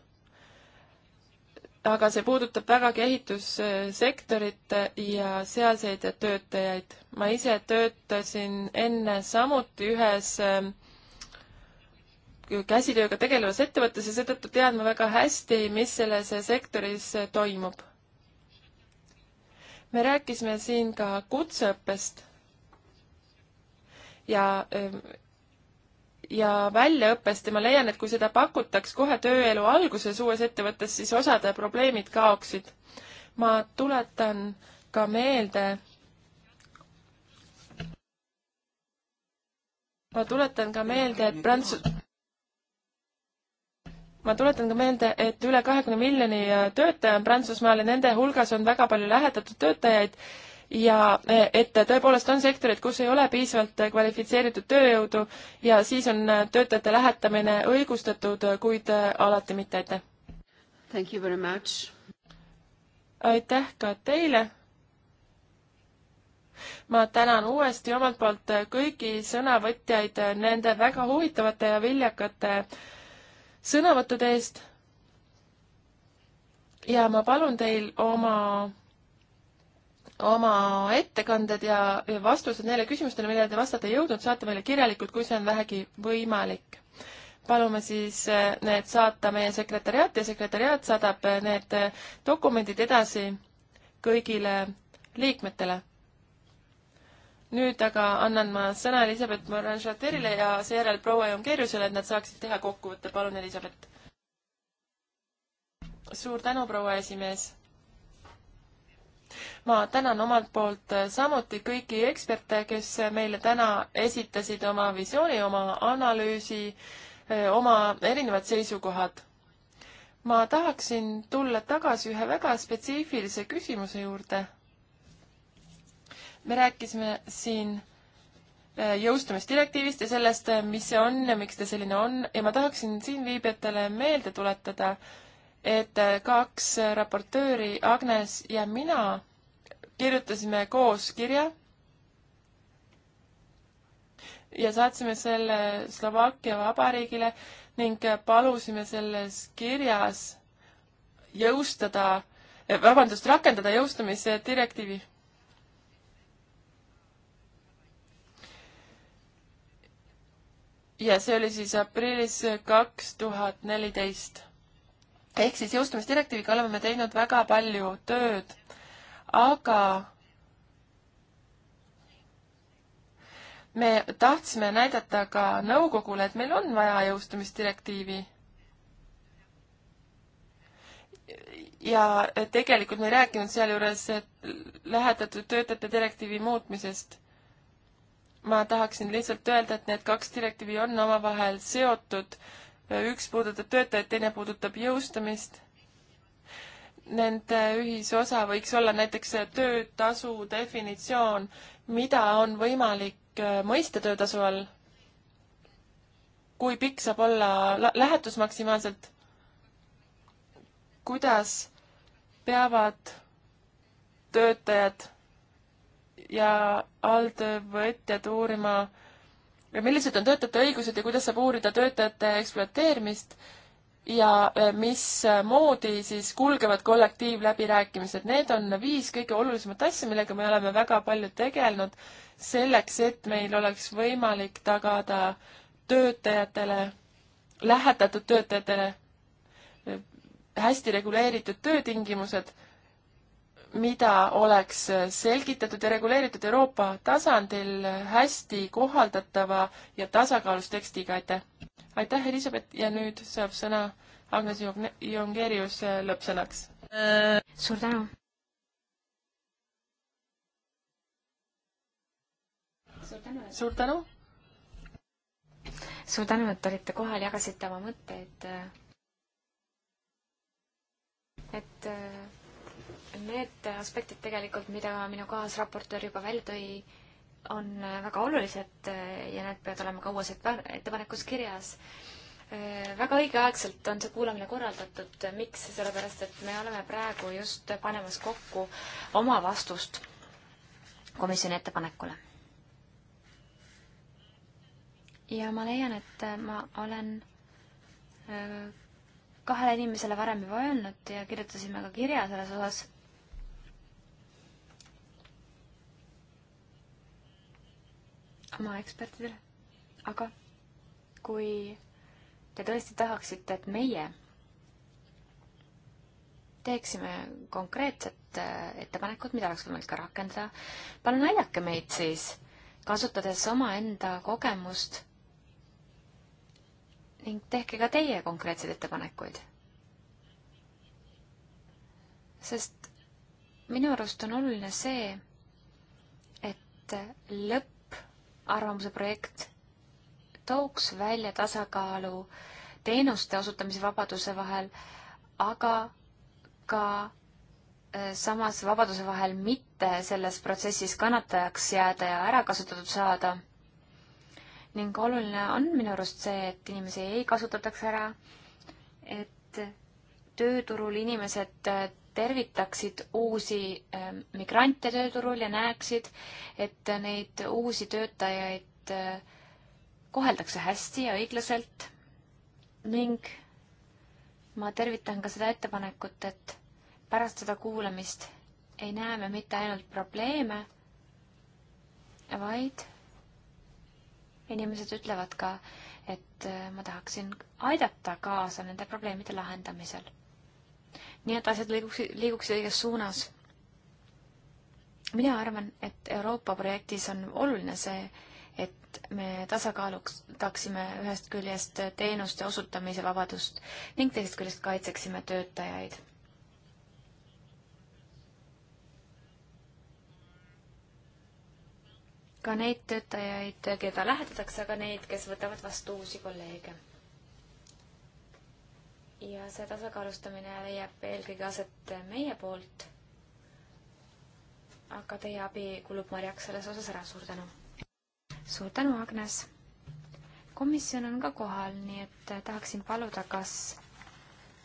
aga see puudutab vägagi ehitussektorit ja sealseid töötajaid. ma ise töötasin enne samuti ühes ähm, käsitööga tegelevas ettevõttes ja seetõttu tean ma väga hästi, mis selles sektoris toimub. me rääkisime siin ka kutseõppest ja ähm, ja väljaõppest ja ma leian, et kui seda pakutaks kohe tööelu alguses uues ettevõttes, siis osade probleemid kaoksid. ma tuletan ka meelde, ma tuletan ka meelde, et Prantsus-, ma tuletan ka meelde, et üle kahekümne miljoni töötaja on Prantsusmaal ja nende hulgas on väga palju lähetatud töötajaid ja eh, et tõepoolest on sektoreid, kus ei ole piisavalt kvalifitseeritud tööjõudu ja siis on eh, töötajate lähetamine õigustatud, kuid eh, alati mitte aitäh. Thank you very much. aitäh ka teile. ma tänan uuesti omalt poolt kõiki sõnavõtjaid nende väga huvitavate ja viljakate sõnavõttude eest. ja ma palun teil oma oma ettekanded ja vastused neile küsimustele, millele te vastata ei jõudnud, saate meile kirjalikult, kui see on vähegi võimalik. palume siis eh, need saata meie sekretäriaati ja sekretäriaat saadab eh, need eh, dokumendid edasi kõigile liikmetele. nüüd aga annan ma sõna Elizabeth Morin-Chaterile ja seejärel proua Jongeeriusele, et nad saaksid teha kokkuvõtte. palun, Elizabeth. suur tänu, proua esimees ma tänan omalt poolt äh, samuti kõiki eksperte, kes äh, meile täna esitasid oma visiooni, oma analüüsi, äh, oma erinevad seisukohad. ma tahaksin tulla tagasi ühe väga spetsiifilise küsimuse juurde. me rääkisime siin jõustumisdirektiivist ja sellest, mis see on ja miks ta selline on ja ma tahaksin siinviibijatele meelde tuletada, et kaks raportööri, Agnes ja mina, kirjutasime koos kirja ja saatsime selle Slovakkia Vabariigile ning palusime selles kirjas jõustada, eh, vabandust, rakendada jõustumise direktiivi. ja see oli siis aprillis kaks tuhat neliteist. ehk siis jõustumisdirektiiviga oleme me teinud väga palju tööd aga me tahtsime näidata ka nõukogule, et meil on vaja jõustumisdirektiivi. ja tegelikult me ei rääkinud sealjuures lähetatud töötajate direktiivi muutmisest. ma tahaksin lihtsalt öelda, et need kaks direktiivi on omavahel seotud, üks puudutab töötajaid, teine puudutab jõustamist nende ühisosa võiks olla näiteks töötasu definitsioon, mida on võimalik äh, mõista töötasu all? kui pikk saab olla lähetus maksimaalselt? kuidas peavad töötajad ja alltöövõtjad uurima, millised on töötajate õigused ja kuidas saab uurida töötajate ekspluateerimist ja eh, mismoodi siis kulgevad kollektiivläbirääkimised. Need on viis kõige olulisemat asja, millega me oleme väga palju tegelenud selleks, et meil oleks võimalik tagada töötajatele, lähetatud töötajatele eh, hästi reguleeritud töötingimused, mida oleks selgitatud ja reguleeritud Euroopa tasandil hästi kohaldatava ja tasakaalus tekstiga, aitäh! aitäh, Elizabeth, ja nüüd saab sõna Agnes Jongerius äh, lõppsõnaks. Äh. suur tänu! suur tänu! suur tänu, et olite kohal, jagasite oma mõtteid. Äh. et need aspektid tegelikult, mida minu kaasraportöör juba välja tõi, on äh, väga olulised äh, ja need peavad olema ka uues ettepanekus kirjas. Äh, väga õigeaegselt on see kuulamine korraldatud, miks, sellepärast et me oleme praegu just panemas kokku oma vastust komisjoni ettepanekule. ja ma leian, et ma olen kahele inimesele varem juba öelnud ja kirjutasime ka kirja selles osas oma ekspertidele, aga kui te tõesti tahaksite, et meie teeksime konkreetset äh, ettepanekut, mida oleks võimalik ka rakendada, palun aidake meid siis, kasutades omaenda kogemust ning tehke ka teie konkreetseid ettepanekuid. sest minu arust on oluline see, et lõpp arvamuse projekt tooks välja tasakaalu teenuste osutamise vabaduse vahel, aga ka äh, samas vabaduse vahel mitte selles protsessis kannatajaks jääda ja ära kasutatud saada. ning oluline on minu arust see, et inimesi ei kasutataks ära, et tööturul inimesed äh, tervitaksid uusi ähm, migrante tööturul ja näeksid, et neid uusi töötajaid äh, koheldakse hästi ja õiglaselt ning ma tervitan ka seda ettepanekut, et pärast seda kuulamist ei näe me mitte ainult probleeme, vaid inimesed ütlevad ka, et äh, ma tahaksin aidata kaasa nende probleemide lahendamisel nii et asjad liiguksid, liiguksid õiges suunas. mina arvan, et Euroopa projektis on oluline see, et me tasakaalustaksime ühest küljest teenuste osutamise vabadust ning teisest küljest kaitseksime töötajaid. ka neid töötajaid, keda lähetatakse, aga neid, kes võtavad vastu uusi kolleege ja see tasakaalustamine leiab eelkõige aset meie poolt. aga teie abi kulub marjaks selles osas ära, suur tänu. suur tänu, Agnes. komisjon on ka kohal, nii et tahaksin paluda, kas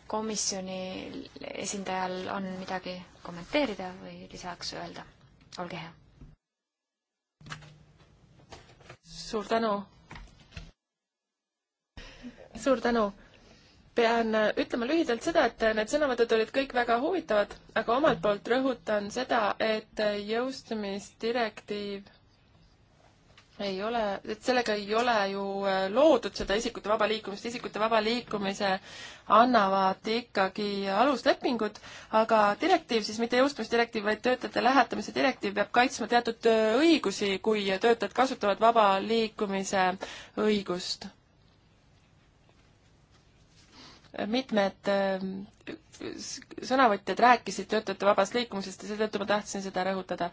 komisjoni esindajal on midagi kommenteerida või lisaks öelda. olge hea. suur tänu. suur tänu pean äh, ütlema lühidalt seda, et äh, need sõnavõtud olid kõik väga huvitavad, aga omalt poolt rõhutan seda, et äh, jõustumisdirektiiv ei ole, et sellega ei ole ju loodud seda isikute vaba liikumist, isikute vaba liikumise annavad ikkagi aluslepingud, aga direktiiv siis, mitte jõustumisdirektiiv, vaid töötajate lähetamise direktiiv peab kaitsma teatud õigusi, kui töötajad kasutavad vaba liikumise õigust mitmed ähm, sõnavõtjad rääkisid töötajate vabast liikumisest ja seetõttu ma tahtsin seda rõhutada.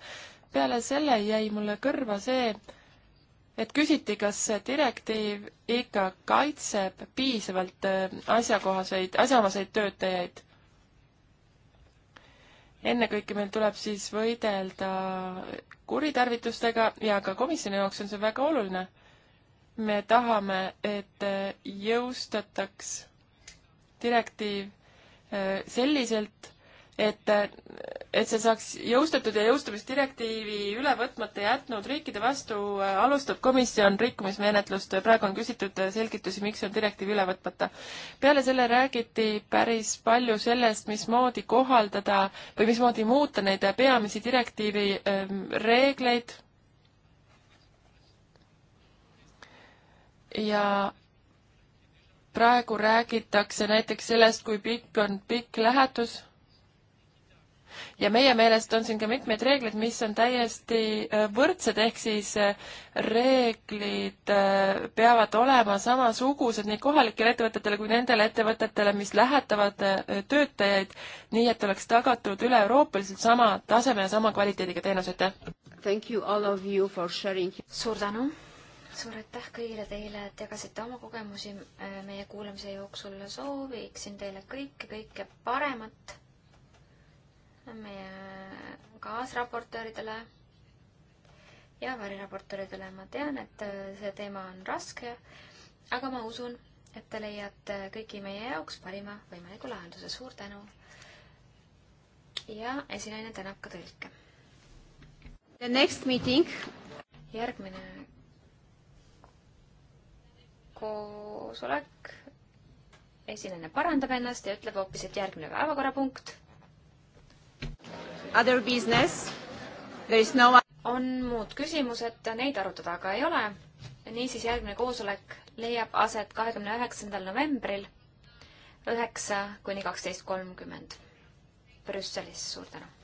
peale selle jäi mulle kõrva see, et küsiti, kas see direktiiv ikka kaitseb piisavalt äh, asjakohaseid, asjaomaseid töötajaid. ennekõike meil tuleb siis võidelda kuritarvitustega ja ka komisjoni jaoks on see väga oluline. me tahame, et äh, jõustataks direktiiv äh, selliselt, et, et see saaks jõustatud ja jõustumisdirektiivi üle võtmata jätnud riikide vastu äh, alustab komisjon rikkumismenetlust. praegu on küsitud äh, selgitusi, miks on direktiiv üle võtmata. peale selle räägiti päris palju sellest, mismoodi kohaldada või mismoodi muuta neid peamisi direktiivi ähm, reegleid ja praegu räägitakse näiteks sellest, kui pikk on pikk lähetus ja meie meelest on siin ka mitmeid reegleid, mis on täiesti äh, võrdsed, ehk siis äh, reeglid äh, peavad olema samasugused nii kohalikele ettevõtetele kui nendele ettevõtetele, mis lähetavad töötajaid, nii et oleks tagatud üle-euroopaliselt sama taseme ja sama kvaliteediga teenus, aitäh! suur tänu! suur aitäh kõigile teile, et jagasite oma kogemusi äh, meie kuulamise jooksul. sooviksin teile kõike, kõike paremat meie kaasraportööridele ja variraportööridele. ma tean, et äh, see teema on raske, aga ma usun, et te leiate kõigi meie jaoks parima võimaliku lahenduse. suur tänu! ja esinaine tänab ka tõlke. The next meeting. järgmine koosolek, esinejana parandab ennast ja ütleb hoopis, et järgmine päevakorrapunkt. Other business, there is no on muud küsimused, neid arutada aga ei ole. niisiis, järgmine koosolek leiab aset kahekümne üheksandal novembril üheksa kuni kaksteist kolmkümmend Brüsselis. suur tänu!